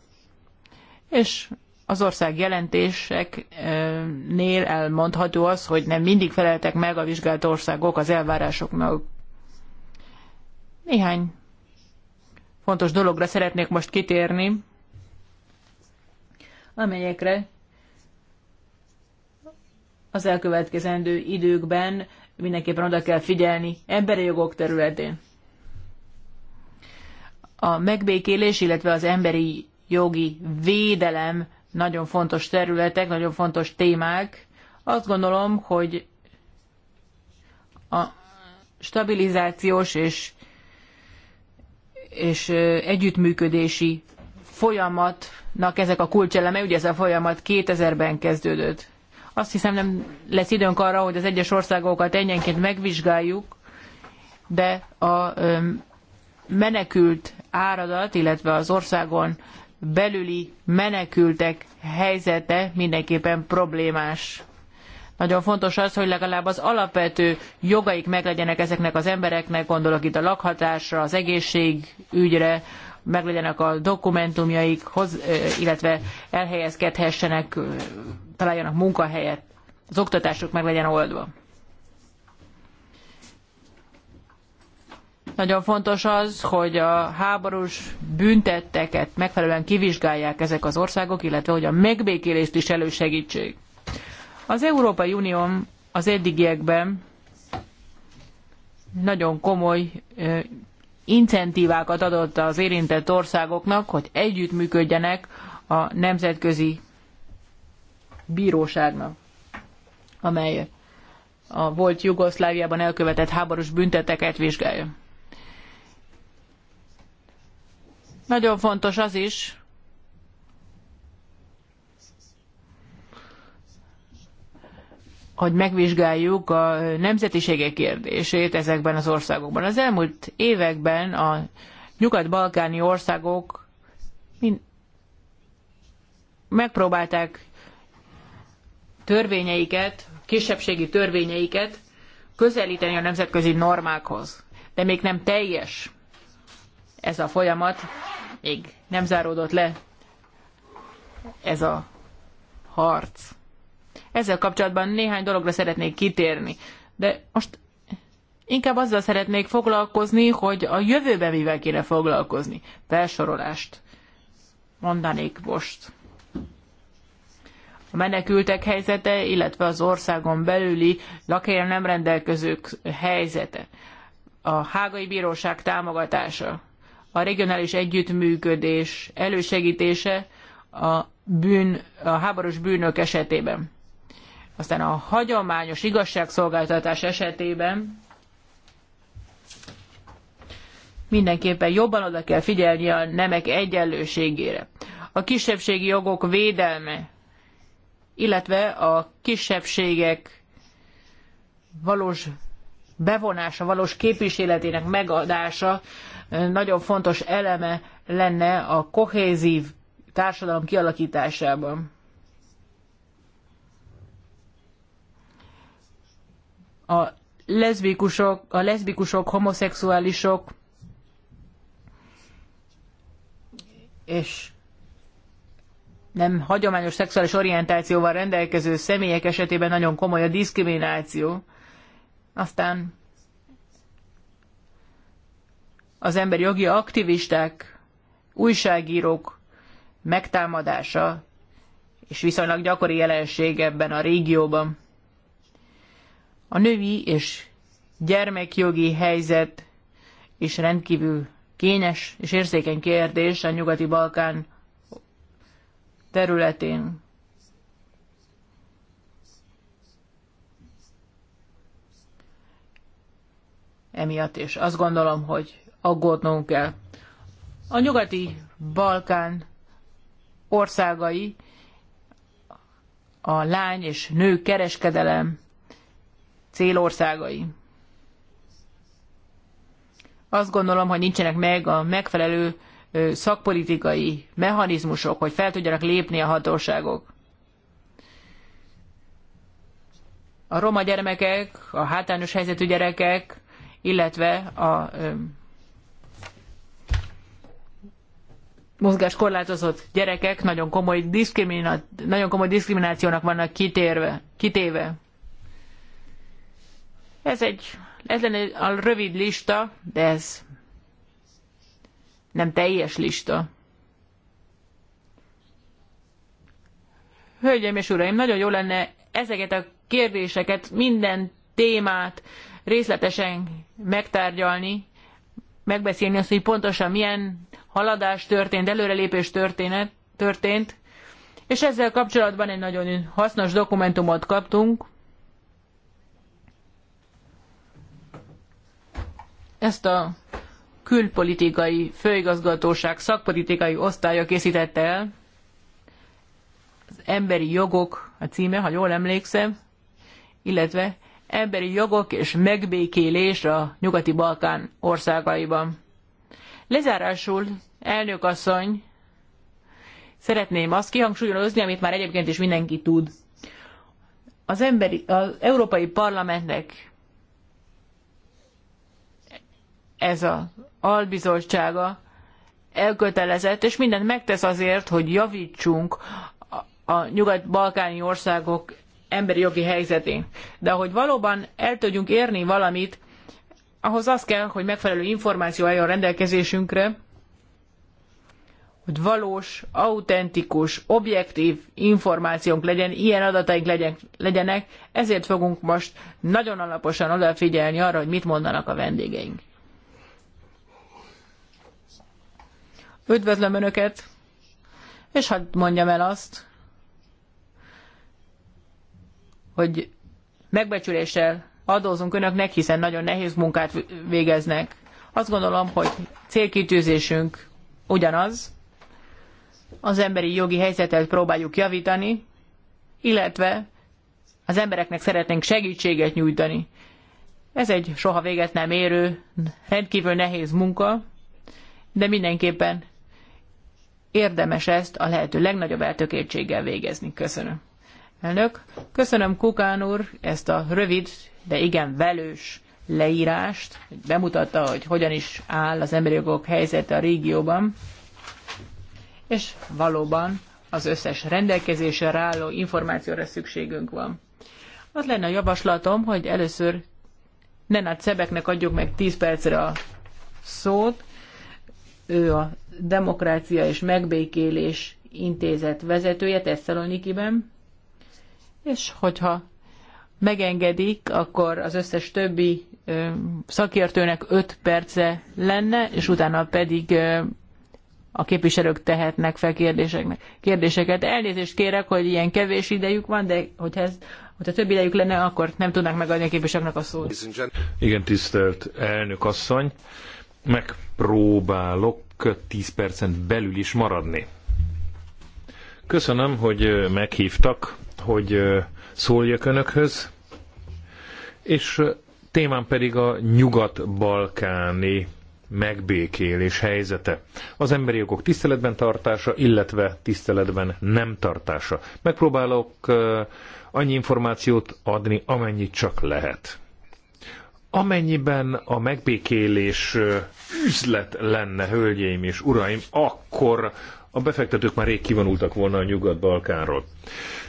és az ország jelentéseknél elmondható az, hogy nem mindig feleltek meg a vizsgált országok az elvárásoknak. Néhány fontos dologra szeretnék most kitérni, amelyekre az elkövetkezendő időkben mindenképpen oda kell figyelni emberi jogok területén. A megbékélés, illetve az emberi jogi védelem nagyon fontos területek, nagyon fontos témák. Azt gondolom, hogy a stabilizációs és, és együttműködési folyamatnak ezek a kulcseleme, ugye ez a folyamat 2000-ben kezdődött. Azt hiszem nem lesz időnk arra, hogy az egyes országokat egyenként megvizsgáljuk, de a menekült áradat, illetve az országon belüli menekültek helyzete mindenképpen problémás. Nagyon fontos az, hogy legalább az alapvető jogaik meglegyenek ezeknek az embereknek, gondolok itt a lakhatásra, az egészségügyre, meglegyenek a dokumentumjaik, illetve elhelyezkedhessenek, találjanak munkahelyet, az oktatásuk meg legyen oldva. Nagyon fontos az, hogy a háborús büntetteket megfelelően kivizsgálják ezek az országok, illetve hogy a megbékélést is elősegítsék. Az Európai Unió az eddigiekben nagyon komoly incentívákat adott az érintett országoknak, hogy együttműködjenek a nemzetközi bíróságnak, amely a volt Jugoszláviában elkövetett háborús bünteteket vizsgálja. Nagyon fontos az is, hogy megvizsgáljuk a nemzetiségek kérdését ezekben az országokban. Az elmúlt években a nyugat-balkáni országok megpróbálták törvényeiket, kisebbségi törvényeiket közelíteni a nemzetközi normákhoz. De még nem teljes ez a folyamat, még nem záródott le ez a harc. Ezzel kapcsolatban néhány dologra szeretnék kitérni, de most inkább azzal szeretnék foglalkozni, hogy a jövőben mivel kéne foglalkozni. Felsorolást mondanék most. A menekültek helyzete, illetve az országon belüli lakhelyen nem rendelkezők helyzete. A hágai bíróság támogatása a regionális együttműködés elősegítése a, bűn, a háborús bűnök esetében. Aztán a hagyományos igazságszolgáltatás esetében mindenképpen jobban oda kell figyelni a nemek egyenlőségére. A kisebbségi jogok védelme, illetve a kisebbségek valós bevonása, valós képviseletének megadása nagyon fontos eleme lenne a kohézív társadalom kialakításában. A leszbikusok, a leszbikusok, homoszexuálisok és nem hagyományos szexuális orientációval rendelkező személyek esetében nagyon komoly a diszkrimináció. Aztán az emberi jogi aktivisták, újságírók megtámadása, és viszonylag gyakori jelenség ebben a régióban. A női és gyermekjogi helyzet is rendkívül kényes és érzékeny kérdés a nyugati Balkán területén. Emiatt is azt gondolom, hogy aggódnunk kell. A nyugati Balkán országai a lány és nő kereskedelem célországai. Azt gondolom, hogy nincsenek meg a megfelelő szakpolitikai mechanizmusok, hogy fel tudjanak lépni a hatóságok. A roma gyermekek, a hátrányos helyzetű gyerekek, illetve a mozgáskorlátozott gyerekek nagyon komoly, nagyon komoly diszkriminációnak vannak kitérve, kitéve. Ez egy, ez lenne a rövid lista, de ez nem teljes lista. Hölgyeim és uraim, nagyon jó lenne ezeket a kérdéseket, minden témát részletesen megtárgyalni, megbeszélni azt, hogy pontosan milyen haladás történt, előrelépés történet, történt, és ezzel kapcsolatban egy nagyon hasznos dokumentumot kaptunk. Ezt a külpolitikai főigazgatóság szakpolitikai osztálya készítette el. Az emberi jogok a címe, ha jól emlékszem, illetve emberi jogok és megbékélés a nyugati Balkán országaiban. Lezárásul, elnök asszony, szeretném azt kihangsúlyozni, amit már egyébként is mindenki tud. Az, emberi, az Európai Parlamentnek ez az albizottsága elkötelezett, és mindent megtesz azért, hogy javítsunk a nyugat-balkáni országok emberi jogi helyzetén. De hogy valóban el tudjunk érni valamit, ahhoz az kell, hogy megfelelő információ álljon rendelkezésünkre, hogy valós, autentikus, objektív információnk legyen, ilyen adataink legyenek, ezért fogunk most nagyon alaposan odafigyelni arra, hogy mit mondanak a vendégeink. Üdvözlöm Önöket, és hadd mondjam el azt, hogy megbecsüléssel adózunk önöknek, hiszen nagyon nehéz munkát végeznek. Azt gondolom, hogy célkitűzésünk ugyanaz, az emberi jogi helyzetet próbáljuk javítani, illetve az embereknek szeretnénk segítséget nyújtani. Ez egy soha véget nem érő, rendkívül nehéz munka, de mindenképpen érdemes ezt a lehető legnagyobb eltökéltséggel végezni. Köszönöm. Elnök, köszönöm Kukán úr ezt a rövid de igen velős leírást, hogy bemutatta, hogy hogyan is áll az emberi jogok helyzete a régióban, és valóban az összes rendelkezésre álló információra szükségünk van. Az lenne a javaslatom, hogy először Nenát Szebeknek adjuk meg 10 percre a szót. Ő a Demokrácia és Megbékélés Intézet vezetője Tesszalonikiben, és hogyha megengedik, akkor az összes többi szakértőnek 5 perce lenne, és utána pedig a képviselők tehetnek fel kérdéseknek, kérdéseket. Elnézést kérek, hogy ilyen kevés idejük van, de hogyha, ez, hogyha több idejük lenne, akkor nem tudnak megadni a képviselőknek a szót. Igen, tisztelt elnök asszony, megpróbálok 10 percen belül is maradni. Köszönöm, hogy meghívtak, hogy szóljak önökhöz, és témán pedig a nyugat-balkáni megbékélés helyzete. Az emberi jogok tiszteletben tartása, illetve tiszteletben nem tartása. Megpróbálok annyi információt adni, amennyit csak lehet. Amennyiben a megbékélés üzlet lenne, hölgyeim és uraim, akkor a befektetők már rég kivonultak volna a Nyugat-Balkánról.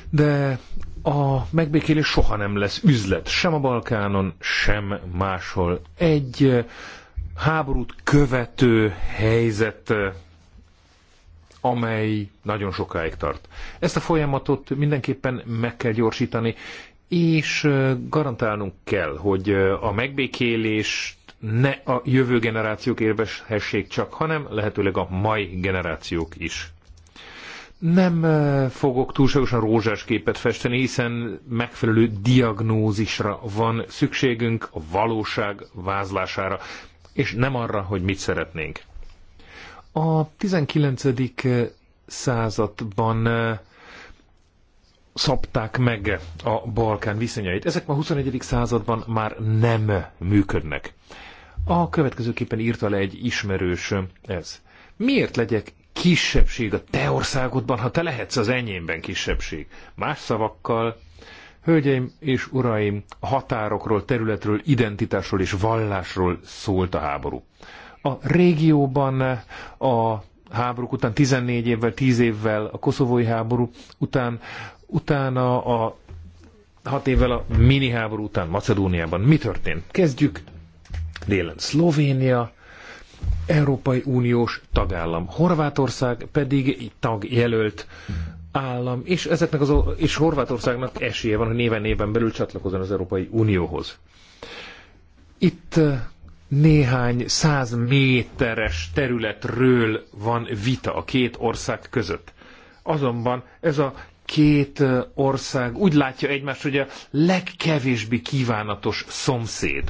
De a megbékélés soha nem lesz üzlet, sem a Balkánon, sem máshol. Egy háborút követő helyzet, amely nagyon sokáig tart. Ezt a folyamatot mindenképpen meg kell gyorsítani, és garantálnunk kell, hogy a megbékélést ne a jövő generációk élvezhessék csak, hanem lehetőleg a mai generációk is. Nem fogok túlságosan rózsás képet festeni, hiszen megfelelő diagnózisra van szükségünk, a valóság vázlására, és nem arra, hogy mit szeretnénk. A 19. században szabták meg a Balkán viszonyait. Ezek ma a 21. században már nem működnek. A következőképpen írta le egy ismerős ez. Miért legyek kisebbség a te országodban, ha te lehetsz az enyémben kisebbség. Más szavakkal, hölgyeim és uraim, a határokról, területről, identitásról és vallásról szólt a háború. A régióban a háborúk után 14 évvel, 10 évvel, a koszovói háború után, utána a hat évvel a mini háború után Macedóniában. Mi történt? Kezdjük délen Szlovénia, Európai Uniós tagállam. Horvátország pedig tagjelölt állam, és, ezeknek az, és Horvátországnak esélye van, hogy néven néven belül csatlakozzon az Európai Unióhoz. Itt eh, néhány száz méteres területről van vita a két ország között. Azonban ez a két eh, ország úgy látja egymást, hogy a legkevésbé kívánatos szomszéd.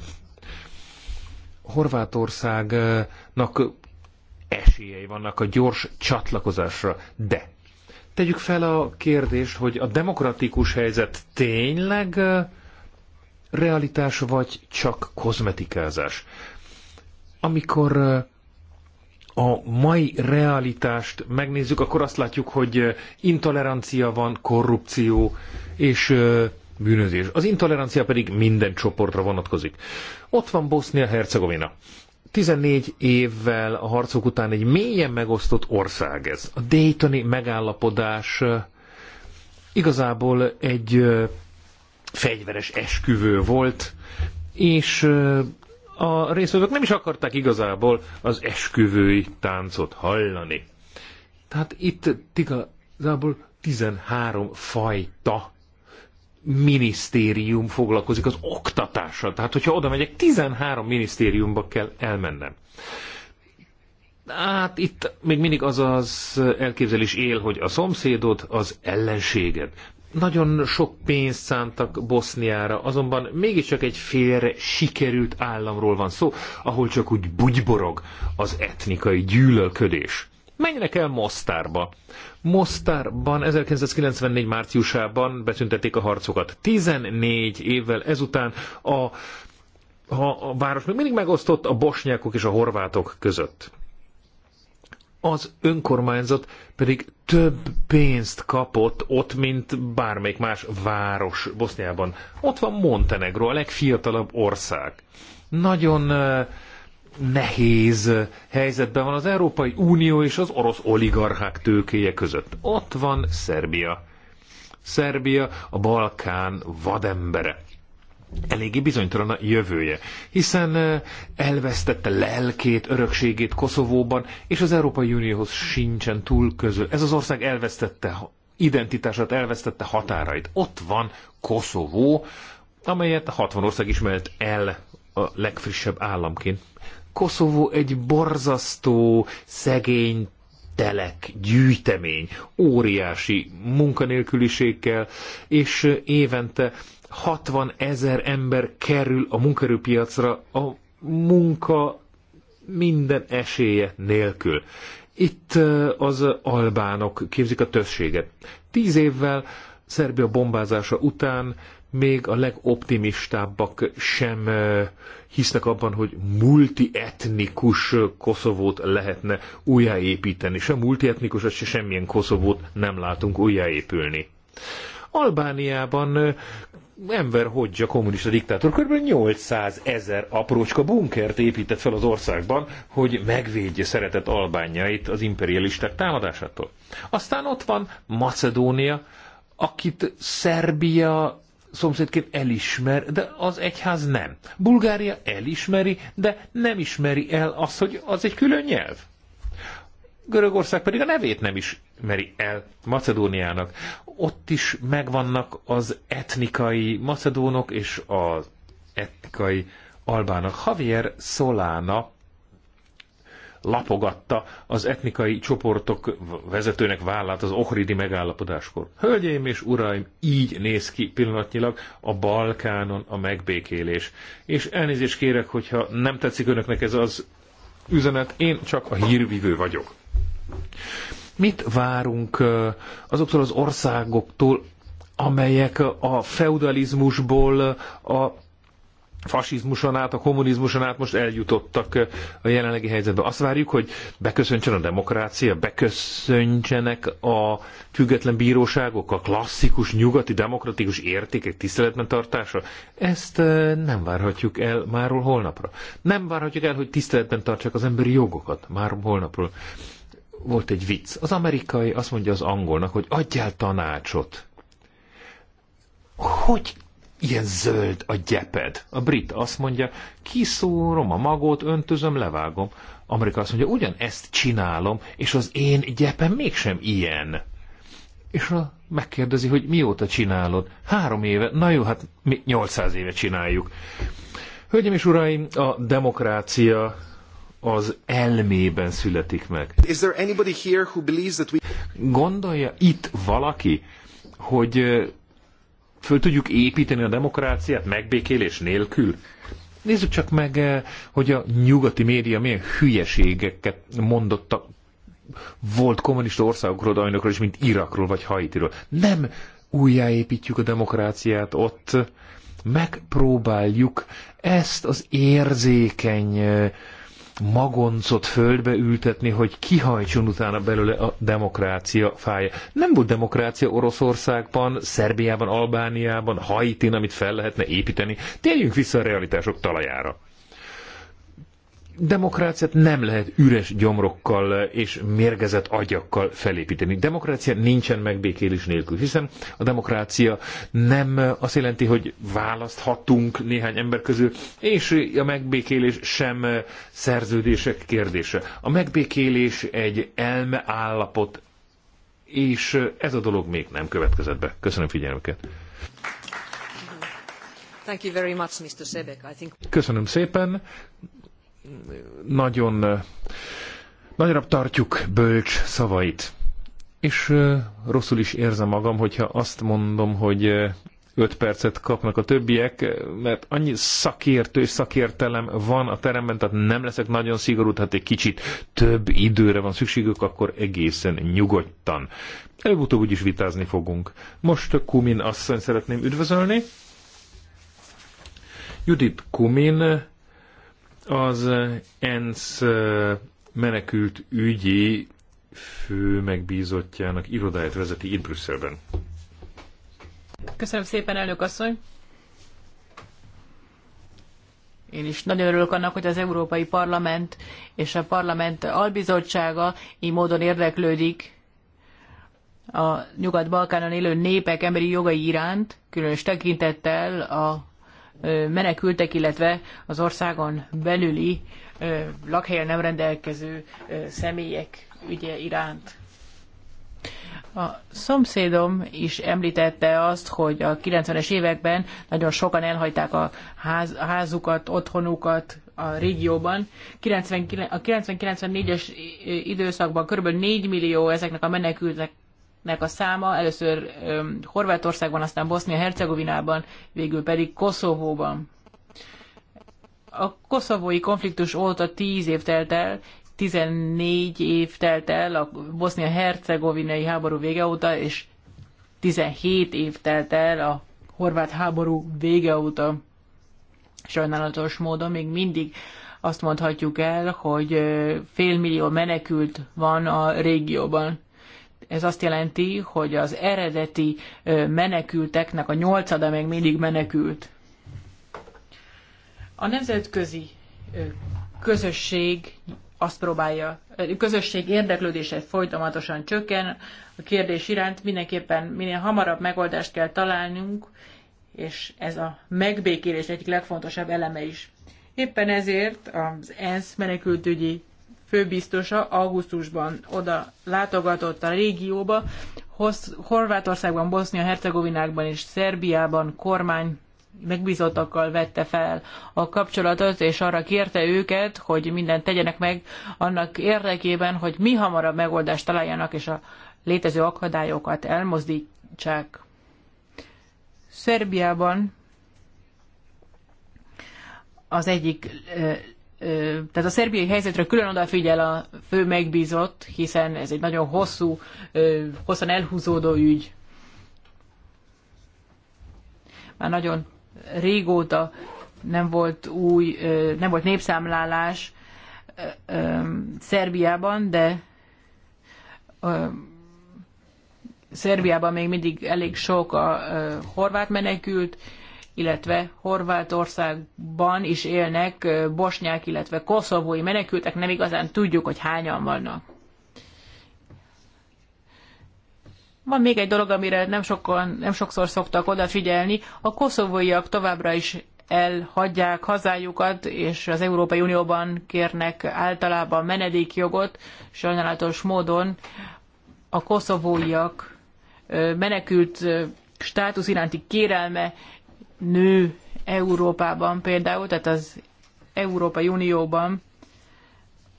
Horvátország eh, esélyei vannak a gyors csatlakozásra. De tegyük fel a kérdést, hogy a demokratikus helyzet tényleg realitás, vagy csak kozmetikázás. Amikor a mai realitást megnézzük, akkor azt látjuk, hogy intolerancia van, korrupció és bűnözés. Az intolerancia pedig minden csoportra vonatkozik. Ott van Bosznia-Hercegovina. 14 évvel a harcok után egy mélyen megosztott ország ez. A Daytoni megállapodás igazából egy fegyveres esküvő volt, és a részvevők nem is akarták igazából az esküvői táncot hallani. Tehát itt igazából 13 fajta minisztérium foglalkozik az oktatással. Tehát, hogyha oda megyek, 13 minisztériumba kell elmennem. Hát itt még mindig az az elképzelés él, hogy a szomszédod az ellenséged. Nagyon sok pénzt szántak Boszniára, azonban mégiscsak egy félre sikerült államról van szó, ahol csak úgy bugyborog az etnikai gyűlölködés menjenek el Mostárba. Mostárban 1994 márciusában betüntették a harcokat. 14 évvel ezután a, a, a város még mindig megosztott a bosnyákok és a horvátok között. Az önkormányzat pedig több pénzt kapott ott, mint bármelyik más város Boszniában. Ott van Montenegro, a legfiatalabb ország. Nagyon uh, nehéz helyzetben van az Európai Unió és az orosz oligarchák tőkéje között. Ott van Szerbia. Szerbia a Balkán vadembere. Eléggé bizonytalan a jövője, hiszen eh, elvesztette lelkét, örökségét Koszovóban, és az Európai Unióhoz sincsen túl közül. Ez az ország elvesztette identitását, elvesztette határait. Ott van Koszovó, amelyet a 60 ország ismert el a legfrissebb államként. Koszovó egy borzasztó, szegény telek, gyűjtemény, óriási munkanélküliségkel, és évente 60 ezer ember kerül a munkerőpiacra a munka minden esélye nélkül. Itt az albánok képzik a többséget. Tíz évvel Szerbia bombázása után még a legoptimistábbak sem eh, hisznek abban, hogy multietnikus Koszovót lehetne újjáépíteni. Sem multietnikus, se semmilyen Koszovót nem látunk újjáépülni. Albániában eh, ember Hodzsa kommunista diktátor kb. 800 ezer aprócska bunkert épített fel az országban, hogy megvédje szeretett albányait az imperialisták támadásától. Aztán ott van Macedónia, akit Szerbia szomszédként elismer, de az egyház nem. Bulgária elismeri, de nem ismeri el azt, hogy az egy külön nyelv. Görögország pedig a nevét nem ismeri el Macedóniának. Ott is megvannak az etnikai macedónok és az etnikai albánok. Javier Solana lapogatta az etnikai csoportok vezetőnek vállát az ohridi megállapodáskor. Hölgyeim és uraim, így néz ki pillanatnyilag a Balkánon a megbékélés. És elnézést kérek, hogyha nem tetszik önöknek ez az üzenet, én csak a hírvivő vagyok. Mit várunk azoktól az országoktól, amelyek a feudalizmusból a fasizmuson át, a kommunizmuson át most eljutottak eh, a jelenlegi helyzetbe. Azt várjuk, hogy beköszöntsön a demokrácia, beköszöntsenek a független bíróságok, a klasszikus nyugati demokratikus értékek tiszteletben tartása. Ezt eh, nem várhatjuk el máról holnapra. Nem várhatjuk el, hogy tiszteletben tartsák az emberi jogokat már holnapról. Volt egy vicc. Az amerikai azt mondja az angolnak, hogy adjál tanácsot. Hogy ilyen zöld a gyeped. A brit azt mondja, kiszórom a magot, öntözöm, levágom. Amerika azt mondja, ugyan ezt csinálom, és az én gyepem mégsem ilyen. És a, megkérdezi, hogy mióta csinálod? Három éve, na jó, hát mi 800 éve csináljuk. Hölgyeim és uraim, a demokrácia az elmében születik meg. Gondolja itt valaki, hogy föl tudjuk építeni a demokráciát megbékélés nélkül? Nézzük csak meg, eh, hogy a nyugati média milyen hülyeségeket mondott a volt kommunista országokról, de is, mint Irakról vagy Haitiról. Nem újjáépítjük a demokráciát ott, megpróbáljuk ezt az érzékeny eh, magoncot földbe ültetni, hogy kihajtson utána belőle a demokrácia fája. Nem volt demokrácia Oroszországban, Szerbiában, Albániában, Haitin, amit fel lehetne építeni. Térjünk vissza a realitások talajára demokráciát nem lehet üres gyomrokkal és mérgezett agyakkal felépíteni. Demokrácia nincsen megbékélés nélkül, hiszen a demokrácia nem azt jelenti, hogy választhatunk néhány ember közül, és a megbékélés sem szerződések kérdése. A megbékélés egy elme állapot, és ez a dolog még nem következett be. Köszönöm figyelmüket. Köszönöm szépen nagyon nagyra tartjuk bölcs szavait. És rosszul is érzem magam, hogyha azt mondom, hogy öt percet kapnak a többiek, mert annyi szakértő és szakértelem van a teremben, tehát nem leszek nagyon szigorú, tehát egy kicsit több időre van szükségük, akkor egészen nyugodtan. Előbb-utóbb úgyis vitázni fogunk. Most Kumin asszony szeretném üdvözölni. Judit Kumin az ENSZ menekült ügyi fő megbízottjának irodáját vezeti itt Brüsszelben. Köszönöm szépen, elnök asszony! Én is nagyon örülök annak, hogy az Európai Parlament és a Parlament albizottsága így módon érdeklődik a Nyugat-Balkánon élő népek emberi jogai iránt, különös tekintettel a menekültek, illetve az országon belüli lakhelyen nem rendelkező személyek ügye iránt. A szomszédom is említette azt, hogy a 90-es években nagyon sokan elhagyták a ház, házukat, otthonukat a régióban. 99, a 90-94-es időszakban kb. 4 millió ezeknek a menekültek, nek a száma először Horvátországban, aztán Bosznia-Hercegovinában, végül pedig Koszovóban. A koszovói konfliktus óta 10 év telt el, 14 év telt el a bosznia-hercegovinai háború vége óta, és 17 év telt el a horvát háború vége óta. Sajnálatos módon még mindig azt mondhatjuk el, hogy félmillió menekült van a régióban ez azt jelenti, hogy az eredeti menekülteknek a nyolcada még mindig menekült. A nemzetközi közösség azt próbálja, közösség érdeklődése folyamatosan csökken, a kérdés iránt mindenképpen minél hamarabb megoldást kell találnunk, és ez a megbékélés egyik legfontosabb eleme is. Éppen ezért az ENSZ menekültügyi főbiztosa augusztusban oda látogatott a régióba, Hossz, Horvátországban, Bosznia-Hercegovinában és Szerbiában kormány megbízottakkal vette fel a kapcsolatot, és arra kérte őket, hogy mindent tegyenek meg annak érdekében, hogy mi hamarabb megoldást találjanak, és a létező akadályokat elmozdítsák. Szerbiában az egyik tehát a szerbiai helyzetre külön odafigyel a fő megbízott, hiszen ez egy nagyon hosszú, hosszan elhúzódó ügy. Már nagyon régóta nem volt új, nem volt népszámlálás Szerbiában, de Szerbiában még mindig elég sok a horvát menekült, illetve Horvátországban is élnek bosnyák, illetve koszovói menekültek, nem igazán tudjuk, hogy hányan vannak. Van még egy dolog, amire nem, sokan, nem sokszor szoktak odafigyelni. A koszovóiak továbbra is elhagyják hazájukat, és az Európai Unióban kérnek általában menedékjogot. Sajnálatos módon a koszovóiak menekült státusz iránti kérelme nő Európában például, tehát az Európai Unióban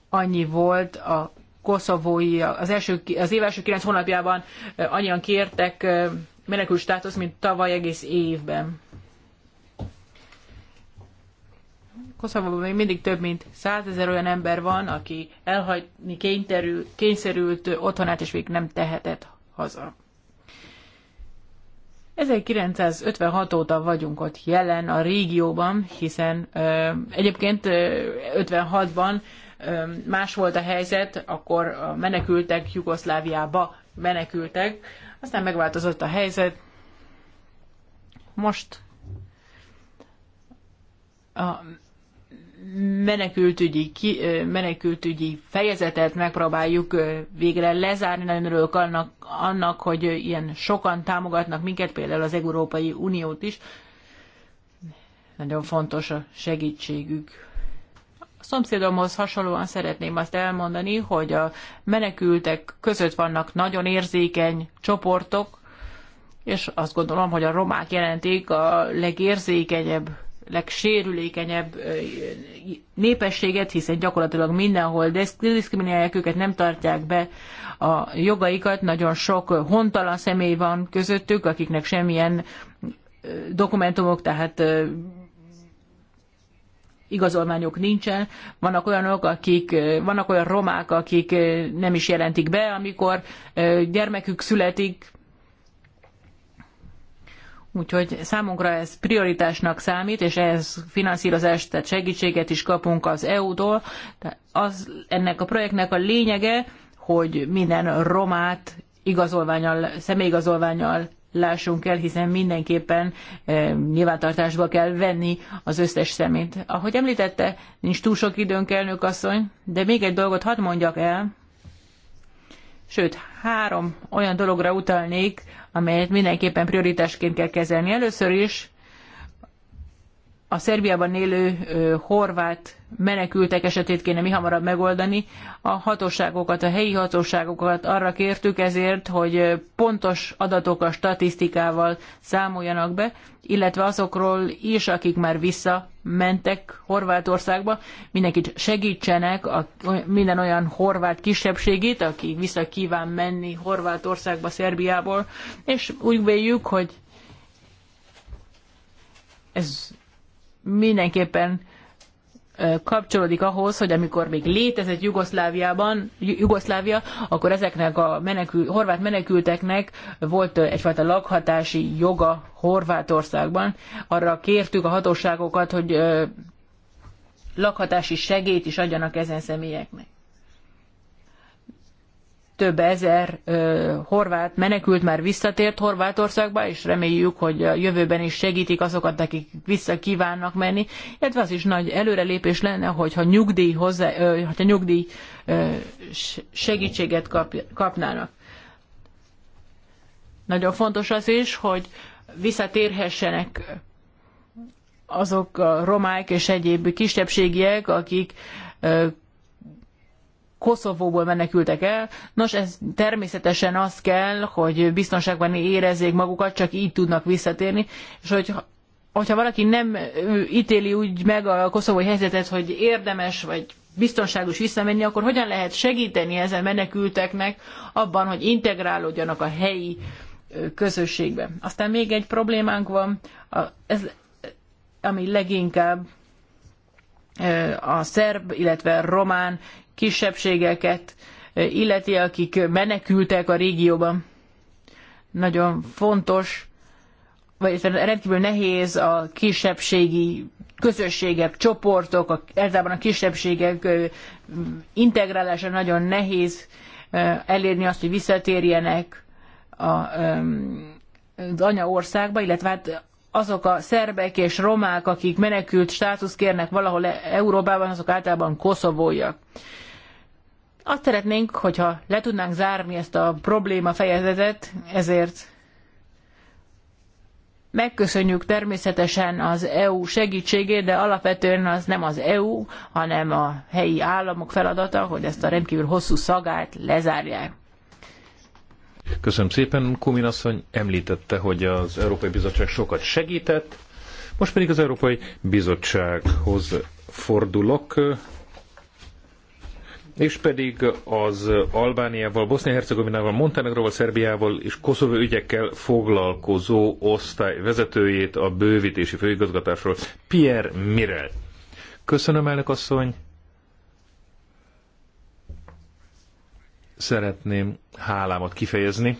annyi volt a koszovói, az, első, az év első kilenc hónapjában annyian kértek menekült státusz, mint tavaly egész évben. Koszovóban még mindig több mint százezer olyan ember van, aki elhagyni kényterül, kényszerült otthonát, és még nem tehetett haza. 1956 óta vagyunk ott jelen a régióban, hiszen ö, egyébként ö, 56-ban ö, más volt a helyzet, akkor a menekültek Jugoszláviába menekültek, aztán megváltozott a helyzet. Most a menekültügyi, ki, menekültügyi fejezetet megpróbáljuk végre lezárni. Nagyon örülök annak, annak, hogy ilyen sokan támogatnak minket, például az Európai Uniót is. Nagyon fontos a segítségük. A szomszédomhoz hasonlóan szeretném azt elmondani, hogy a menekültek között vannak nagyon érzékeny csoportok, és azt gondolom, hogy a romák jelentik a legérzékenyebb legsérülékenyebb népességet, hiszen gyakorlatilag mindenhol diszkriminálják őket, nem tartják be a jogaikat. Nagyon sok hontalan személy van közöttük, akiknek semmilyen dokumentumok, tehát igazolmányok nincsen. Vannak olyanok, akik, vannak olyan romák, akik nem is jelentik be, amikor gyermekük születik, Úgyhogy számunkra ez prioritásnak számít, és ehhez finanszírozást, tehát segítséget is kapunk az EU-tól. Az, ennek a projektnek a lényege, hogy minden romát igazolványal, személyigazolványal lássunk el, hiszen mindenképpen e, nyilvántartásba kell venni az összes szemét. Ahogy említette, nincs túl sok időnk, elnök asszony, de még egy dolgot hadd mondjak el, sőt, három olyan dologra utalnék, amelyet mindenképpen prioritásként kell kezelni. Először is a Szerbiában élő horvát menekültek esetét kéne mi hamarabb megoldani. A hatóságokat, a helyi hatóságokat arra kértük ezért, hogy pontos adatokkal, statisztikával számoljanak be, illetve azokról is, akik már visszamentek Horvátországba, mindenkit segítsenek, a, minden olyan horvát kisebbségét, aki vissza kíván menni Horvátországba, Szerbiából, és úgy véljük, hogy ez mindenképpen kapcsolódik ahhoz, hogy amikor még létezett Jugoszláviában, Jugoszlávia, akkor ezeknek a menekül, horvát menekülteknek volt egyfajta lakhatási joga Horvátországban. Arra kértük a hatóságokat, hogy lakhatási segét is adjanak ezen személyeknek több ezer ö, horvát menekült már visszatért Horvátországba, és reméljük, hogy a jövőben is segítik azokat, akik vissza kívánnak menni, illetve az is nagy előrelépés lenne, hogyha nyugdíj, hozzá, ö, hogyha nyugdíj ö, segítséget kap, kapnának. Nagyon fontos az is, hogy visszatérhessenek azok a romák és egyéb kisebbségiek, akik Koszovóból menekültek el. Nos, ez természetesen az kell, hogy biztonságban érezzék magukat, csak így tudnak visszatérni, és hogy hogyha valaki nem ítéli úgy meg a koszovói helyzetet, hogy érdemes vagy biztonságos visszamenni, akkor hogyan lehet segíteni ezen menekülteknek abban, hogy integrálódjanak a helyi közösségbe. Aztán még egy problémánk van, ez, ami leginkább a szerb, illetve a román kisebbségeket illeti, akik menekültek a régióban. Nagyon fontos, vagy rendkívül nehéz a kisebbségi közösségek, csoportok, a, általában a kisebbségek integrálása nagyon nehéz elérni azt, hogy visszatérjenek a, az anyaországba, illetve hát azok a szerbek és romák, akik menekült státuszt kérnek valahol e- Európában, azok általában koszovóiak. Azt szeretnénk, hogyha le tudnánk zárni ezt a probléma fejezetet, ezért megköszönjük természetesen az EU segítségét, de alapvetően az nem az EU, hanem a helyi államok feladata, hogy ezt a rendkívül hosszú szagát lezárják. Köszönöm szépen, Kumin asszony említette, hogy az Európai Bizottság sokat segített, most pedig az Európai Bizottsághoz fordulok, és pedig az Albániával, Bosznia-Hercegovinával, Montenegroval, Szerbiával és Koszovó ügyekkel foglalkozó osztály vezetőjét a bővítési főigazgatásról, Pierre Mirel. Köszönöm, elnök asszony! szeretném hálámat kifejezni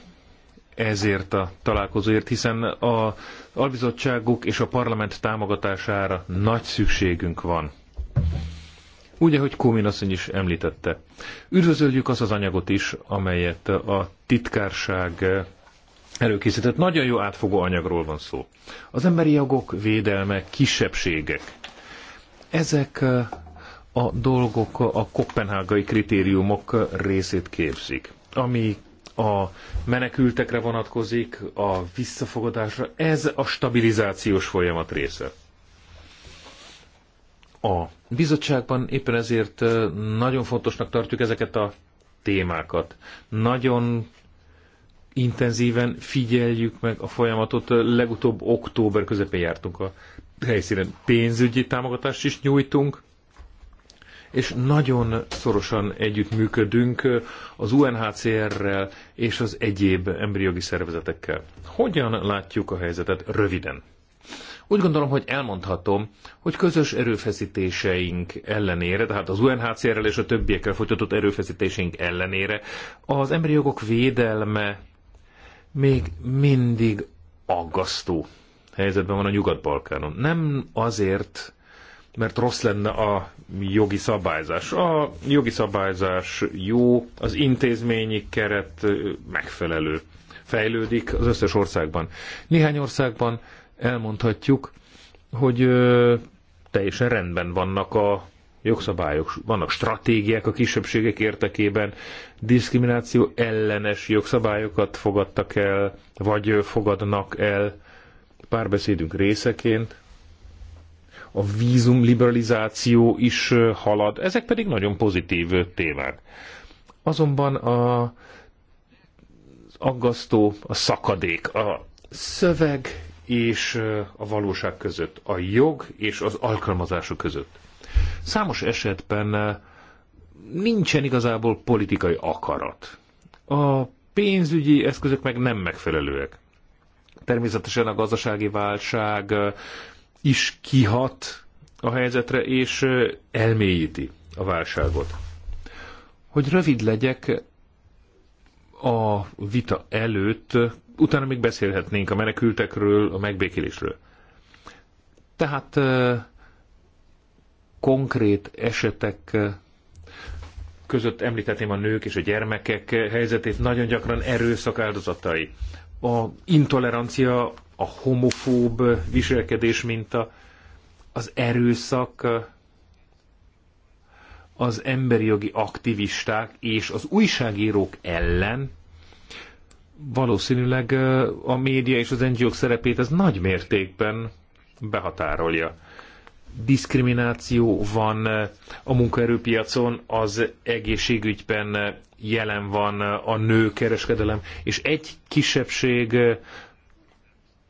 ezért a találkozóért, hiszen a albizottságuk és a parlament támogatására nagy szükségünk van. Úgy, ahogy Kómin asszony is említette. Üdvözöljük azt az anyagot is, amelyet a titkárság előkészített. Nagyon jó átfogó anyagról van szó. Az emberi jogok védelme, kisebbségek. Ezek a dolgok a kopenhágai kritériumok részét képzik, ami a menekültekre vonatkozik, a visszafogadásra, ez a stabilizációs folyamat része. A bizottságban éppen ezért nagyon fontosnak tartjuk ezeket a témákat. Nagyon intenzíven figyeljük meg a folyamatot. Legutóbb október közepén jártunk a helyszínen. Pénzügyi támogatást is nyújtunk, és nagyon szorosan együttműködünk az UNHCR-rel és az egyéb embriogi szervezetekkel. Hogyan látjuk a helyzetet röviden? Úgy gondolom, hogy elmondhatom, hogy közös erőfeszítéseink ellenére, tehát az UNHCR-rel és a többiekkel folytatott erőfeszítéseink ellenére, az emberi jogok védelme még mindig aggasztó helyzetben van a Nyugat-Balkánon. Nem azért, mert rossz lenne a jogi szabályzás. A jogi szabályzás jó, az intézményi keret megfelelő. Fejlődik az összes országban. Néhány országban elmondhatjuk, hogy ö, teljesen rendben vannak a jogszabályok, vannak stratégiák a kisebbségek értekében, diszkrimináció ellenes jogszabályokat fogadtak el, vagy fogadnak el párbeszédünk részeként, a vízum liberalizáció is halad, ezek pedig nagyon pozitív témák. Azonban a aggasztó a szakadék, a szöveg és a valóság között, a jog és az alkalmazások között. Számos esetben nincsen igazából politikai akarat. A pénzügyi eszközök meg nem megfelelőek. Természetesen a gazdasági válság is kihat a helyzetre, és elmélyíti a válságot. Hogy rövid legyek, a vita előtt, utána még beszélhetnénk a menekültekről, a megbékélésről. Tehát konkrét esetek között említetném a nők és a gyermekek helyzetét, nagyon gyakran erőszak áldozatai a intolerancia, a homofób viselkedés minta, az erőszak, az emberi jogi aktivisták és az újságírók ellen valószínűleg a média és az NGO-k szerepét ez nagy mértékben behatárolja diszkrimináció van eh, a munkaerőpiacon, az egészségügyben eh, jelen van eh, a nőkereskedelem, és egy kisebbség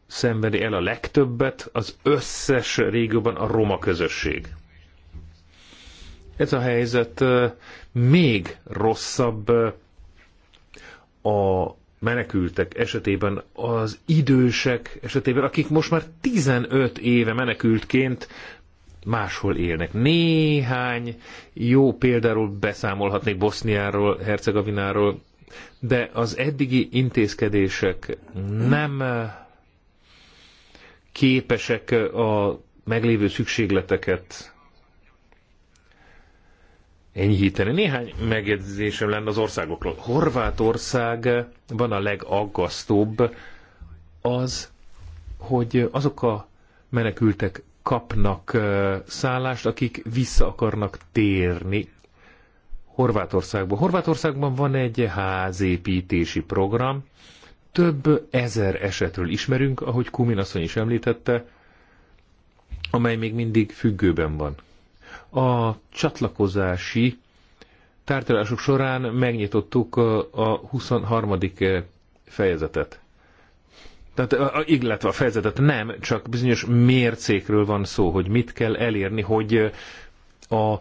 szenvedi el a legtöbbet, az összes régióban a roma közösség. Ez a helyzet még rosszabb a menekültek esetében, az idősek esetében, akik most már 15 éve menekültként máshol élnek. Néhány jó példáról beszámolhatnék Boszniáról, Hercegovináról, de az eddigi intézkedések nem képesek a meglévő szükségleteket enyhíteni. Néhány megjegyzésem lenne az országokról. Horvátországban a legaggasztóbb az, hogy azok a menekültek kapnak szállást, akik vissza akarnak térni Horvátországba. Horvátországban van egy házépítési program, több ezer esetről ismerünk, ahogy Kumin asszony is említette, amely még mindig függőben van. A csatlakozási tárgyalások során megnyitottuk a 23. fejezetet tehát illetve a fejezetet nem, csak bizonyos mércékről van szó, hogy mit kell elérni, hogy a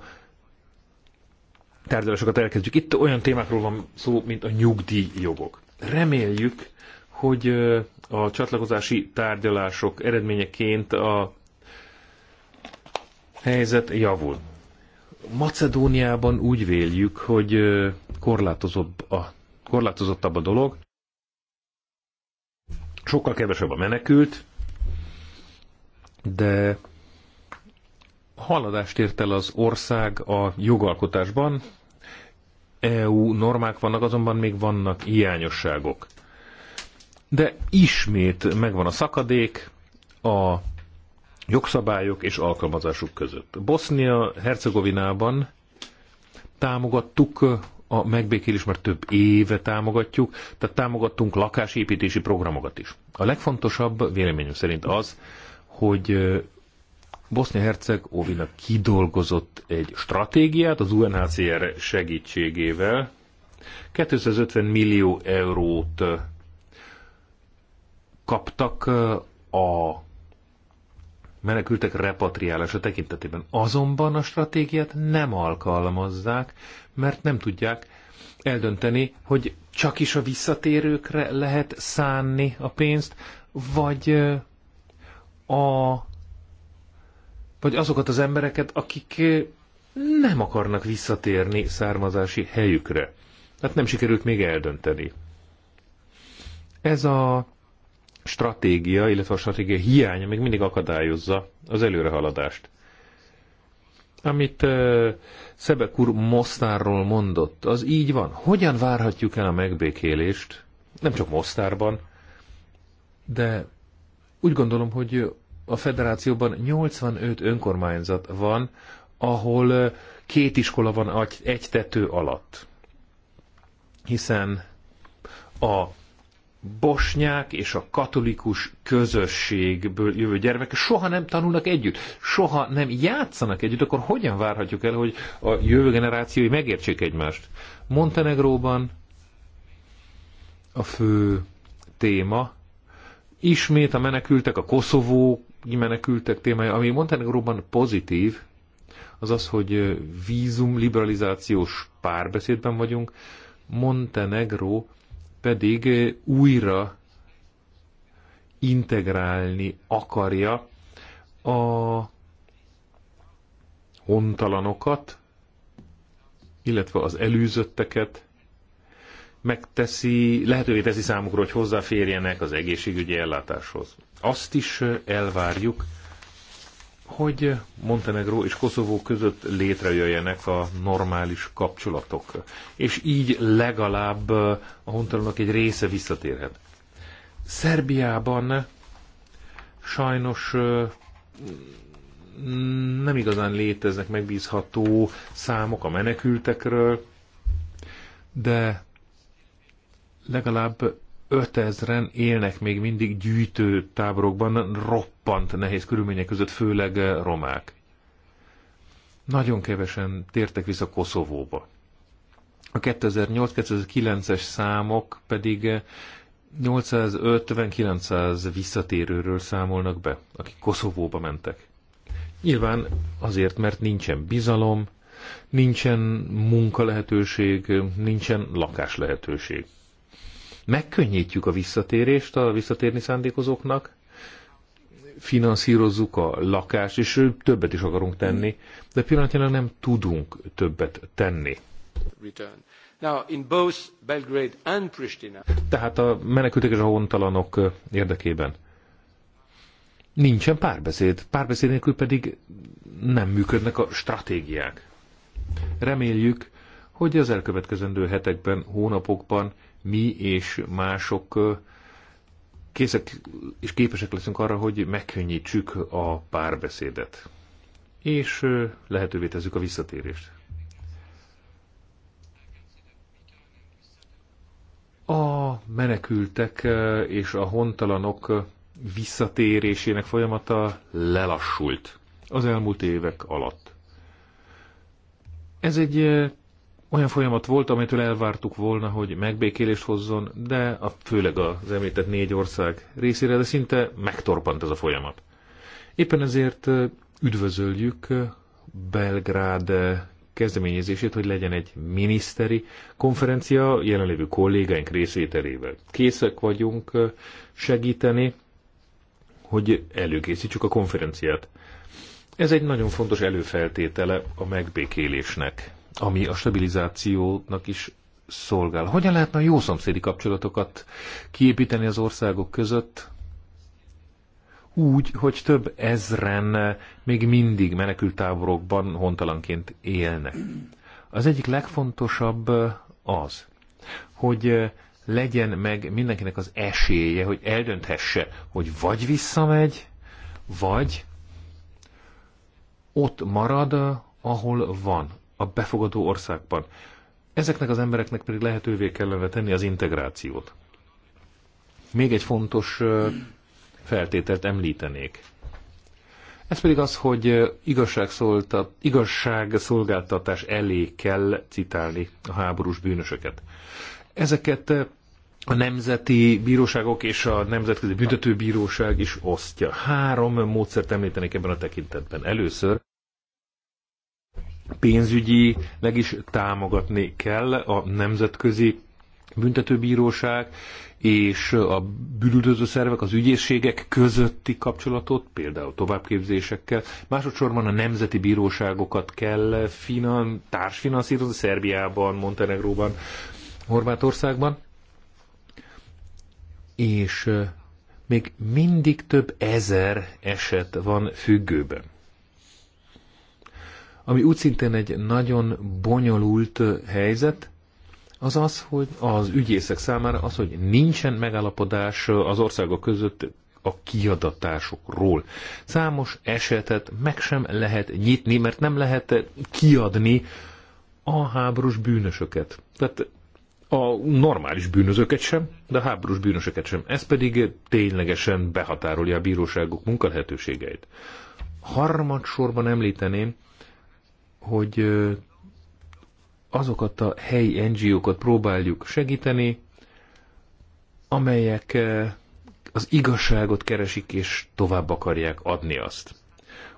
tárgyalásokat elkezdjük. Itt olyan témákról van szó, mint a nyugdíjjogok. Reméljük, hogy a csatlakozási tárgyalások eredményeként a helyzet javul. Macedóniában úgy véljük, hogy korlátozottabb a, korlátozottabb a dolog, sokkal kevesebb a menekült, de haladást ért el az ország a jogalkotásban. EU normák vannak, azonban még vannak hiányosságok. De ismét megvan a szakadék a jogszabályok és alkalmazásuk között. Bosznia-Hercegovinában támogattuk a megbékélés már több éve támogatjuk, tehát támogattunk lakásépítési programokat is. A legfontosabb véleményem szerint az, hogy Bosznia-Herceg-Óvina kidolgozott egy stratégiát az UNHCR segítségével. 250 millió eurót kaptak a menekültek repatriálása tekintetében. Azonban a stratégiát nem alkalmazzák, mert nem tudják eldönteni, hogy csak is a visszatérőkre lehet szánni a pénzt, vagy a vagy azokat az embereket, akik nem akarnak visszatérni származási helyükre. Tehát nem sikerült még eldönteni. Ez a stratégia, illetve a stratégia hiánya még mindig akadályozza az előrehaladást. Amit uh, Szebek úr Mosztárról mondott, az így van. Hogyan várhatjuk el a megbékélést? Nem csak Mosztárban, de úgy gondolom, hogy a federációban 85 önkormányzat van, ahol két iskola van egy tető alatt. Hiszen a bosnyák és a katolikus közösségből jövő gyermekek soha nem tanulnak együtt, soha nem játszanak együtt, akkor hogyan várhatjuk el, hogy a jövő generációi megértsék egymást? Montenegróban a fő téma ismét a menekültek, a koszovó menekültek témája, ami Montenegróban pozitív, az az, hogy vízum liberalizációs párbeszédben vagyunk. Montenegró pedig eh, újra integrálni akarja a hontalanokat, illetve az előzötteket, megteszi, lehetővé teszi számukra, hogy hozzáférjenek az egészségügyi ellátáshoz. Azt is eh, elvárjuk, hogy Montenegró és Koszovó között létrejöjjenek a normális kapcsolatok. És így legalább eh, a hontalanok egy része visszatérhet. Szerbiában sajnos eh, nem igazán léteznek megbízható számok a menekültekről, de legalább 5000-en élnek még mindig gyűjtőtáborokban, roppant nehéz körülmények között, főleg eh, romák. Nagyon kevesen tértek vissza Koszovóba. A 2008-2009-es számok pedig 850-900 eh, visszatérőről számolnak be, akik Koszovóba mentek. Nyilván azért, mert nincsen bizalom, nincsen munkalehetőség, nincsen lakáslehetőség megkönnyítjük a visszatérést a visszatérni szándékozóknak, finanszírozzuk a lakást, és többet is akarunk tenni, de pillanatnyilag nem tudunk többet tenni. Now, in both Belgrade and Pristina. Tehát a menekültek és a hontalanok érdekében. Nincsen párbeszéd. Párbeszéd nélkül pedig nem működnek a stratégiák. Reméljük, hogy az elkövetkezendő hetekben, hónapokban mi és mások készek és képesek leszünk arra, hogy megkönnyítsük a párbeszédet, és lehetővé tezzük a visszatérést. A menekültek és a hontalanok visszatérésének folyamata lelassult az elmúlt évek alatt. Ez egy olyan folyamat volt, amitől elvártuk volna, hogy megbékélést hozzon, de a, főleg az említett négy ország részére, de szinte megtorpant ez a folyamat. Éppen ezért üdvözöljük Belgrád kezdeményezését, hogy legyen egy miniszteri konferencia jelenlévő kollégáink részvételével. Készek vagyunk segíteni, hogy előkészítsük a konferenciát. Ez egy nagyon fontos előfeltétele a megbékélésnek ami a stabilizációnak is szolgál. Hogyan lehetne a jó szomszédi kapcsolatokat kiépíteni az országok között, úgy, hogy több ezren még mindig menekültáborokban hontalanként élnek. Az egyik legfontosabb az, hogy legyen meg mindenkinek az esélye, hogy eldönthesse, hogy vagy visszamegy, vagy ott marad, ahol van a befogadó országban. Ezeknek az embereknek pedig lehetővé kellene tenni az integrációt. Még egy fontos feltételt említenék. Ez pedig az, hogy igazságszolgáltatás elé kell citálni a háborús bűnösöket. Ezeket a nemzeti bíróságok és a nemzetközi büntetőbíróság is osztja. Három módszert említenék ebben a tekintetben. Először pénzügyileg is támogatni kell a nemzetközi büntetőbíróság és a bűnüldöző szervek, az ügyészségek közötti kapcsolatot, például továbbképzésekkel. Másodszorban a nemzeti bíróságokat kell finan, társfinanszírozni Szerbiában, Montenegróban, Horvátországban. És még mindig több ezer eset van függőben. Ami úgy szintén egy nagyon bonyolult helyzet, az az, hogy az ügyészek számára az, hogy nincsen megállapodás az országok között a kiadatásokról. Számos esetet meg sem lehet nyitni, mert nem lehet kiadni a háborús bűnösöket. Tehát a normális bűnözőket sem, de a háborús bűnösöket sem. Ez pedig ténylegesen behatárolja a bíróságok munkalehetőségeit. Harmadsorban említeném, hogy azokat a helyi NGO-kat próbáljuk segíteni, amelyek az igazságot keresik és tovább akarják adni azt.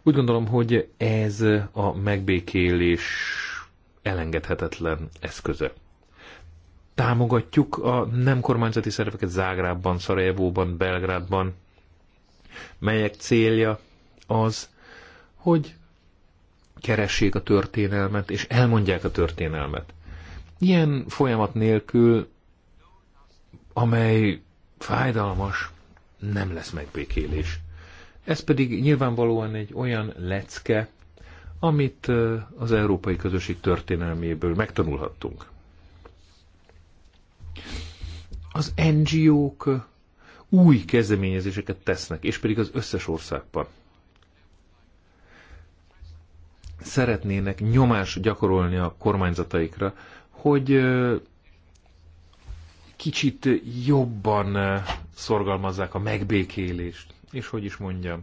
Úgy gondolom, hogy ez a megbékélés elengedhetetlen eszköze. Támogatjuk a nem kormányzati szerveket Zágrábban, Szarajevóban, Belgrádban, melyek célja az, hogy keressék a történelmet, és elmondják a történelmet. Ilyen folyamat nélkül, amely fájdalmas, nem lesz megbékélés. Ez pedig nyilvánvalóan egy olyan lecke, amit az európai közösség történelméből megtanulhattunk. Az NGO-k új kezdeményezéseket tesznek, és pedig az összes országban szeretnének nyomást gyakorolni a kormányzataikra, hogy kicsit jobban szorgalmazzák a megbékélést, és hogy is mondjam,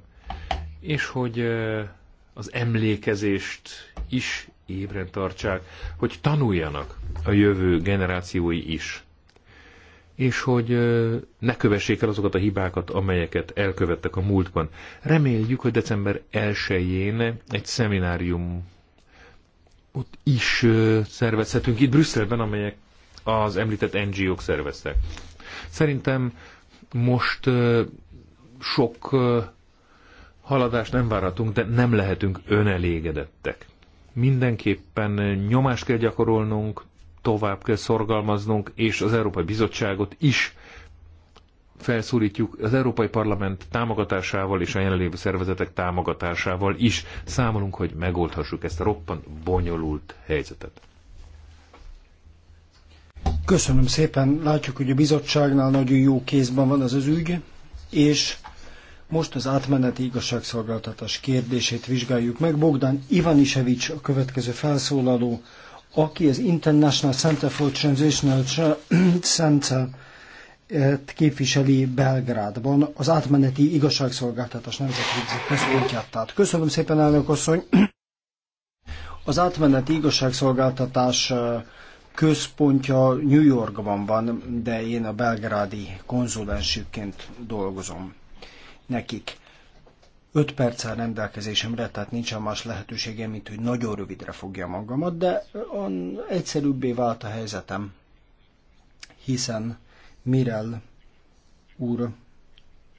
és hogy az emlékezést is ébren tartsák, hogy tanuljanak a jövő generációi is és hogy ne kövessék el azokat a hibákat, amelyeket elkövettek a múltban. Reméljük, hogy december 1-én egy szeminárium ott is szervezhetünk itt Brüsszelben, amelyek az említett NGO-k szerveztek. Szerintem most sok haladást nem várhatunk, de nem lehetünk önelégedettek. Mindenképpen nyomást kell gyakorolnunk, tovább kell szorgalmaznunk, és az Európai Bizottságot is felszólítjuk az Európai Parlament támogatásával és a jelenlévő szervezetek támogatásával is számolunk, hogy megoldhassuk ezt a roppant bonyolult helyzetet. Köszönöm szépen. Látjuk, hogy a bizottságnál nagyon jó kézben van az az ügy, és most az átmeneti igazságszolgáltatás kérdését vizsgáljuk meg. Bogdan Ivanisevics a következő felszólaló, aki az International Center for Transitional Center képviseli Belgrádban, az átmeneti igazságszolgáltatás nemzetközi központját. Tehát köszönöm szépen, elnök asszony! Az átmeneti igazságszolgáltatás központja New Yorkban van, de én a belgrádi konzulensükként dolgozom nekik. 5 perccel rendelkezésemre, tehát nincsen más lehetőségem, mint hogy nagyon rövidre fogja magamat, de on, egyszerűbbé vált a helyzetem, hiszen Mirel úr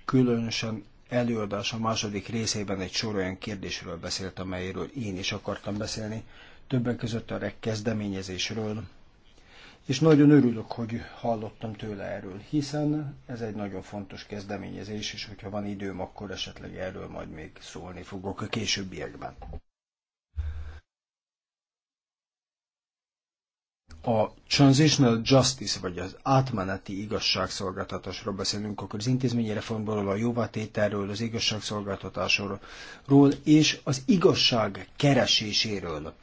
különösen előadás a második részében egy sor olyan kérdésről beszélt, amelyről én is akartam beszélni, többek között a kezdeményezésről, és nagyon örülök, hogy hallottam tőle erről, hiszen ez egy nagyon fontos kezdeményezés, és hogyha van időm, akkor esetleg erről majd még szólni fogok a későbbiekben. a Transitional Justice, vagy az átmeneti igazságszolgáltatásról beszélünk, akkor az intézményi reformból, a jóvátételről, az igazságszolgáltatásról, és az igazság kereséséről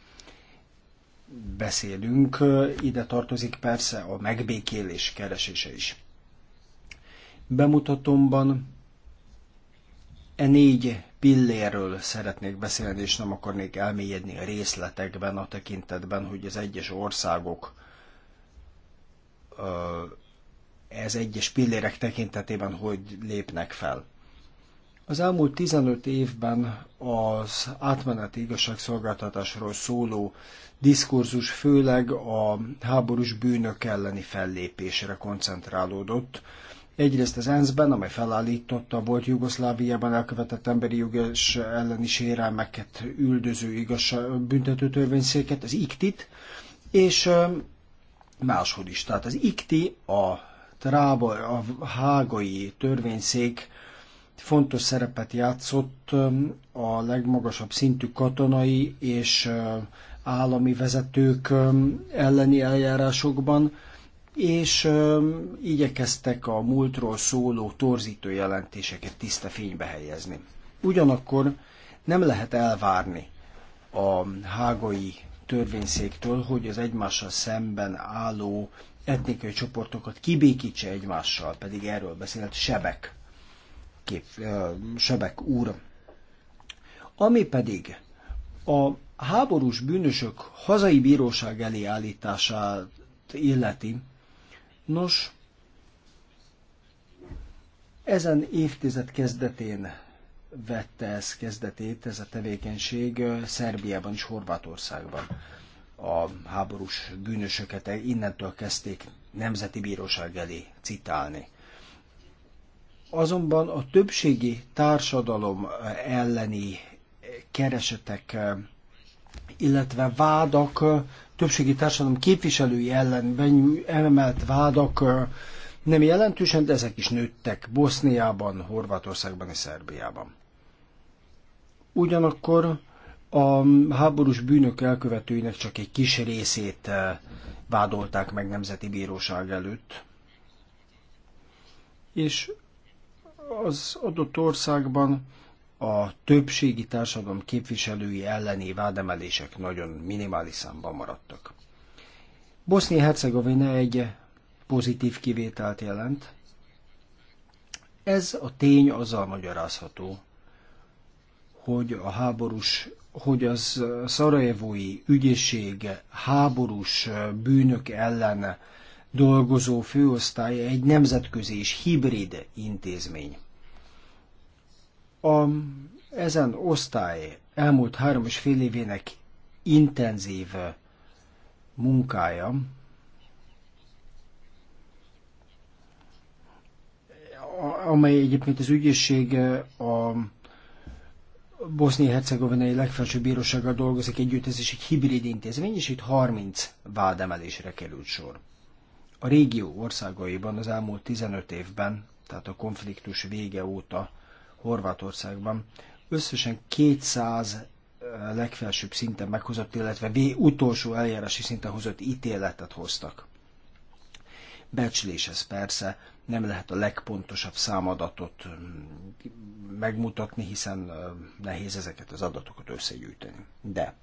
beszélünk, ide tartozik persze a megbékélés keresése is. Bemutatomban e négy pillérről szeretnék beszélni, és nem akarnék elmélyedni a részletekben, a tekintetben, hogy az egyes országok ez egyes pillérek tekintetében hogy lépnek fel. Az elmúlt 15 évben az átmeneti igazságszolgáltatásról szóló diskurzus főleg a háborús bűnök elleni fellépésre koncentrálódott. Egyrészt az ENSZ-ben, amely felállította volt Jugoszláviában elkövetett emberi jogos elleni sérelmeket üldöző igaz büntető törvényszéket, az ICTIT, és máshol is. Tehát az ICTI, a, trába, a hágai törvényszék fontos szerepet játszott a legmagasabb szintű katonai és állami vezetők elleni eljárásokban, és igyekeztek a múltról szóló torzító jelentéseket tiszta fénybe helyezni. Ugyanakkor nem lehet elvárni a hágai törvényszéktől, hogy az egymással szemben álló etnikai csoportokat kibékítse egymással, pedig erről beszélt Sebek kép, Sebek úr. Ami pedig a háborús bűnösök hazai bíróság elé állítását illeti, nos, ezen évtized kezdetén vette ez kezdetét, ez a tevékenység Szerbiában és Horvátországban. A háborús bűnösöket innentől kezdték nemzeti bíróság elé citálni. Azonban a többségi társadalom elleni keresetek, illetve vádak, többségi társadalom képviselői ellen emelt vádak nem jelentősen, de ezek is nőttek Boszniában, Horvátországban és Szerbiában. Ugyanakkor a háborús bűnök elkövetőinek csak egy kis részét eh, vádolták meg nemzeti bíróság előtt. És az adott országban a többségi társadalom képviselői elleni vádemelések nagyon minimális számban maradtak. Bosznia-Hercegovina egy pozitív kivételt jelent. Ez a tény azzal magyarázható, hogy a háborús, hogy az szarajevói ügyészség háborús bűnök ellen dolgozó főosztálya egy nemzetközi és hibrid intézmény. A, ezen osztály elmúlt három és fél évének intenzív munkája amely egyébként az ügyészség a Bosznia-Hercegovinai legfelsőbb bírósággal dolgozik együtt, ez is egy hibrid intézmény, és itt 30 vádemelésre került sor a régió országaiban az elmúlt 15 évben, tehát a konfliktus vége óta Horvátországban összesen 200 legfelsőbb szinten meghozott, illetve utolsó eljárási szinten hozott ítéletet hoztak. Becsléshez persze, nem lehet a legpontosabb számadatot mm, megmutatni, hiszen nehéz ezeket az adatokat összegyűjteni. De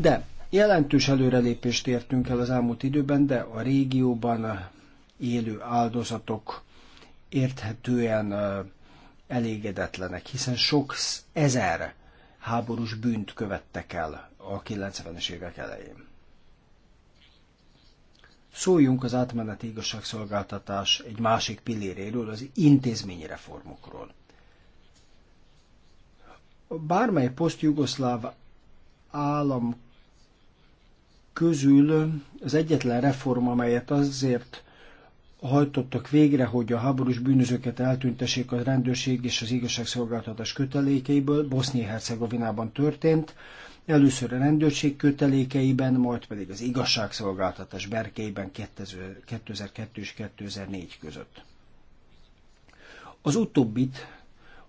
De jelentős előrelépést értünk el az elmúlt időben, de a régióban élő áldozatok érthetően elégedetlenek, hiszen sok ezer háborús bűnt követtek el a 90-es évek elején. Szóljunk az átmeneti igazságszolgáltatás egy másik pilléréről, az intézményi reformokról. Bármely poszt-jugoszláv állam közül az egyetlen reform, amelyet azért hajtottak végre, hogy a háborús bűnözőket eltüntessék a rendőrség és az igazságszolgáltatás kötelékeiből, Bosznia-Hercegovinában történt, először a rendőrség kötelékeiben, majd pedig az igazságszolgáltatás berkeiben 2002 és 2004 között. Az utóbbit,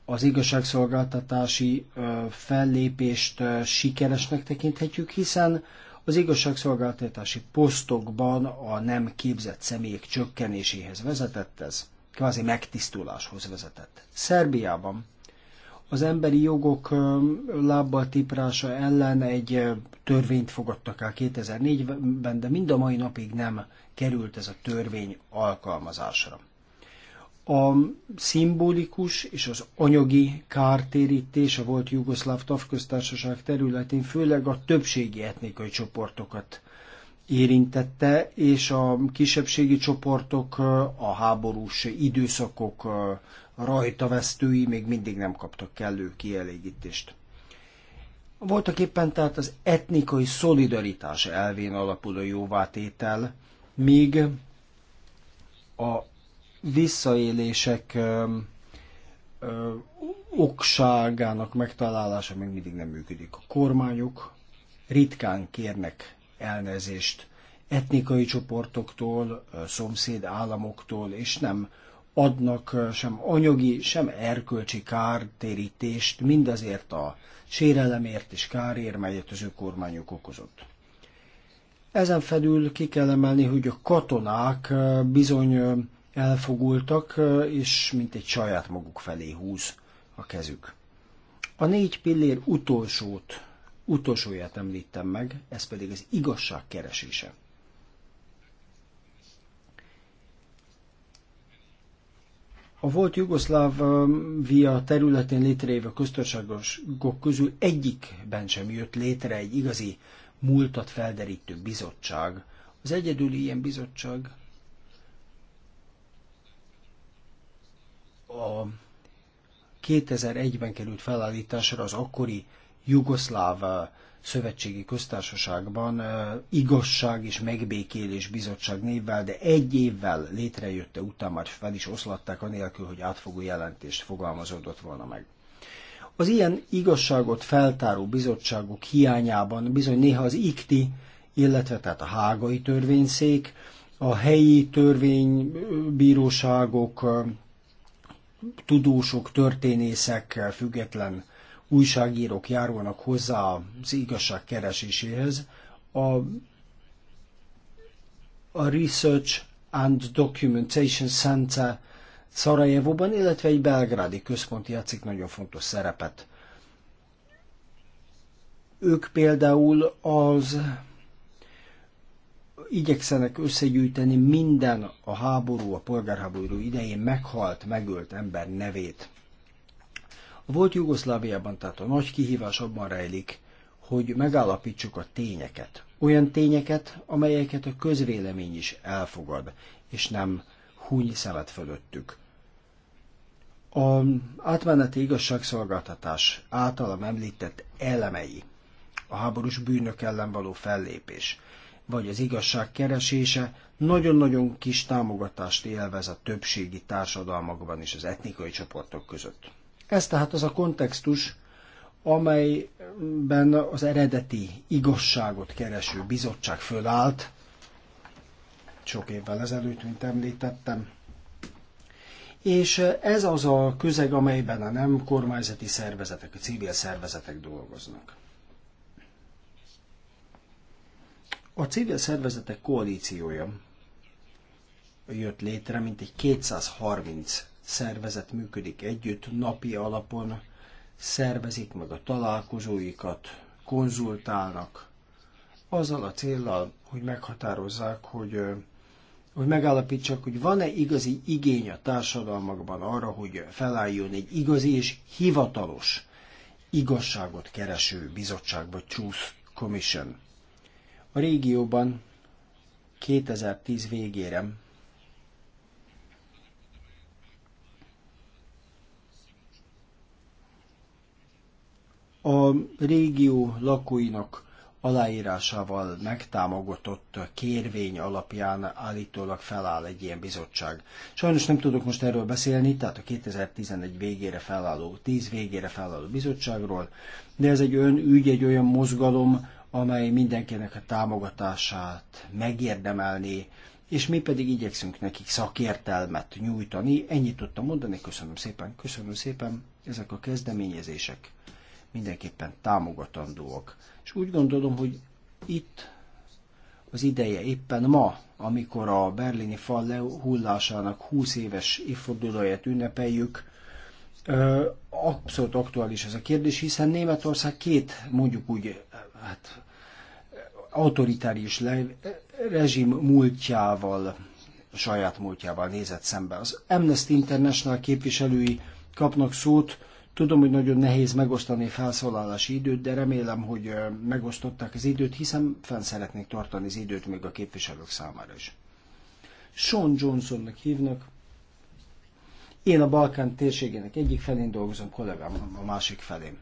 az igazságszolgáltatási fellépést sikeresnek tekinthetjük, hiszen az igazságszolgáltatási posztokban a nem képzett személyek csökkenéséhez vezetett ez, kvázi megtisztuláshoz vezetett. Szerbiában az emberi jogok lábbal tiprása ellen egy törvényt fogadtak el 2004-ben, de mind a mai napig nem került ez a törvény alkalmazásra a szimbolikus és az anyagi kártérítés a volt Jugoszláv Tavköztársaság területén főleg a többségi etnikai csoportokat érintette, és a kisebbségi csoportok, a háborús időszakok rajtavesztői még mindig nem kaptak kellő kielégítést. Voltak éppen tehát az etnikai szolidaritás elvén alapuló jóvátétel, míg a visszaélések ö, ö, okságának megtalálása még mindig nem működik. A kormányok ritkán kérnek elnezést etnikai csoportoktól, szomszéd államoktól, és nem adnak sem anyagi, sem erkölcsi kártérítést mindazért a sérelemért és kárért, melyet az ő kormányuk okozott. Ezen felül ki kell emelni, hogy a katonák bizony elfogultak, és mint egy saját maguk felé húz a kezük. A négy pillér utolsót, utolsóját említem meg, ez pedig az igazság keresése. A volt Jugoszlávia területén létrejövő köztársaságok közül egyikben sem jött létre egy igazi múltat felderítő bizottság. Az egyedüli ilyen bizottság a 2001-ben került felállításra az akkori Jugoszláv eh, Szövetségi Köztársaságban eh, Igazság és Megbékélés Bizottság névvel, de egy évvel létrejötte után már fel is oszlatták, anélkül, hogy átfogó jelentést fogalmazódott volna meg. Az ilyen igazságot feltáró bizottságok hiányában bizony néha az IKTI, illetve tehát a hágai törvényszék, a helyi törvénybíróságok, tudósok, történészek, független újságírók járulnak hozzá az igazság kereséséhez. A, a Research and Documentation Center Szarajevóban, illetve egy belgrádi központ játszik nagyon fontos szerepet. Ők például az igyekszenek összegyűjteni minden a háború, a polgárháború idején meghalt, megölt ember nevét. A volt Jugoszláviában tehát a nagy kihívás abban rejlik, hogy megállapítsuk a tényeket. Olyan tényeket, amelyeket a közvélemény is elfogad, és nem húny szemet fölöttük. A átmeneti igazságszolgáltatás általam említett elemei, a háborús bűnök ellen való fellépés, vagy az igazság keresése nagyon-nagyon kis támogatást élvez a többségi társadalmakban és az etnikai csoportok között. Ez tehát az a kontextus, amelyben az eredeti igazságot kereső bizottság fölállt, sok évvel ezelőtt, mint említettem, és ez az a közeg, amelyben a nem kormányzati szervezetek, a civil szervezetek dolgoznak. A civil szervezetek koalíciója jött létre, mint egy 230 szervezet működik együtt, napi alapon szervezik meg a találkozóikat, konzultálnak, azzal a célral, hogy meghatározzák, hogy, hogy megállapítsák, hogy van-e igazi igény a társadalmakban arra, hogy felálljon egy igazi és hivatalos igazságot kereső bizottság vagy truth commission. A régióban 2010 végére a régió lakóinak aláírásával megtámogatott kérvény alapján állítólag feláll egy ilyen bizottság. Sajnos nem tudok most erről beszélni, tehát a 2011 végére felálló, 10 végére felálló bizottságról, de ez egy ön ügy, egy olyan mozgalom, amely mindenkinek a támogatását megérdemelné, és mi pedig igyekszünk nekik szakértelmet nyújtani. Ennyit tudtam mondani, köszönöm szépen, köszönöm szépen, ezek a kezdeményezések mindenképpen támogatandóak. És úgy gondolom, hogy itt az ideje éppen ma, amikor a berlini fal hullásának 20 éves évfordulóját ünnepeljük, abszolút aktuális ez a kérdés, hiszen Németország két, mondjuk úgy, hát autoritárius le, rezsim múltjával, saját múltjával nézett szembe. Az Amnesty International képviselői kapnak szót, Tudom, hogy nagyon nehéz megosztani felszólalási időt, de remélem, hogy megosztották az időt, hiszen fenn szeretnék tartani az időt még a képviselők számára is. Sean Johnsonnak hívnak, én a Balkán térségének egyik felén dolgozom, kollégám a másik felén.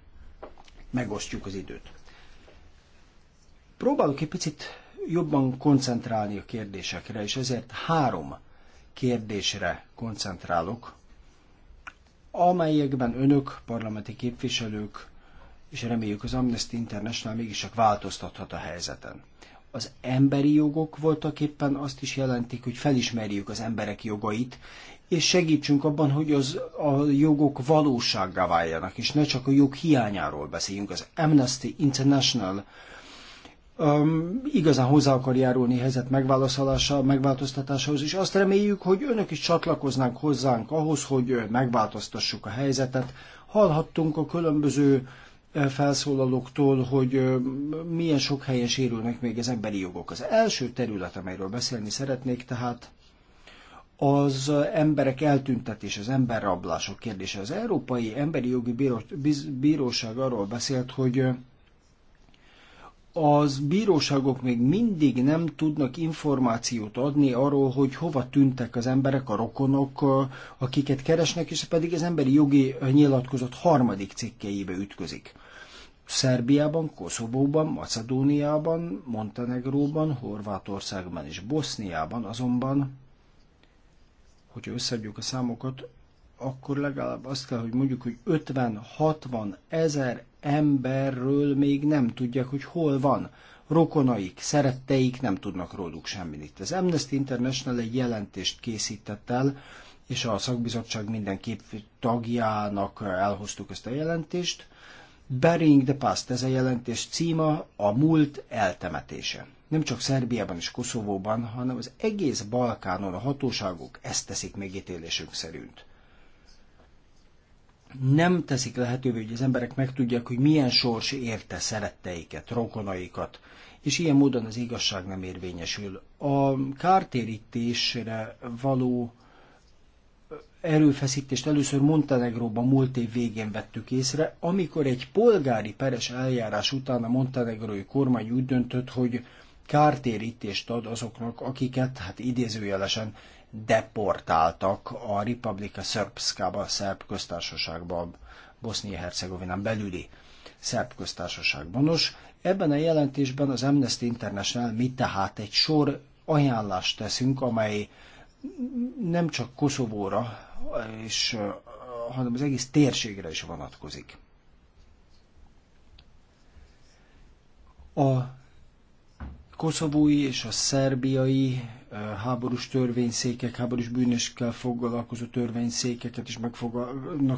Megosztjuk az időt. Próbálok egy picit jobban koncentrálni a kérdésekre, és ezért három kérdésre koncentrálok, amelyekben önök, parlamenti képviselők, és reméljük az Amnesty International mégiscsak változtathat a helyzeten. Az emberi jogok voltak éppen azt is jelentik, hogy felismerjük az emberek jogait, és segítsünk abban, hogy az, a jogok valósággá váljanak, és ne csak a jog hiányáról beszéljünk. Az Amnesty International um, igazán hozzá akar járulni helyzet megválaszolása, megváltoztatásához, és azt reméljük, hogy önök is csatlakoznak hozzánk ahhoz, hogy megváltoztassuk a helyzetet. Hallhattunk a különböző felszólalóktól, hogy milyen sok helyen sérülnek még az emberi jogok. Az első terület, amelyről beszélni szeretnék, tehát az emberek eltüntetés, az emberrablások kérdése. Az Európai Emberi Jogi Bíróság arról beszélt, hogy az bíróságok még mindig nem tudnak információt adni arról, hogy hova tűntek az emberek, a rokonok, akiket keresnek, és pedig az emberi jogi nyilatkozat harmadik cikkeibe ütközik. Szerbiában, Koszovóban, Macedóniában, Montenegróban, Horvátországban és Boszniában azonban hogyha összeadjuk a számokat, akkor legalább azt kell, hogy mondjuk, hogy 50-60 ezer emberről még nem tudják, hogy hol van. Rokonaik, szeretteik nem tudnak róluk semmit. Az Amnesty International egy jelentést készített el, és a szakbizottság minden kép tagjának elhoztuk ezt a jelentést. Burying the Past, ez a jelentés címa a múlt eltemetése nem csak Szerbiában és Koszovóban, hanem az egész Balkánon a hatóságok ezt teszik megítélésünk szerint. Nem teszik lehetővé, hogy az emberek megtudják, hogy milyen sors érte szeretteiket, rokonaikat, és ilyen módon az igazság nem érvényesül. A kártérítésre való erőfeszítést először Montenegróban múlt év végén vettük észre, amikor egy polgári peres eljárás után a montenegrói kormány úgy döntött, hogy kártérítést ad azoknak, akiket, hát idézőjelesen, deportáltak a Republika Szerbszkába, Szerb köztársaságba, Bosznia-Hercegovinán belüli Szerb köztársaságban. Nos, ebben a jelentésben az Amnesty International mi tehát egy sor ajánlást teszünk, amely nem csak Koszovóra, és, hanem az egész térségre is vonatkozik. A koszovói és a szerbiai háborús törvényszékek, háborús bűnöskel foglalkozó törvényszékeket is meg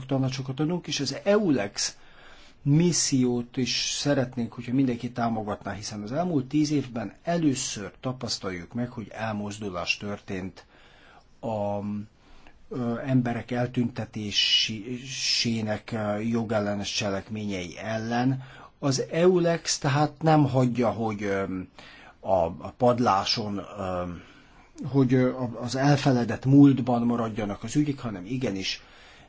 tanácsokat adunk, és az EULEX missziót is szeretnénk, hogyha mindenki támogatná, hiszen az elmúlt tíz évben először tapasztaljuk meg, hogy elmozdulás történt a emberek eltüntetésének jogellenes cselekményei ellen. Az EULEX tehát nem hagyja, hogy a padláson, hogy az elfeledett múltban maradjanak az ügyek, hanem igenis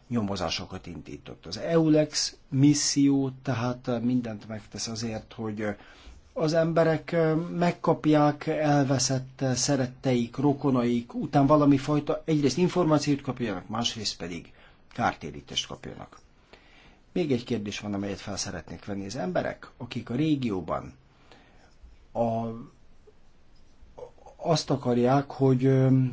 nyomozásokat indított. Az EULEX misszió tehát mindent megtesz azért, hogy az emberek megkapják elveszett szeretteik, rokonaik, után valami fajta egyrészt információt kapjanak, másrészt pedig kártérítést kapjanak. Még egy kérdés van, amelyet fel szeretnék venni. Az emberek, akik a régióban a azt akarják, hogy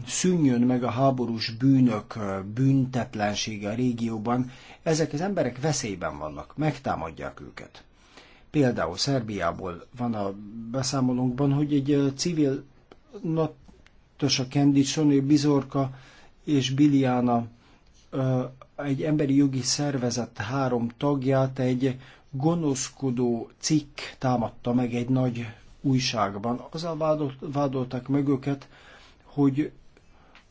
szűnjön meg a háborús bűnök büntetlensége a régióban. Ezek az emberek veszélyben vannak, megtámadják őket. Például Szerbiából van a beszámolónkban, hogy egy civil Natosa Kendicsonő Bizorka és Biliana egy emberi jogi szervezet három tagját egy gonoszkodó cikk támadta meg egy nagy újságban. Azzal vádolták meg őket, hogy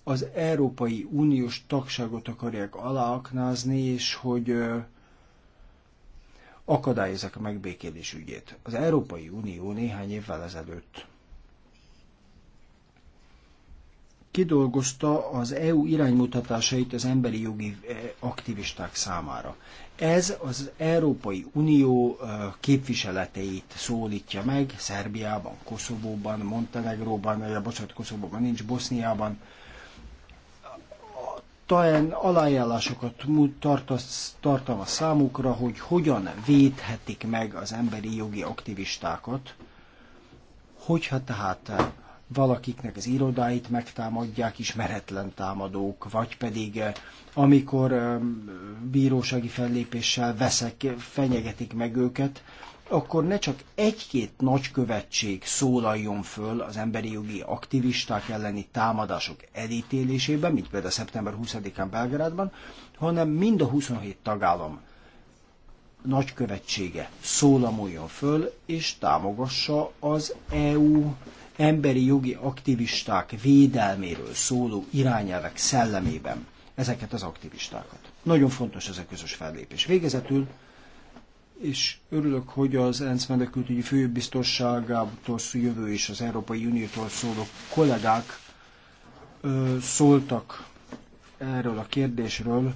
az Európai Uniós tagságot akarják aláaknázni, és hogy akadályozzák a megbékélés ügyét. Az Európai Unió néhány évvel ezelőtt kidolgozta az EU iránymutatásait az emberi jogi eh, aktivisták számára. Ez az Európai Unió eh, képviseleteit szólítja meg Szerbiában, Koszovóban, Montenegróban, a bocsánat, Koszovóban nincs, Boszniában. Talán alájárásokat a számukra, hogy hogyan védhetik meg az emberi jogi aktivistákat, hogyha tehát valakiknek az irodáit megtámadják ismeretlen támadók, vagy pedig eh, amikor eh, bírósági fellépéssel veszek, fenyegetik meg őket, akkor ne csak egy-két nagykövetség szólaljon föl az emberi jogi aktivisták elleni támadások elítélésében, mint például szeptember 20-án Belgrádban, hanem mind a 27 tagállam nagykövetsége szólamoljon föl és támogassa az EU emberi jogi aktivisták védelméről szóló irányelvek szellemében ezeket az aktivistákat. Nagyon fontos ez a közös fellépés. Végezetül, és örülök, hogy az ENSZ menekültügyi főbiztosságától jövő és az Európai Uniótól szóló kollégák ö, szóltak erről a kérdésről.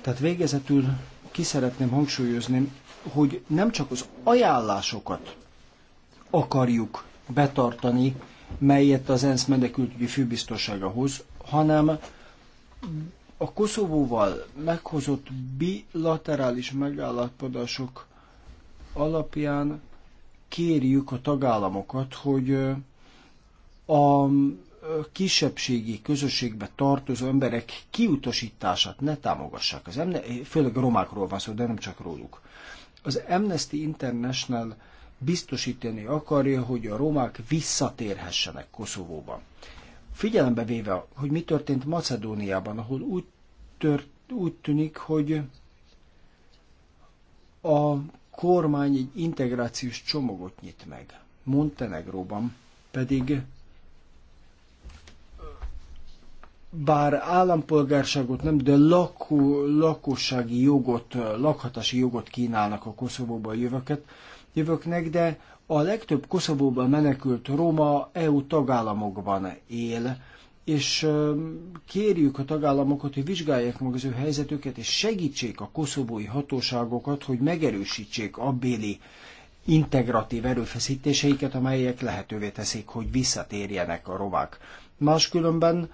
Tehát végezetül ki szeretném hangsúlyozni, hogy nem csak az ajánlásokat akarjuk betartani, melyet az ENSZ menekültügyi főbiztossága hoz, hanem a Koszovóval meghozott bilaterális megállapodások alapján kérjük a tagállamokat, hogy a kisebbségi közösségbe tartozó emberek kiutasítását ne támogassák. Az emne, főleg romákról van szó, de nem csak róluk. Az Amnesty International biztosítani akarja, hogy a romák visszatérhessenek Koszovóba. Figyelembe véve, hogy mi történt Macedóniában, ahol úgy, tört, úgy tűnik, hogy a kormány egy integrációs csomagot nyit meg. Montenegróban pedig bár állampolgárságot nem, de lakó, lakossági jogot, lakhatási jogot kínálnak a Koszovóban jövöket, jövöknek, de a legtöbb Koszovóban menekült roma EU tagállamokban él, és kérjük a tagállamokat, hogy vizsgálják meg az ő helyzetüket, és segítsék a koszovói hatóságokat, hogy megerősítsék a béli integratív erőfeszítéseiket, amelyek lehetővé teszik, hogy visszatérjenek a romák. Máskülönben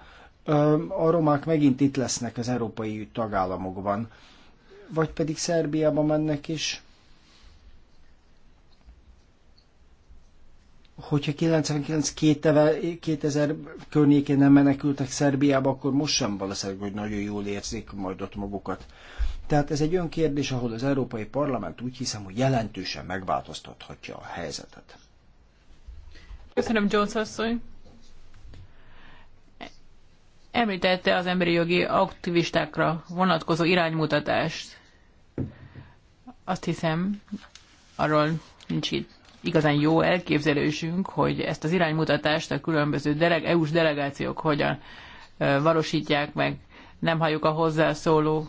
a romák megint itt lesznek az európai tagállamokban, vagy pedig Szerbiába mennek is, hogyha 99-2000 környékén nem menekültek Szerbiába, akkor most sem valószínűleg, hogy nagyon jól érzik majd ott magukat. Tehát ez egy olyan kérdés, ahol az Európai Parlament úgy hiszem, hogy jelentősen megváltoztathatja a helyzetet. Köszönöm, Jones asszony. Említette az emberi jogi aktivistákra vonatkozó iránymutatást. Azt hiszem, arról nincs itt igazán jó elképzelésünk, hogy ezt az iránymutatást a különböző deleg, EU-s delegációk hogyan valósítják meg. Nem halljuk a hozzászóló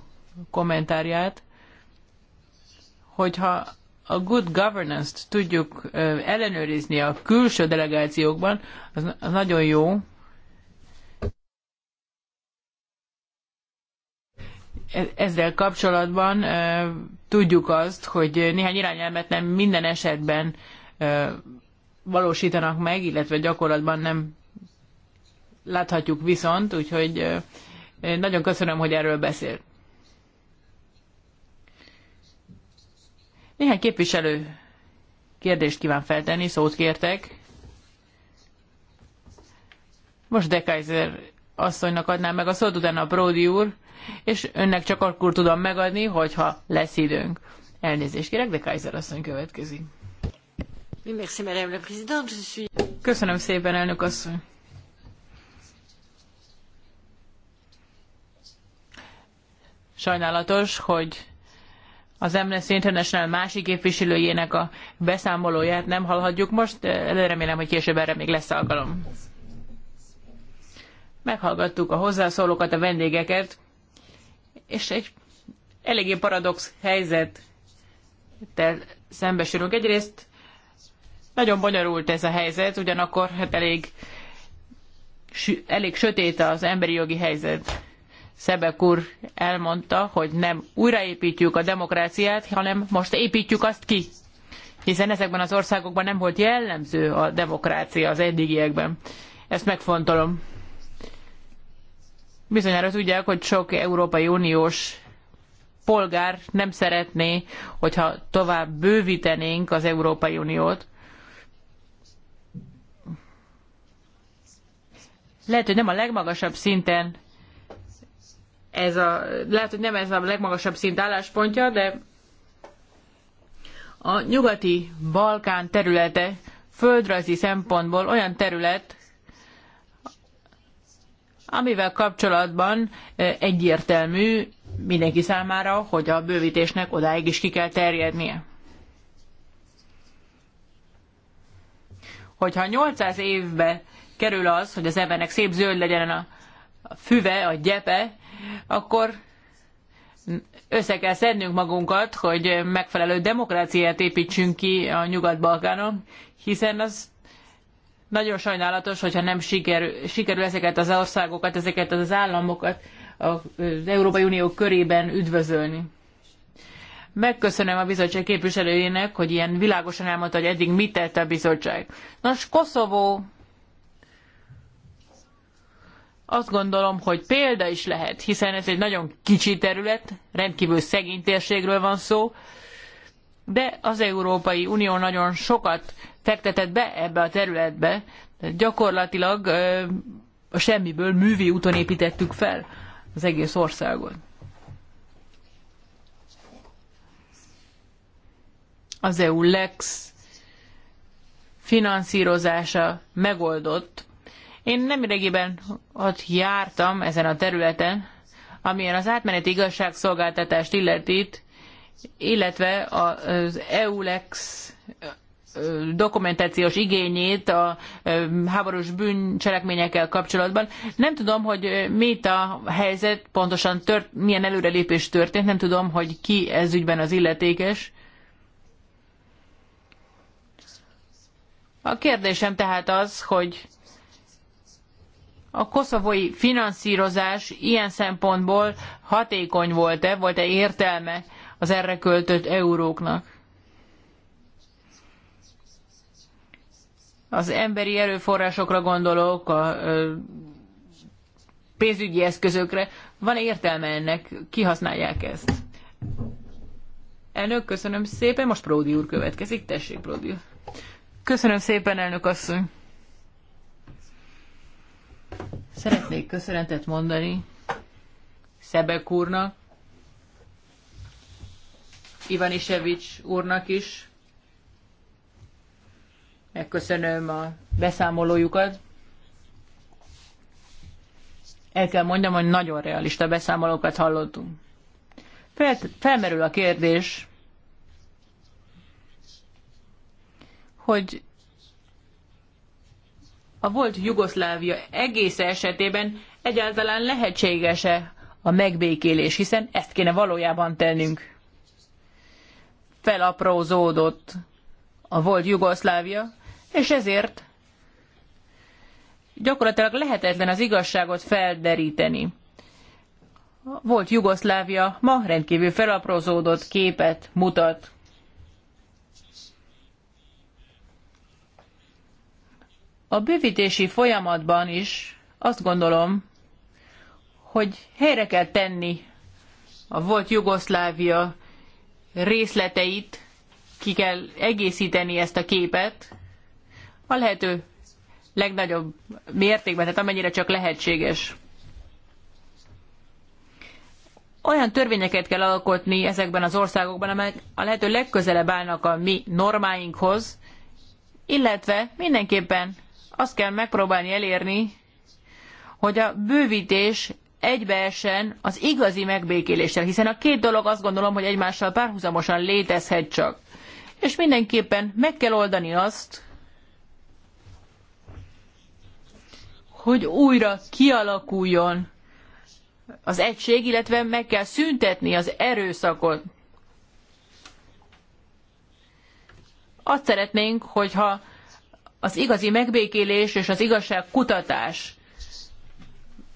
kommentárját. Hogyha a good governance-t tudjuk ellenőrizni a külső delegációkban, az, az nagyon jó. E, ezzel kapcsolatban tudjuk azt, hogy néhány irányelmet nem minden esetben valósítanak meg, illetve gyakorlatban nem láthatjuk viszont, úgyhogy nagyon köszönöm, hogy erről beszél. Néhány képviselő kérdést kíván feltenni, szót kértek. Most de Kaiser asszonynak adnám meg a szót, utána a Brody úr, és önnek csak akkor tudom megadni, hogyha lesz időnk. Elnézést kérek, de Kaiser asszony következik. Köszönöm szépen, elnök asszony. Sajnálatos, hogy az Amnesty International másik képviselőjének a beszámolóját nem hallhatjuk most, de remélem, hogy később erre még lesz alkalom. Meghallgattuk a hozzászólókat, a vendégeket, és egy eléggé paradox helyzettel szembesülünk. Egyrészt nagyon bonyolult ez a helyzet, ugyanakkor hát elég, elég sötét az emberi jogi helyzet. Szebek úr elmondta, hogy nem újraépítjük a demokráciát, hanem most építjük azt ki. Hiszen ezekben az országokban nem volt jellemző a demokrácia az eddigiekben. Ezt megfontolom. Bizonyára tudják, hogy sok Európai Uniós polgár nem szeretné, hogyha tovább bővítenénk az Európai Uniót. lehet, hogy nem a legmagasabb szinten ez a, lehet, hogy nem ez a legmagasabb szint álláspontja, de a nyugati Balkán területe földrajzi szempontból olyan terület, amivel kapcsolatban e, egyértelmű mindenki számára, hogy a bővítésnek odáig is ki kell terjednie. Hogyha 800 évben kerül az, hogy az embernek szép zöld legyen a, a füve, a gyepe, akkor össze kell szednünk magunkat, hogy megfelelő demokráciát építsünk ki a Nyugat-Balkánon, hiszen az nagyon sajnálatos, hogyha nem sikerül, sikerül ezeket az országokat, ezeket az államokat az Európai Unió körében üdvözölni. Megköszönöm a bizottság képviselőjének, hogy ilyen világosan elmondta, hogy eddig mit tett a bizottság. Nos, Koszovó azt gondolom, hogy példa is lehet, hiszen ez egy nagyon kicsi terület, rendkívül szegény térségről van szó, de az Európai Unió nagyon sokat fektetett be ebbe a területbe, gyakorlatilag a semmiből művi úton építettük fel az egész országot. Az EU Lex finanszírozása megoldott én nem nemrégiben ott jártam ezen a területen, amilyen az átmeneti igazságszolgáltatást illeti, illetve az EULEX dokumentációs igényét a háborús bűncselekményekkel kapcsolatban. Nem tudom, hogy mit a helyzet, pontosan tört, milyen előrelépés történt, nem tudom, hogy ki ez ügyben az illetékes. A kérdésem tehát az, hogy a koszovói finanszírozás ilyen szempontból hatékony volt-e, volt-e értelme az erre költött euróknak? Az emberi erőforrásokra gondolok, a pénzügyi eszközökre. Van -e értelme ennek? Kihasználják ezt? Elnök, köszönöm szépen. Most Pródi úr következik. Tessék, Pródi úr. Köszönöm szépen, elnök asszony. Szeretnék köszönetet mondani Szebek úrnak, Ivanisevics úrnak is. Megköszönöm a beszámolójukat. El kell mondjam, hogy nagyon realista beszámolókat hallottunk. Fel, felmerül a kérdés, hogy a volt Jugoszlávia egész esetében egyáltalán lehetséges-e a megbékélés, hiszen ezt kéne valójában tennünk. Felaprózódott a volt Jugoszlávia, és ezért gyakorlatilag lehetetlen az igazságot felderíteni. Volt Jugoszlávia, ma rendkívül felaprózódott képet mutat. A bővítési folyamatban is azt gondolom, hogy helyre kell tenni a volt Jugoszlávia részleteit, ki kell egészíteni ezt a képet a lehető legnagyobb mértékben, tehát amennyire csak lehetséges. Olyan törvényeket kell alkotni ezekben az országokban, amelyek a lehető legközelebb állnak a mi normáinkhoz, illetve mindenképpen azt kell megpróbálni elérni, hogy a bővítés egybeesen az igazi megbékéléssel, hiszen a két dolog azt gondolom, hogy egymással párhuzamosan létezhet csak. És mindenképpen meg kell oldani azt, hogy újra kialakuljon az egység, illetve meg kell szüntetni az erőszakot. Azt szeretnénk, hogyha az igazi megbékélés és az igazság kutatás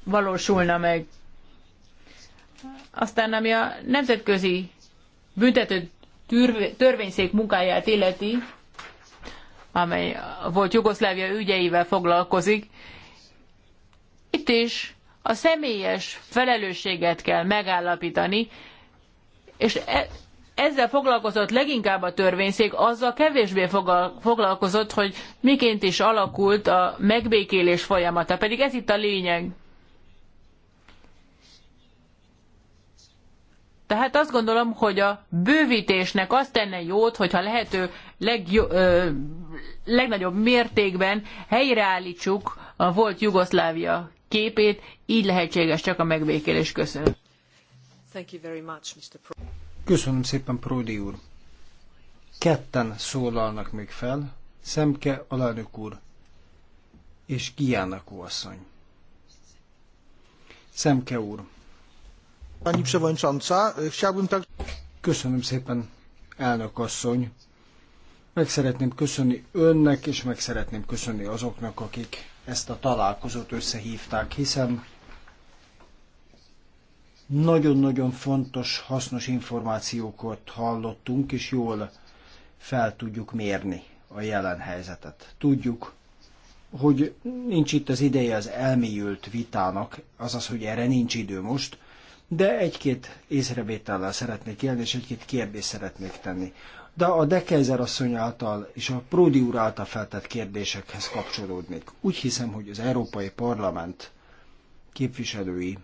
valósulna meg. Aztán ami a nemzetközi büntető törvényszék munkáját illeti, amely volt Jugoszlávia ügyeivel foglalkozik, itt is a személyes felelősséget kell megállapítani, és e- ezzel foglalkozott leginkább a törvényszék, azzal kevésbé foglalkozott, hogy miként is alakult a megbékélés folyamata. Pedig ez itt a lényeg. Tehát azt gondolom, hogy a bővítésnek azt tenne jót, hogyha lehető ö, legnagyobb mértékben helyreállítsuk a volt Jugoszlávia képét, így lehetséges csak a megbékélés. Köszönöm. Thank you very much, Mr. Pro. Köszönöm szépen, Pródi úr. Ketten szólalnak még fel, Szemke alelnök úr és Giánakó asszony. Szemke úr. Pani przewodnicząca, e, chciałbym tak... Köszönöm szépen, elnök asszony. Meg szeretném köszönni önnek, és meg szeretném köszönni azoknak, akik ezt a találkozót összehívták, hiszen nagyon-nagyon fontos, hasznos információkat hallottunk, és jól fel tudjuk mérni a jelen helyzetet. Tudjuk, hogy nincs itt az ideje az elmélyült vitának, azaz, hogy erre nincs idő most, de egy-két észrevétellel szeretnék élni, és egy-két kérdést szeretnék tenni. De a Dekeizer asszony által és a Pródi úr által feltett kérdésekhez kapcsolódnék. Úgy hiszem, hogy az Európai Parlament képviselői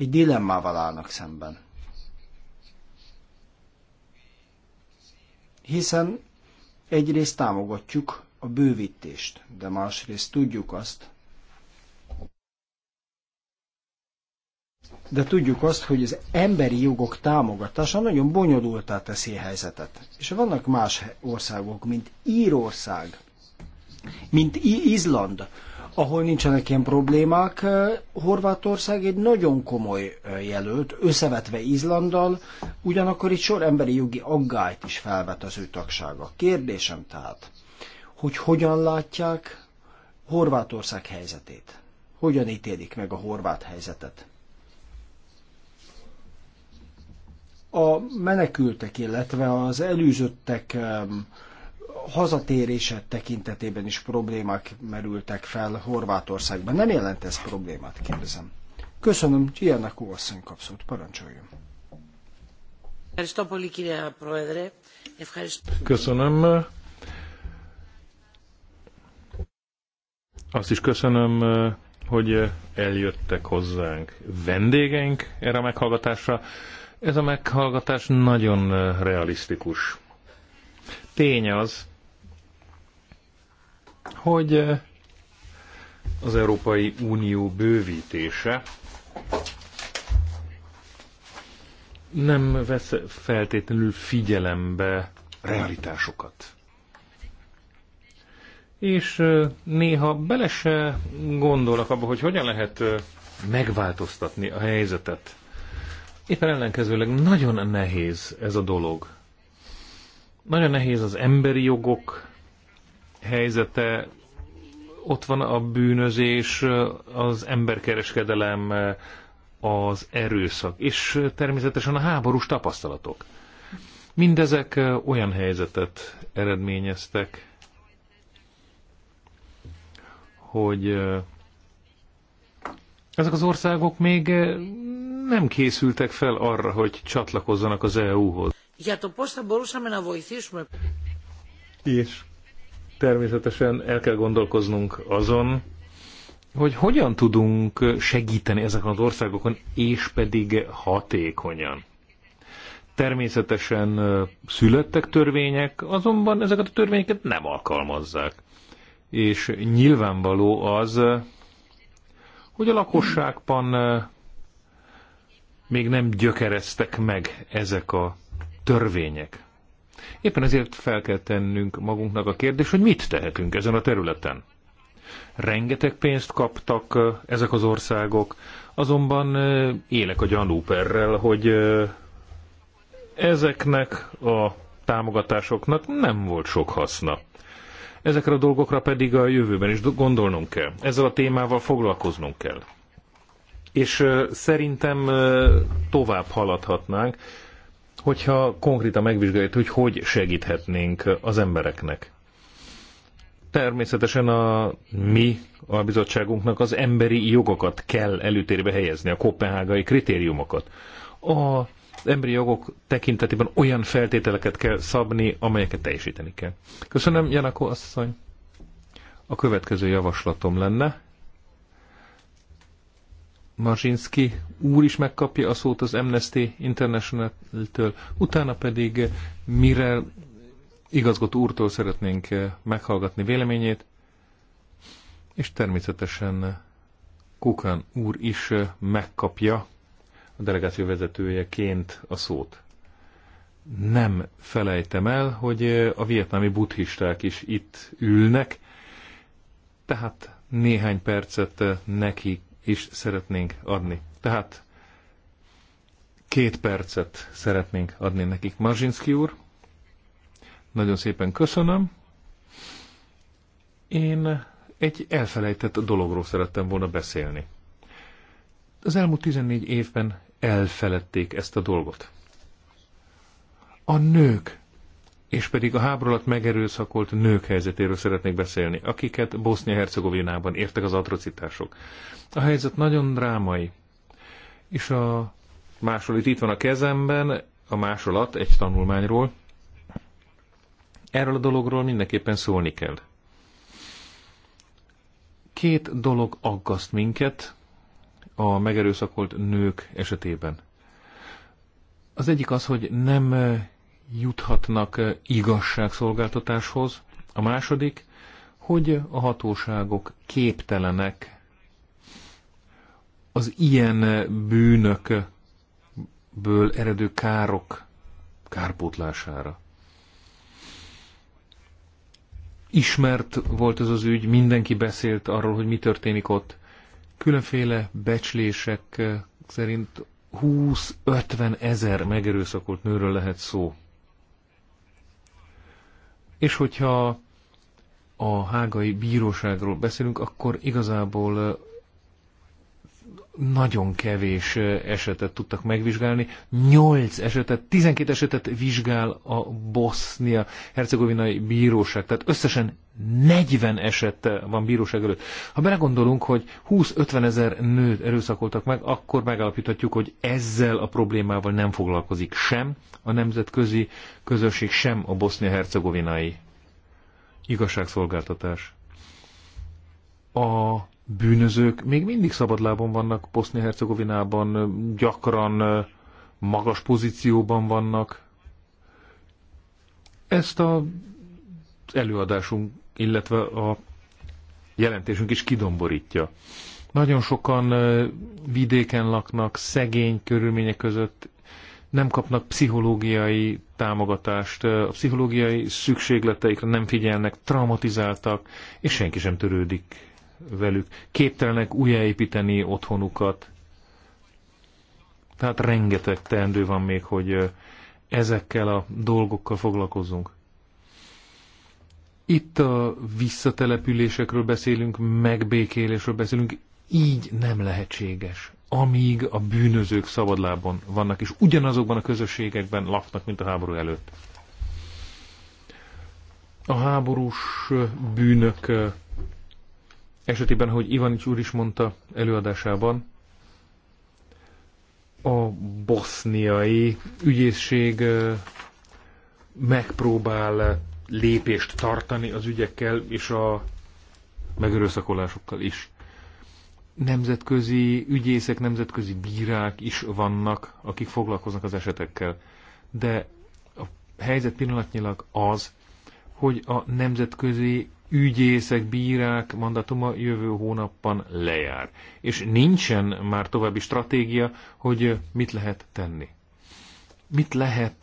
egy dilemmával állnak szemben. Hiszen egyrészt támogatjuk a bővítést, de másrészt tudjuk azt, de tudjuk azt, hogy az emberi jogok támogatása nagyon bonyolultá teszi a helyzetet. És vannak más országok, mint Írország, mint Izland, ahol nincsenek ilyen problémák. Horvátország egy nagyon komoly jelölt, összevetve Izlanddal, ugyanakkor itt sor emberi jogi aggályt is felvet az ő tagsága. Kérdésem tehát, hogy hogyan látják Horvátország helyzetét? Hogyan ítélik meg a horvát helyzetet? A menekültek, illetve az előzöttek hazatérése tekintetében is problémák merültek fel Horvátországban. Nem jelent ez problémát, kérdezem. Köszönöm, Gianakó asszony kapszót, parancsoljon. Köszönöm. Azt is köszönöm, hogy eljöttek hozzánk vendégeink erre a meghallgatásra. Ez a meghallgatás nagyon realisztikus. Tény az, hogy az Európai Unió bővítése nem vesz feltétlenül figyelembe realitásokat. És néha bele se gondolok abba, hogy hogyan lehet megváltoztatni a helyzetet. Éppen ellenkezőleg nagyon nehéz ez a dolog. Nagyon nehéz az emberi jogok helyzete, ott van a bűnözés, az emberkereskedelem, az erőszak, és természetesen a háborús tapasztalatok. Mindezek olyan helyzetet eredményeztek, hogy ezek az országok még nem készültek fel arra, hogy csatlakozzanak az EU-hoz. És természetesen el kell gondolkoznunk azon, hogy hogyan tudunk segíteni ezeken az országokon, és pedig hatékonyan. Természetesen születtek törvények, azonban ezeket a törvényeket nem alkalmazzák. És nyilvánvaló az, hogy a lakosságban még nem gyökereztek meg ezek a törvények. Éppen ezért fel kell tennünk magunknak a kérdés, hogy mit tehetünk ezen a területen. Rengeteg pénzt kaptak ezek az országok, azonban élek a gyanúperrel, hogy ezeknek a támogatásoknak nem volt sok haszna. Ezekre a dolgokra pedig a jövőben is gondolnunk kell. Ezzel a témával foglalkoznunk kell. És szerintem tovább haladhatnánk, hogyha konkrétan megvizsgáljuk, hogy hogy segíthetnénk az embereknek. Természetesen a mi a bizottságunknak az emberi jogokat kell előtérbe helyezni, a kopenhágai kritériumokat. A emberi jogok tekintetében olyan feltételeket kell szabni, amelyeket teljesíteni kell. Köszönöm, Janako asszony. A következő javaslatom lenne, Marzsinszki úr is megkapja a szót az Amnesty International-től, utána pedig Mirel igazgató úrtól szeretnénk meghallgatni véleményét, és természetesen Kukan úr is megkapja a delegáció vezetőjeként a szót. Nem felejtem el, hogy a vietnámi buddhisták is itt ülnek, tehát néhány percet nekik is szeretnénk adni. Tehát két percet szeretnénk adni nekik. Marzsinszki úr, nagyon szépen köszönöm. Én egy elfelejtett dologról szerettem volna beszélni. Az elmúlt 14 évben elfeledték ezt a dolgot. A nők és pedig a háború alatt megerőszakolt nők helyzetéről szeretnék beszélni, akiket Bosznia-Hercegovinában értek az atrocitások. A helyzet nagyon drámai, és a másolat itt van a kezemben, a másolat egy tanulmányról. Erről a dologról mindenképpen szólni kell. Két dolog aggaszt minket a megerőszakolt nők esetében. Az egyik az, hogy nem juthatnak eh, igazságszolgáltatáshoz. A második, hogy a hatóságok képtelenek az ilyen eh, bűnökből eredő károk kárpótlására. Ismert volt ez az ügy, mindenki beszélt arról, hogy mi történik ott. Különféle becslések eh, szerint 20-50 ezer megerőszakolt nőről lehet szó. És hogyha a hágai bíróságról beszélünk, akkor igazából nagyon kevés esetet tudtak megvizsgálni. 8 esetet, 12 esetet vizsgál a bosznia hercegovinai bíróság. Tehát összesen 40 eset van bíróság előtt. Ha belegondolunk, hogy 20-50 ezer nőt erőszakoltak meg, akkor megállapíthatjuk, hogy ezzel a problémával nem foglalkozik sem a nemzetközi közösség, sem a bosznia-hercegovinai igazságszolgáltatás. A bűnözők még mindig szabadlábon vannak Bosznia-Hercegovinában, gyakran magas pozícióban vannak. Ezt a előadásunk, illetve a jelentésünk is kidomborítja. Nagyon sokan vidéken laknak, szegény körülmények között, nem kapnak pszichológiai támogatást, a pszichológiai szükségleteikre nem figyelnek, traumatizáltak, és senki sem törődik velük, képtelenek újjáépíteni otthonukat. Tehát rengeteg teendő van még, hogy ezekkel a dolgokkal foglalkozunk. Itt a visszatelepülésekről beszélünk, megbékélésről beszélünk, így nem lehetséges, amíg a bűnözők szabadlábon vannak, és ugyanazokban a közösségekben laknak, mint a háború előtt. A háborús bűnök esetében, hogy Ivanics úr is mondta előadásában, a boszniai ügyészség megpróbál lépést tartani az ügyekkel és a megerőszakolásokkal is. Nemzetközi ügyészek, nemzetközi bírák is vannak, akik foglalkoznak az esetekkel. De a helyzet pillanatnyilag az, hogy a nemzetközi ügyészek, bírák mandatuma jövő hónapban lejár. És nincsen már további stratégia, hogy mit lehet tenni. Mit lehet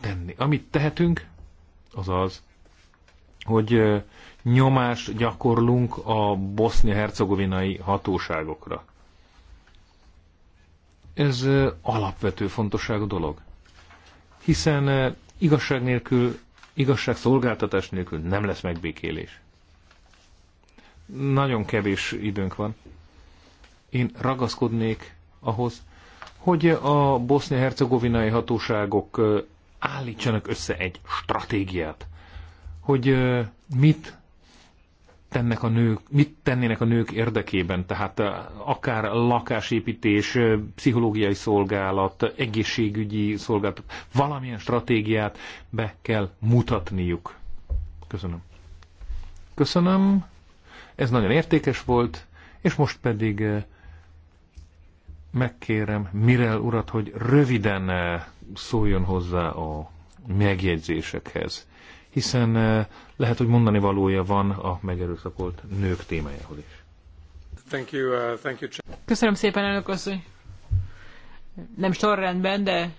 tenni? Amit tehetünk, az az, hogy nyomást gyakorlunk a bosznia-hercegovinai hatóságokra. Ez alapvető fontosságú dolog. Hiszen igazság nélkül igazság szolgáltatás nélkül nem lesz megbékélés. Nagyon kevés időnk van. Én ragaszkodnék ahhoz, hogy a bosznia-hercegovinai hatóságok állítsanak össze egy stratégiát, hogy mit tennek a nők, mit tennének a nők érdekében, tehát eh, akár lakásépítés, eh, pszichológiai szolgálat, egészségügyi szolgálat, valamilyen stratégiát be kell mutatniuk. Köszönöm. Köszönöm, ez nagyon értékes volt, és most pedig eh, megkérem Mirel urat, hogy röviden szóljon hozzá a megjegyzésekhez hiszen eh, lehet, hogy mondani valója van a megerőszakolt nők témájához is. Thank you, uh, thank you. Köszönöm szépen, elnök asszony. Nem sorrendben, de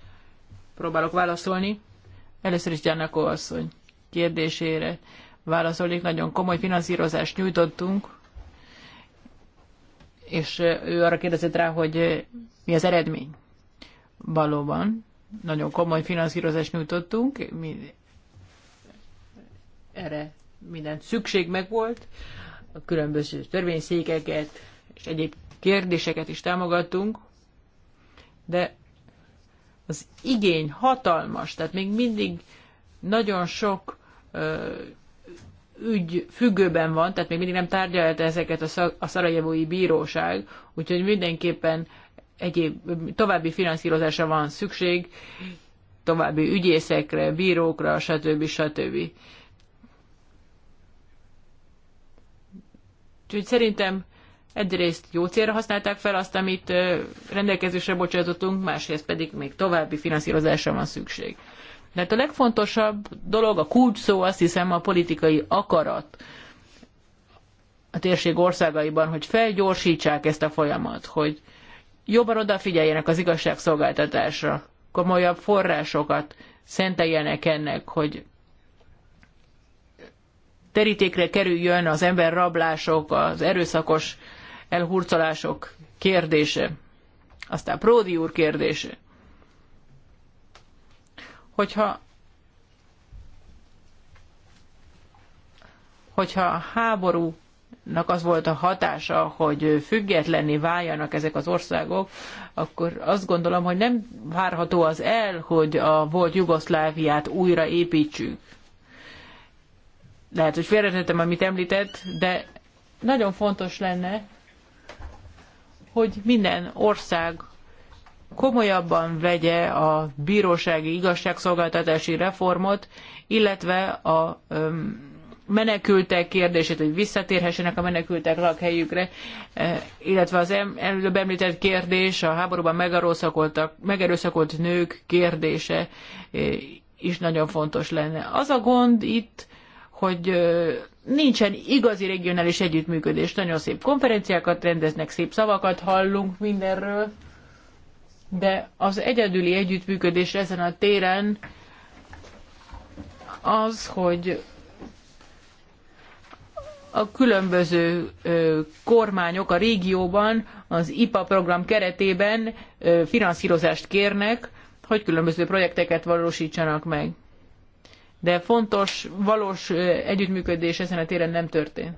próbálok válaszolni. Először is Gyannakó asszony kérdésére válaszolik. Nagyon komoly finanszírozást nyújtottunk, és eh, ő arra kérdezett rá, hogy eh, mi az eredmény. Valóban, nagyon komoly finanszírozást nyújtottunk, mi erre minden szükség megvolt, a különböző törvényszékeket és egyéb kérdéseket is támogattunk, de az igény hatalmas, tehát még mindig nagyon sok ö, ügy függőben van, tehát még mindig nem tárgyalta ezeket a, szak, a szarajevói bíróság, úgyhogy mindenképpen egyéb további finanszírozásra van szükség, további ügyészekre, bírókra, stb. stb. Úgyhogy szerintem egyrészt jó célra használták fel azt, amit rendelkezésre bocsátottunk, másrészt pedig még további finanszírozásra van szükség. De a legfontosabb dolog, a kulcs szó azt hiszem a politikai akarat a térség országaiban, hogy felgyorsítsák ezt a folyamat, hogy jobban odafigyeljenek az igazságszolgáltatásra, komolyabb forrásokat szenteljenek ennek, hogy terítékre kerüljön az emberrablások, az erőszakos elhurcolások kérdése. Aztán Pródi úr kérdése. Hogyha hogyha a háborúnak az volt a hatása, hogy függetlenné váljanak ezek az országok, akkor azt gondolom, hogy nem várható az el, hogy a volt Jugoszláviát újra lehet, hogy félretettem, amit említett, de nagyon fontos lenne, hogy minden ország komolyabban vegye a bírósági igazságszolgáltatási reformot, illetve a menekültek kérdését, hogy visszatérhessenek a menekültek lakhelyükre, illetve az előbb említett kérdés, a háborúban megerőszakolt nők kérdése is nagyon fontos lenne. Az a gond itt, hogy nincsen igazi regionális együttműködés. Nagyon szép konferenciákat rendeznek, szép szavakat hallunk mindenről, de az egyedüli együttműködés ezen a téren az, hogy a különböző kormányok a régióban az IPA program keretében finanszírozást kérnek, hogy különböző projekteket valósítsanak meg de fontos, valós együttműködés ezen a téren nem történt.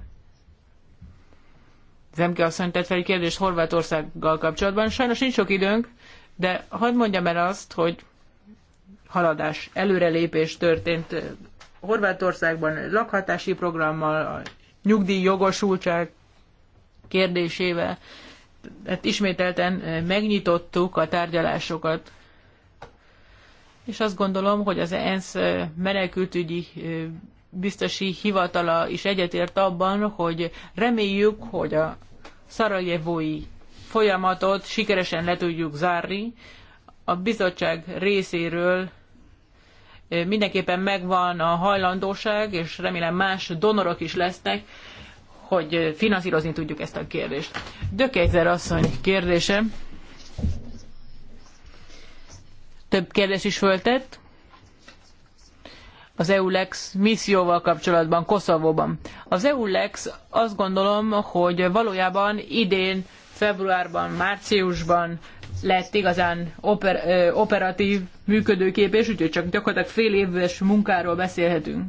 Zemke asszony tett fel egy kérdést Horvátországgal kapcsolatban. Sajnos nincs sok időnk, de hadd mondjam el azt, hogy haladás, előrelépés történt Horvátországban lakhatási programmal, a nyugdíj jogosultság kérdésével. Hát ismételten megnyitottuk a tárgyalásokat és azt gondolom, hogy az ENSZ menekültügyi biztosi hivatala is egyetért abban, hogy reméljük, hogy a szarajevói folyamatot sikeresen le tudjuk zárni. A bizottság részéről mindenképpen megvan a hajlandóság, és remélem más donorok is lesznek, hogy finanszírozni tudjuk ezt a kérdést. Dökegyzer asszony kérdése több kérdés is föltett az EULEX misszióval kapcsolatban, Koszovóban. Az EULEX azt gondolom, hogy valójában idén, februárban, márciusban lett igazán oper, ö, operatív, működőképes, úgyhogy csak gyakorlatilag fél éves munkáról beszélhetünk.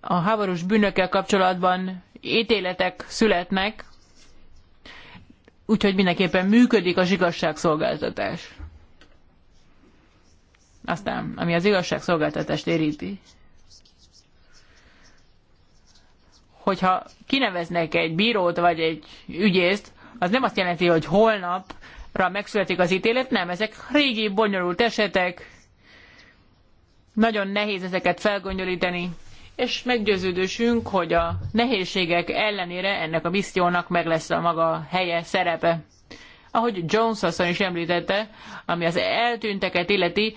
A háborús bűnökkel kapcsolatban ítéletek születnek, Úgyhogy mindenképpen működik az igazságszolgáltatás. Aztán, ami az igazságszolgáltatást érinti, hogyha kineveznek egy bírót vagy egy ügyészt, az nem azt jelenti, hogy holnapra megszületik az ítélet, nem, ezek régi, bonyolult esetek, nagyon nehéz ezeket felgondolítani és meggyőződősünk, hogy a nehézségek ellenére ennek a missziónak meg lesz a maga helye, szerepe. Ahogy Jones asszony is említette, ami az eltűnteket illeti,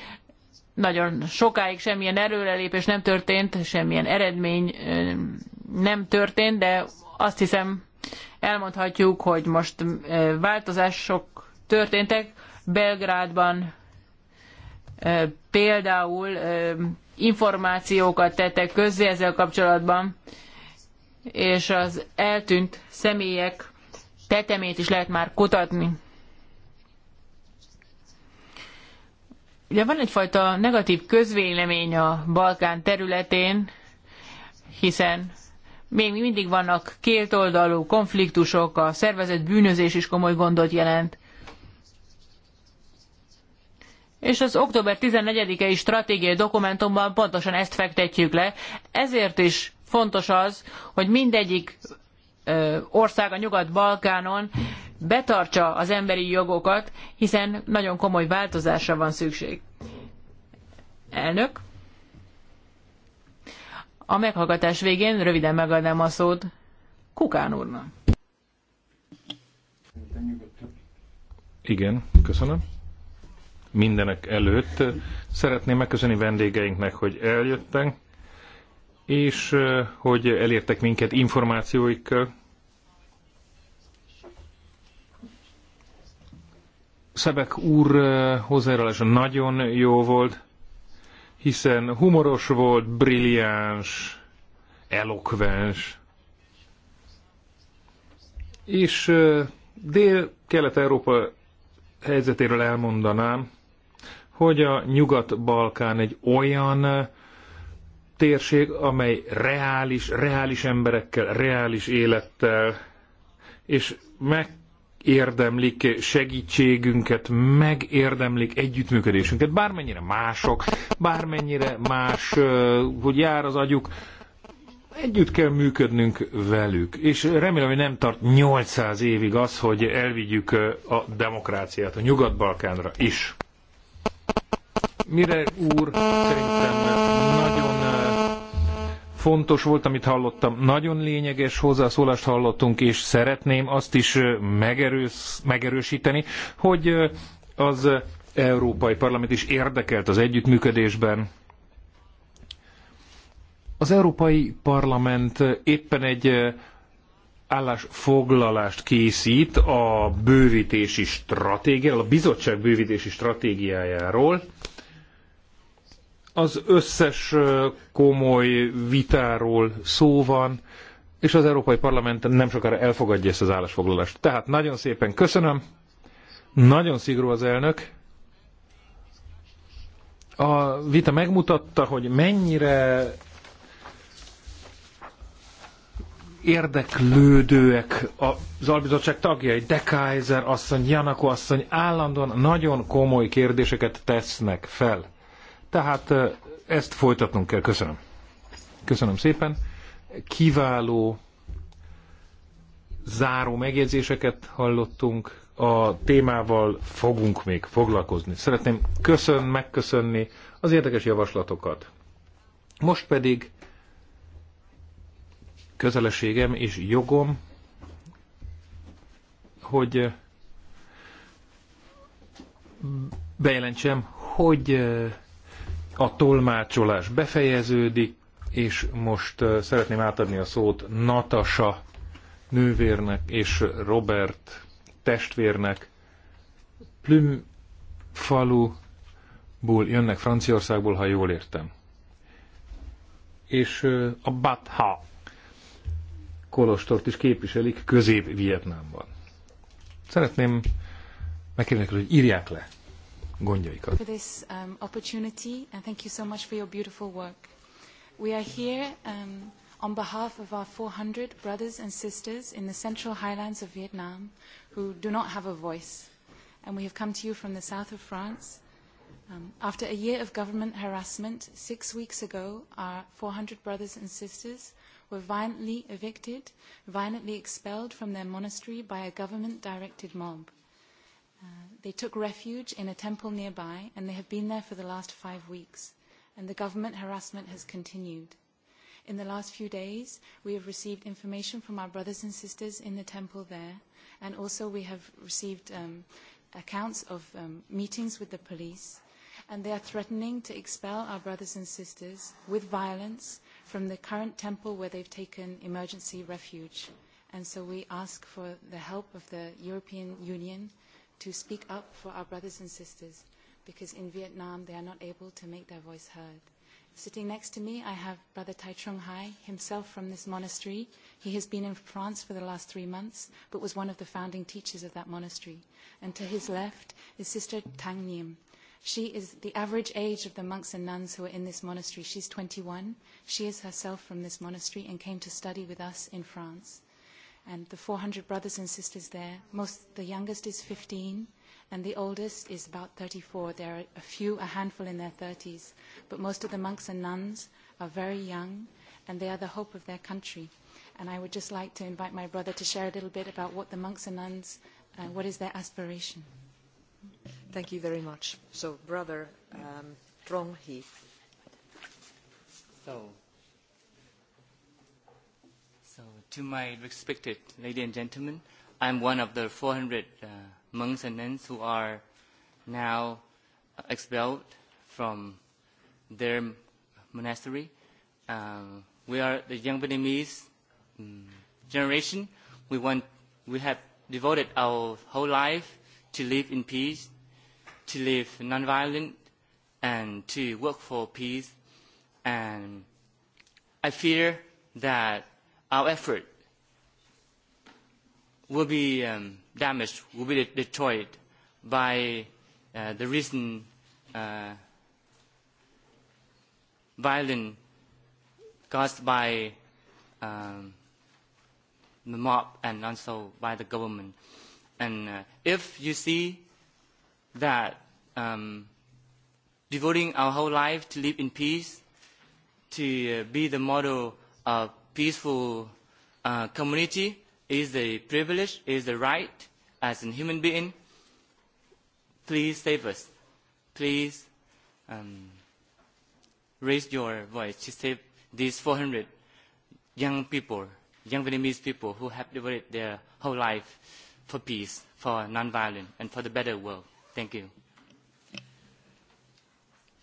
nagyon sokáig semmilyen erőrelépés nem történt, semmilyen eredmény nem történt, de azt hiszem elmondhatjuk, hogy most változások történtek. Belgrádban például információkat tettek közzé ezzel kapcsolatban, és az eltűnt személyek tetemét is lehet már kutatni. Ugye van egyfajta negatív közvélemény a Balkán területén, hiszen még mindig vannak kétoldalú konfliktusok, a szervezett bűnözés is komoly gondot jelent és az október 14-i stratégiai dokumentumban pontosan ezt fektetjük le. Ezért is fontos az, hogy mindegyik ország a Nyugat-Balkánon betartsa az emberi jogokat, hiszen nagyon komoly változásra van szükség. Elnök, a meghallgatás végén röviden megadnám a szót Kukán úrnak. Igen, köszönöm mindenek előtt szeretném megköszönni vendégeinknek, hogy eljöttek, és hogy elértek minket információikkal. Szebek úr hozzájárulása nagyon jó volt, hiszen humoros volt, brilliáns, elokvens. És Dél-Kelet-Európa helyzetéről elmondanám, hogy a Nyugat-Balkán egy olyan térség, amely reális, reális emberekkel, reális élettel, és megérdemlik segítségünket, megérdemlik együttműködésünket, bármennyire mások, bármennyire más, hogy jár az agyuk, együtt kell működnünk velük, és remélem, hogy nem tart 800 évig az, hogy elvigyük a demokráciát a Nyugat-Balkánra is. Mire úr szerintem nagyon fontos volt, amit hallottam. Nagyon lényeges hozzászólást hallottunk, és szeretném azt is megerősz, megerősíteni, hogy az Európai Parlament is érdekelt az együttműködésben. Az Európai Parlament éppen egy állásfoglalást készít a bővítési stratégiáról, a bizottság bővítési stratégiájáról, az összes komoly vitáról szó van, és az Európai Parlament nem sokára elfogadja ezt az állásfoglalást. Tehát nagyon szépen köszönöm, nagyon szigorú az elnök. A vita megmutatta, hogy mennyire érdeklődőek az albizottság tagjai, De Kaiser asszony, Janako asszony állandóan nagyon komoly kérdéseket tesznek fel. Tehát ezt folytatnunk kell. Köszönöm. Köszönöm szépen. Kiváló záró megjegyzéseket hallottunk. A témával fogunk még foglalkozni. Szeretném köszön, megköszönni az érdekes javaslatokat. Most pedig közelességem és jogom, hogy bejelentsem, hogy a tolmácsolás befejeződik, és most szeretném átadni a szót Natasa nővérnek és Robert testvérnek. Plüm faluból jönnek Franciaországból, ha jól értem. És a Batha kolostort is képviselik Közép-Vietnámban. Szeretném megkérni, hogy írják le gondjaikat. For this um, opportunity and thank you so much for your beautiful work. We are here um, on behalf of our 400 brothers and sisters in the central highlands of Vietnam who do not have a voice. And we have come to you from the south of France. Um, after a year of government harassment, six weeks ago, our 400 brothers and sisters were violently evicted, violently expelled from their monastery by a government-directed mob. Uh, they took refuge in a temple nearby, and they have been there for the last five weeks, and the government harassment has continued. In the last few days, we have received information from our brothers and sisters in the temple there, and also we have received um, accounts of um, meetings with the police, and they are threatening to expel our brothers and sisters with violence from the current temple where they've taken emergency refuge. And so we ask for the help of the European Union to speak up for our brothers and sisters because in Vietnam they are not able to make their voice heard. Sitting next to me, I have Brother Tai Trung Hai, himself from this monastery. He has been in France for the last three months, but was one of the founding teachers of that monastery. And to his left is Sister Tang Nim. She is the average age of the monks and nuns who are in this monastery. She's 21. She is herself from this monastery and came to study with us in France and the 400 brothers and sisters there, most, the youngest is 15, and the oldest is about 34. There are a few, a handful in their 30s, but most of the monks and nuns are very young, and they are the hope of their country. And I would just like to invite my brother to share a little bit about what the monks and nuns, uh, what is their aspiration. Thank you very much. So, brother um, Trong He. So, to my respected ladies and gentlemen. I'm one of the 400 uh, monks and nuns who are now expelled from their monastery. Um, we are the young Vietnamese um, generation. We, want, we have devoted our whole life to live in peace, to live nonviolent, and to work for peace. And I fear that our effort will be um, damaged, will be destroyed by uh, the recent uh, violence caused by um, the mob and also by the government. And uh, if you see that um, devoting our whole life to live in peace, to uh, be the model of peaceful uh, community is a privilege, is a right as a human being. Please save us. Please um, raise your voice to save these 400 young people, young Vietnamese people who have devoted their whole life for peace, for non-violence, and for the better world. Thank you.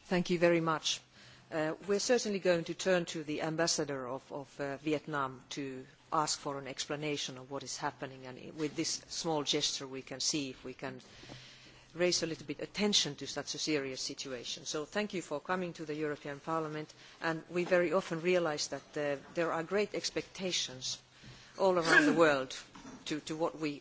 Thank you very much Uh, we are certainly going to turn to the ambassador of, uh, Vietnam to ask for an explanation of what is happening. And with this small gesture, we can see if we can raise a little bit of attention to such a serious situation. So thank you for coming to the European Parliament. And we very often realise that uh, there are great expectations all around the world to, to what we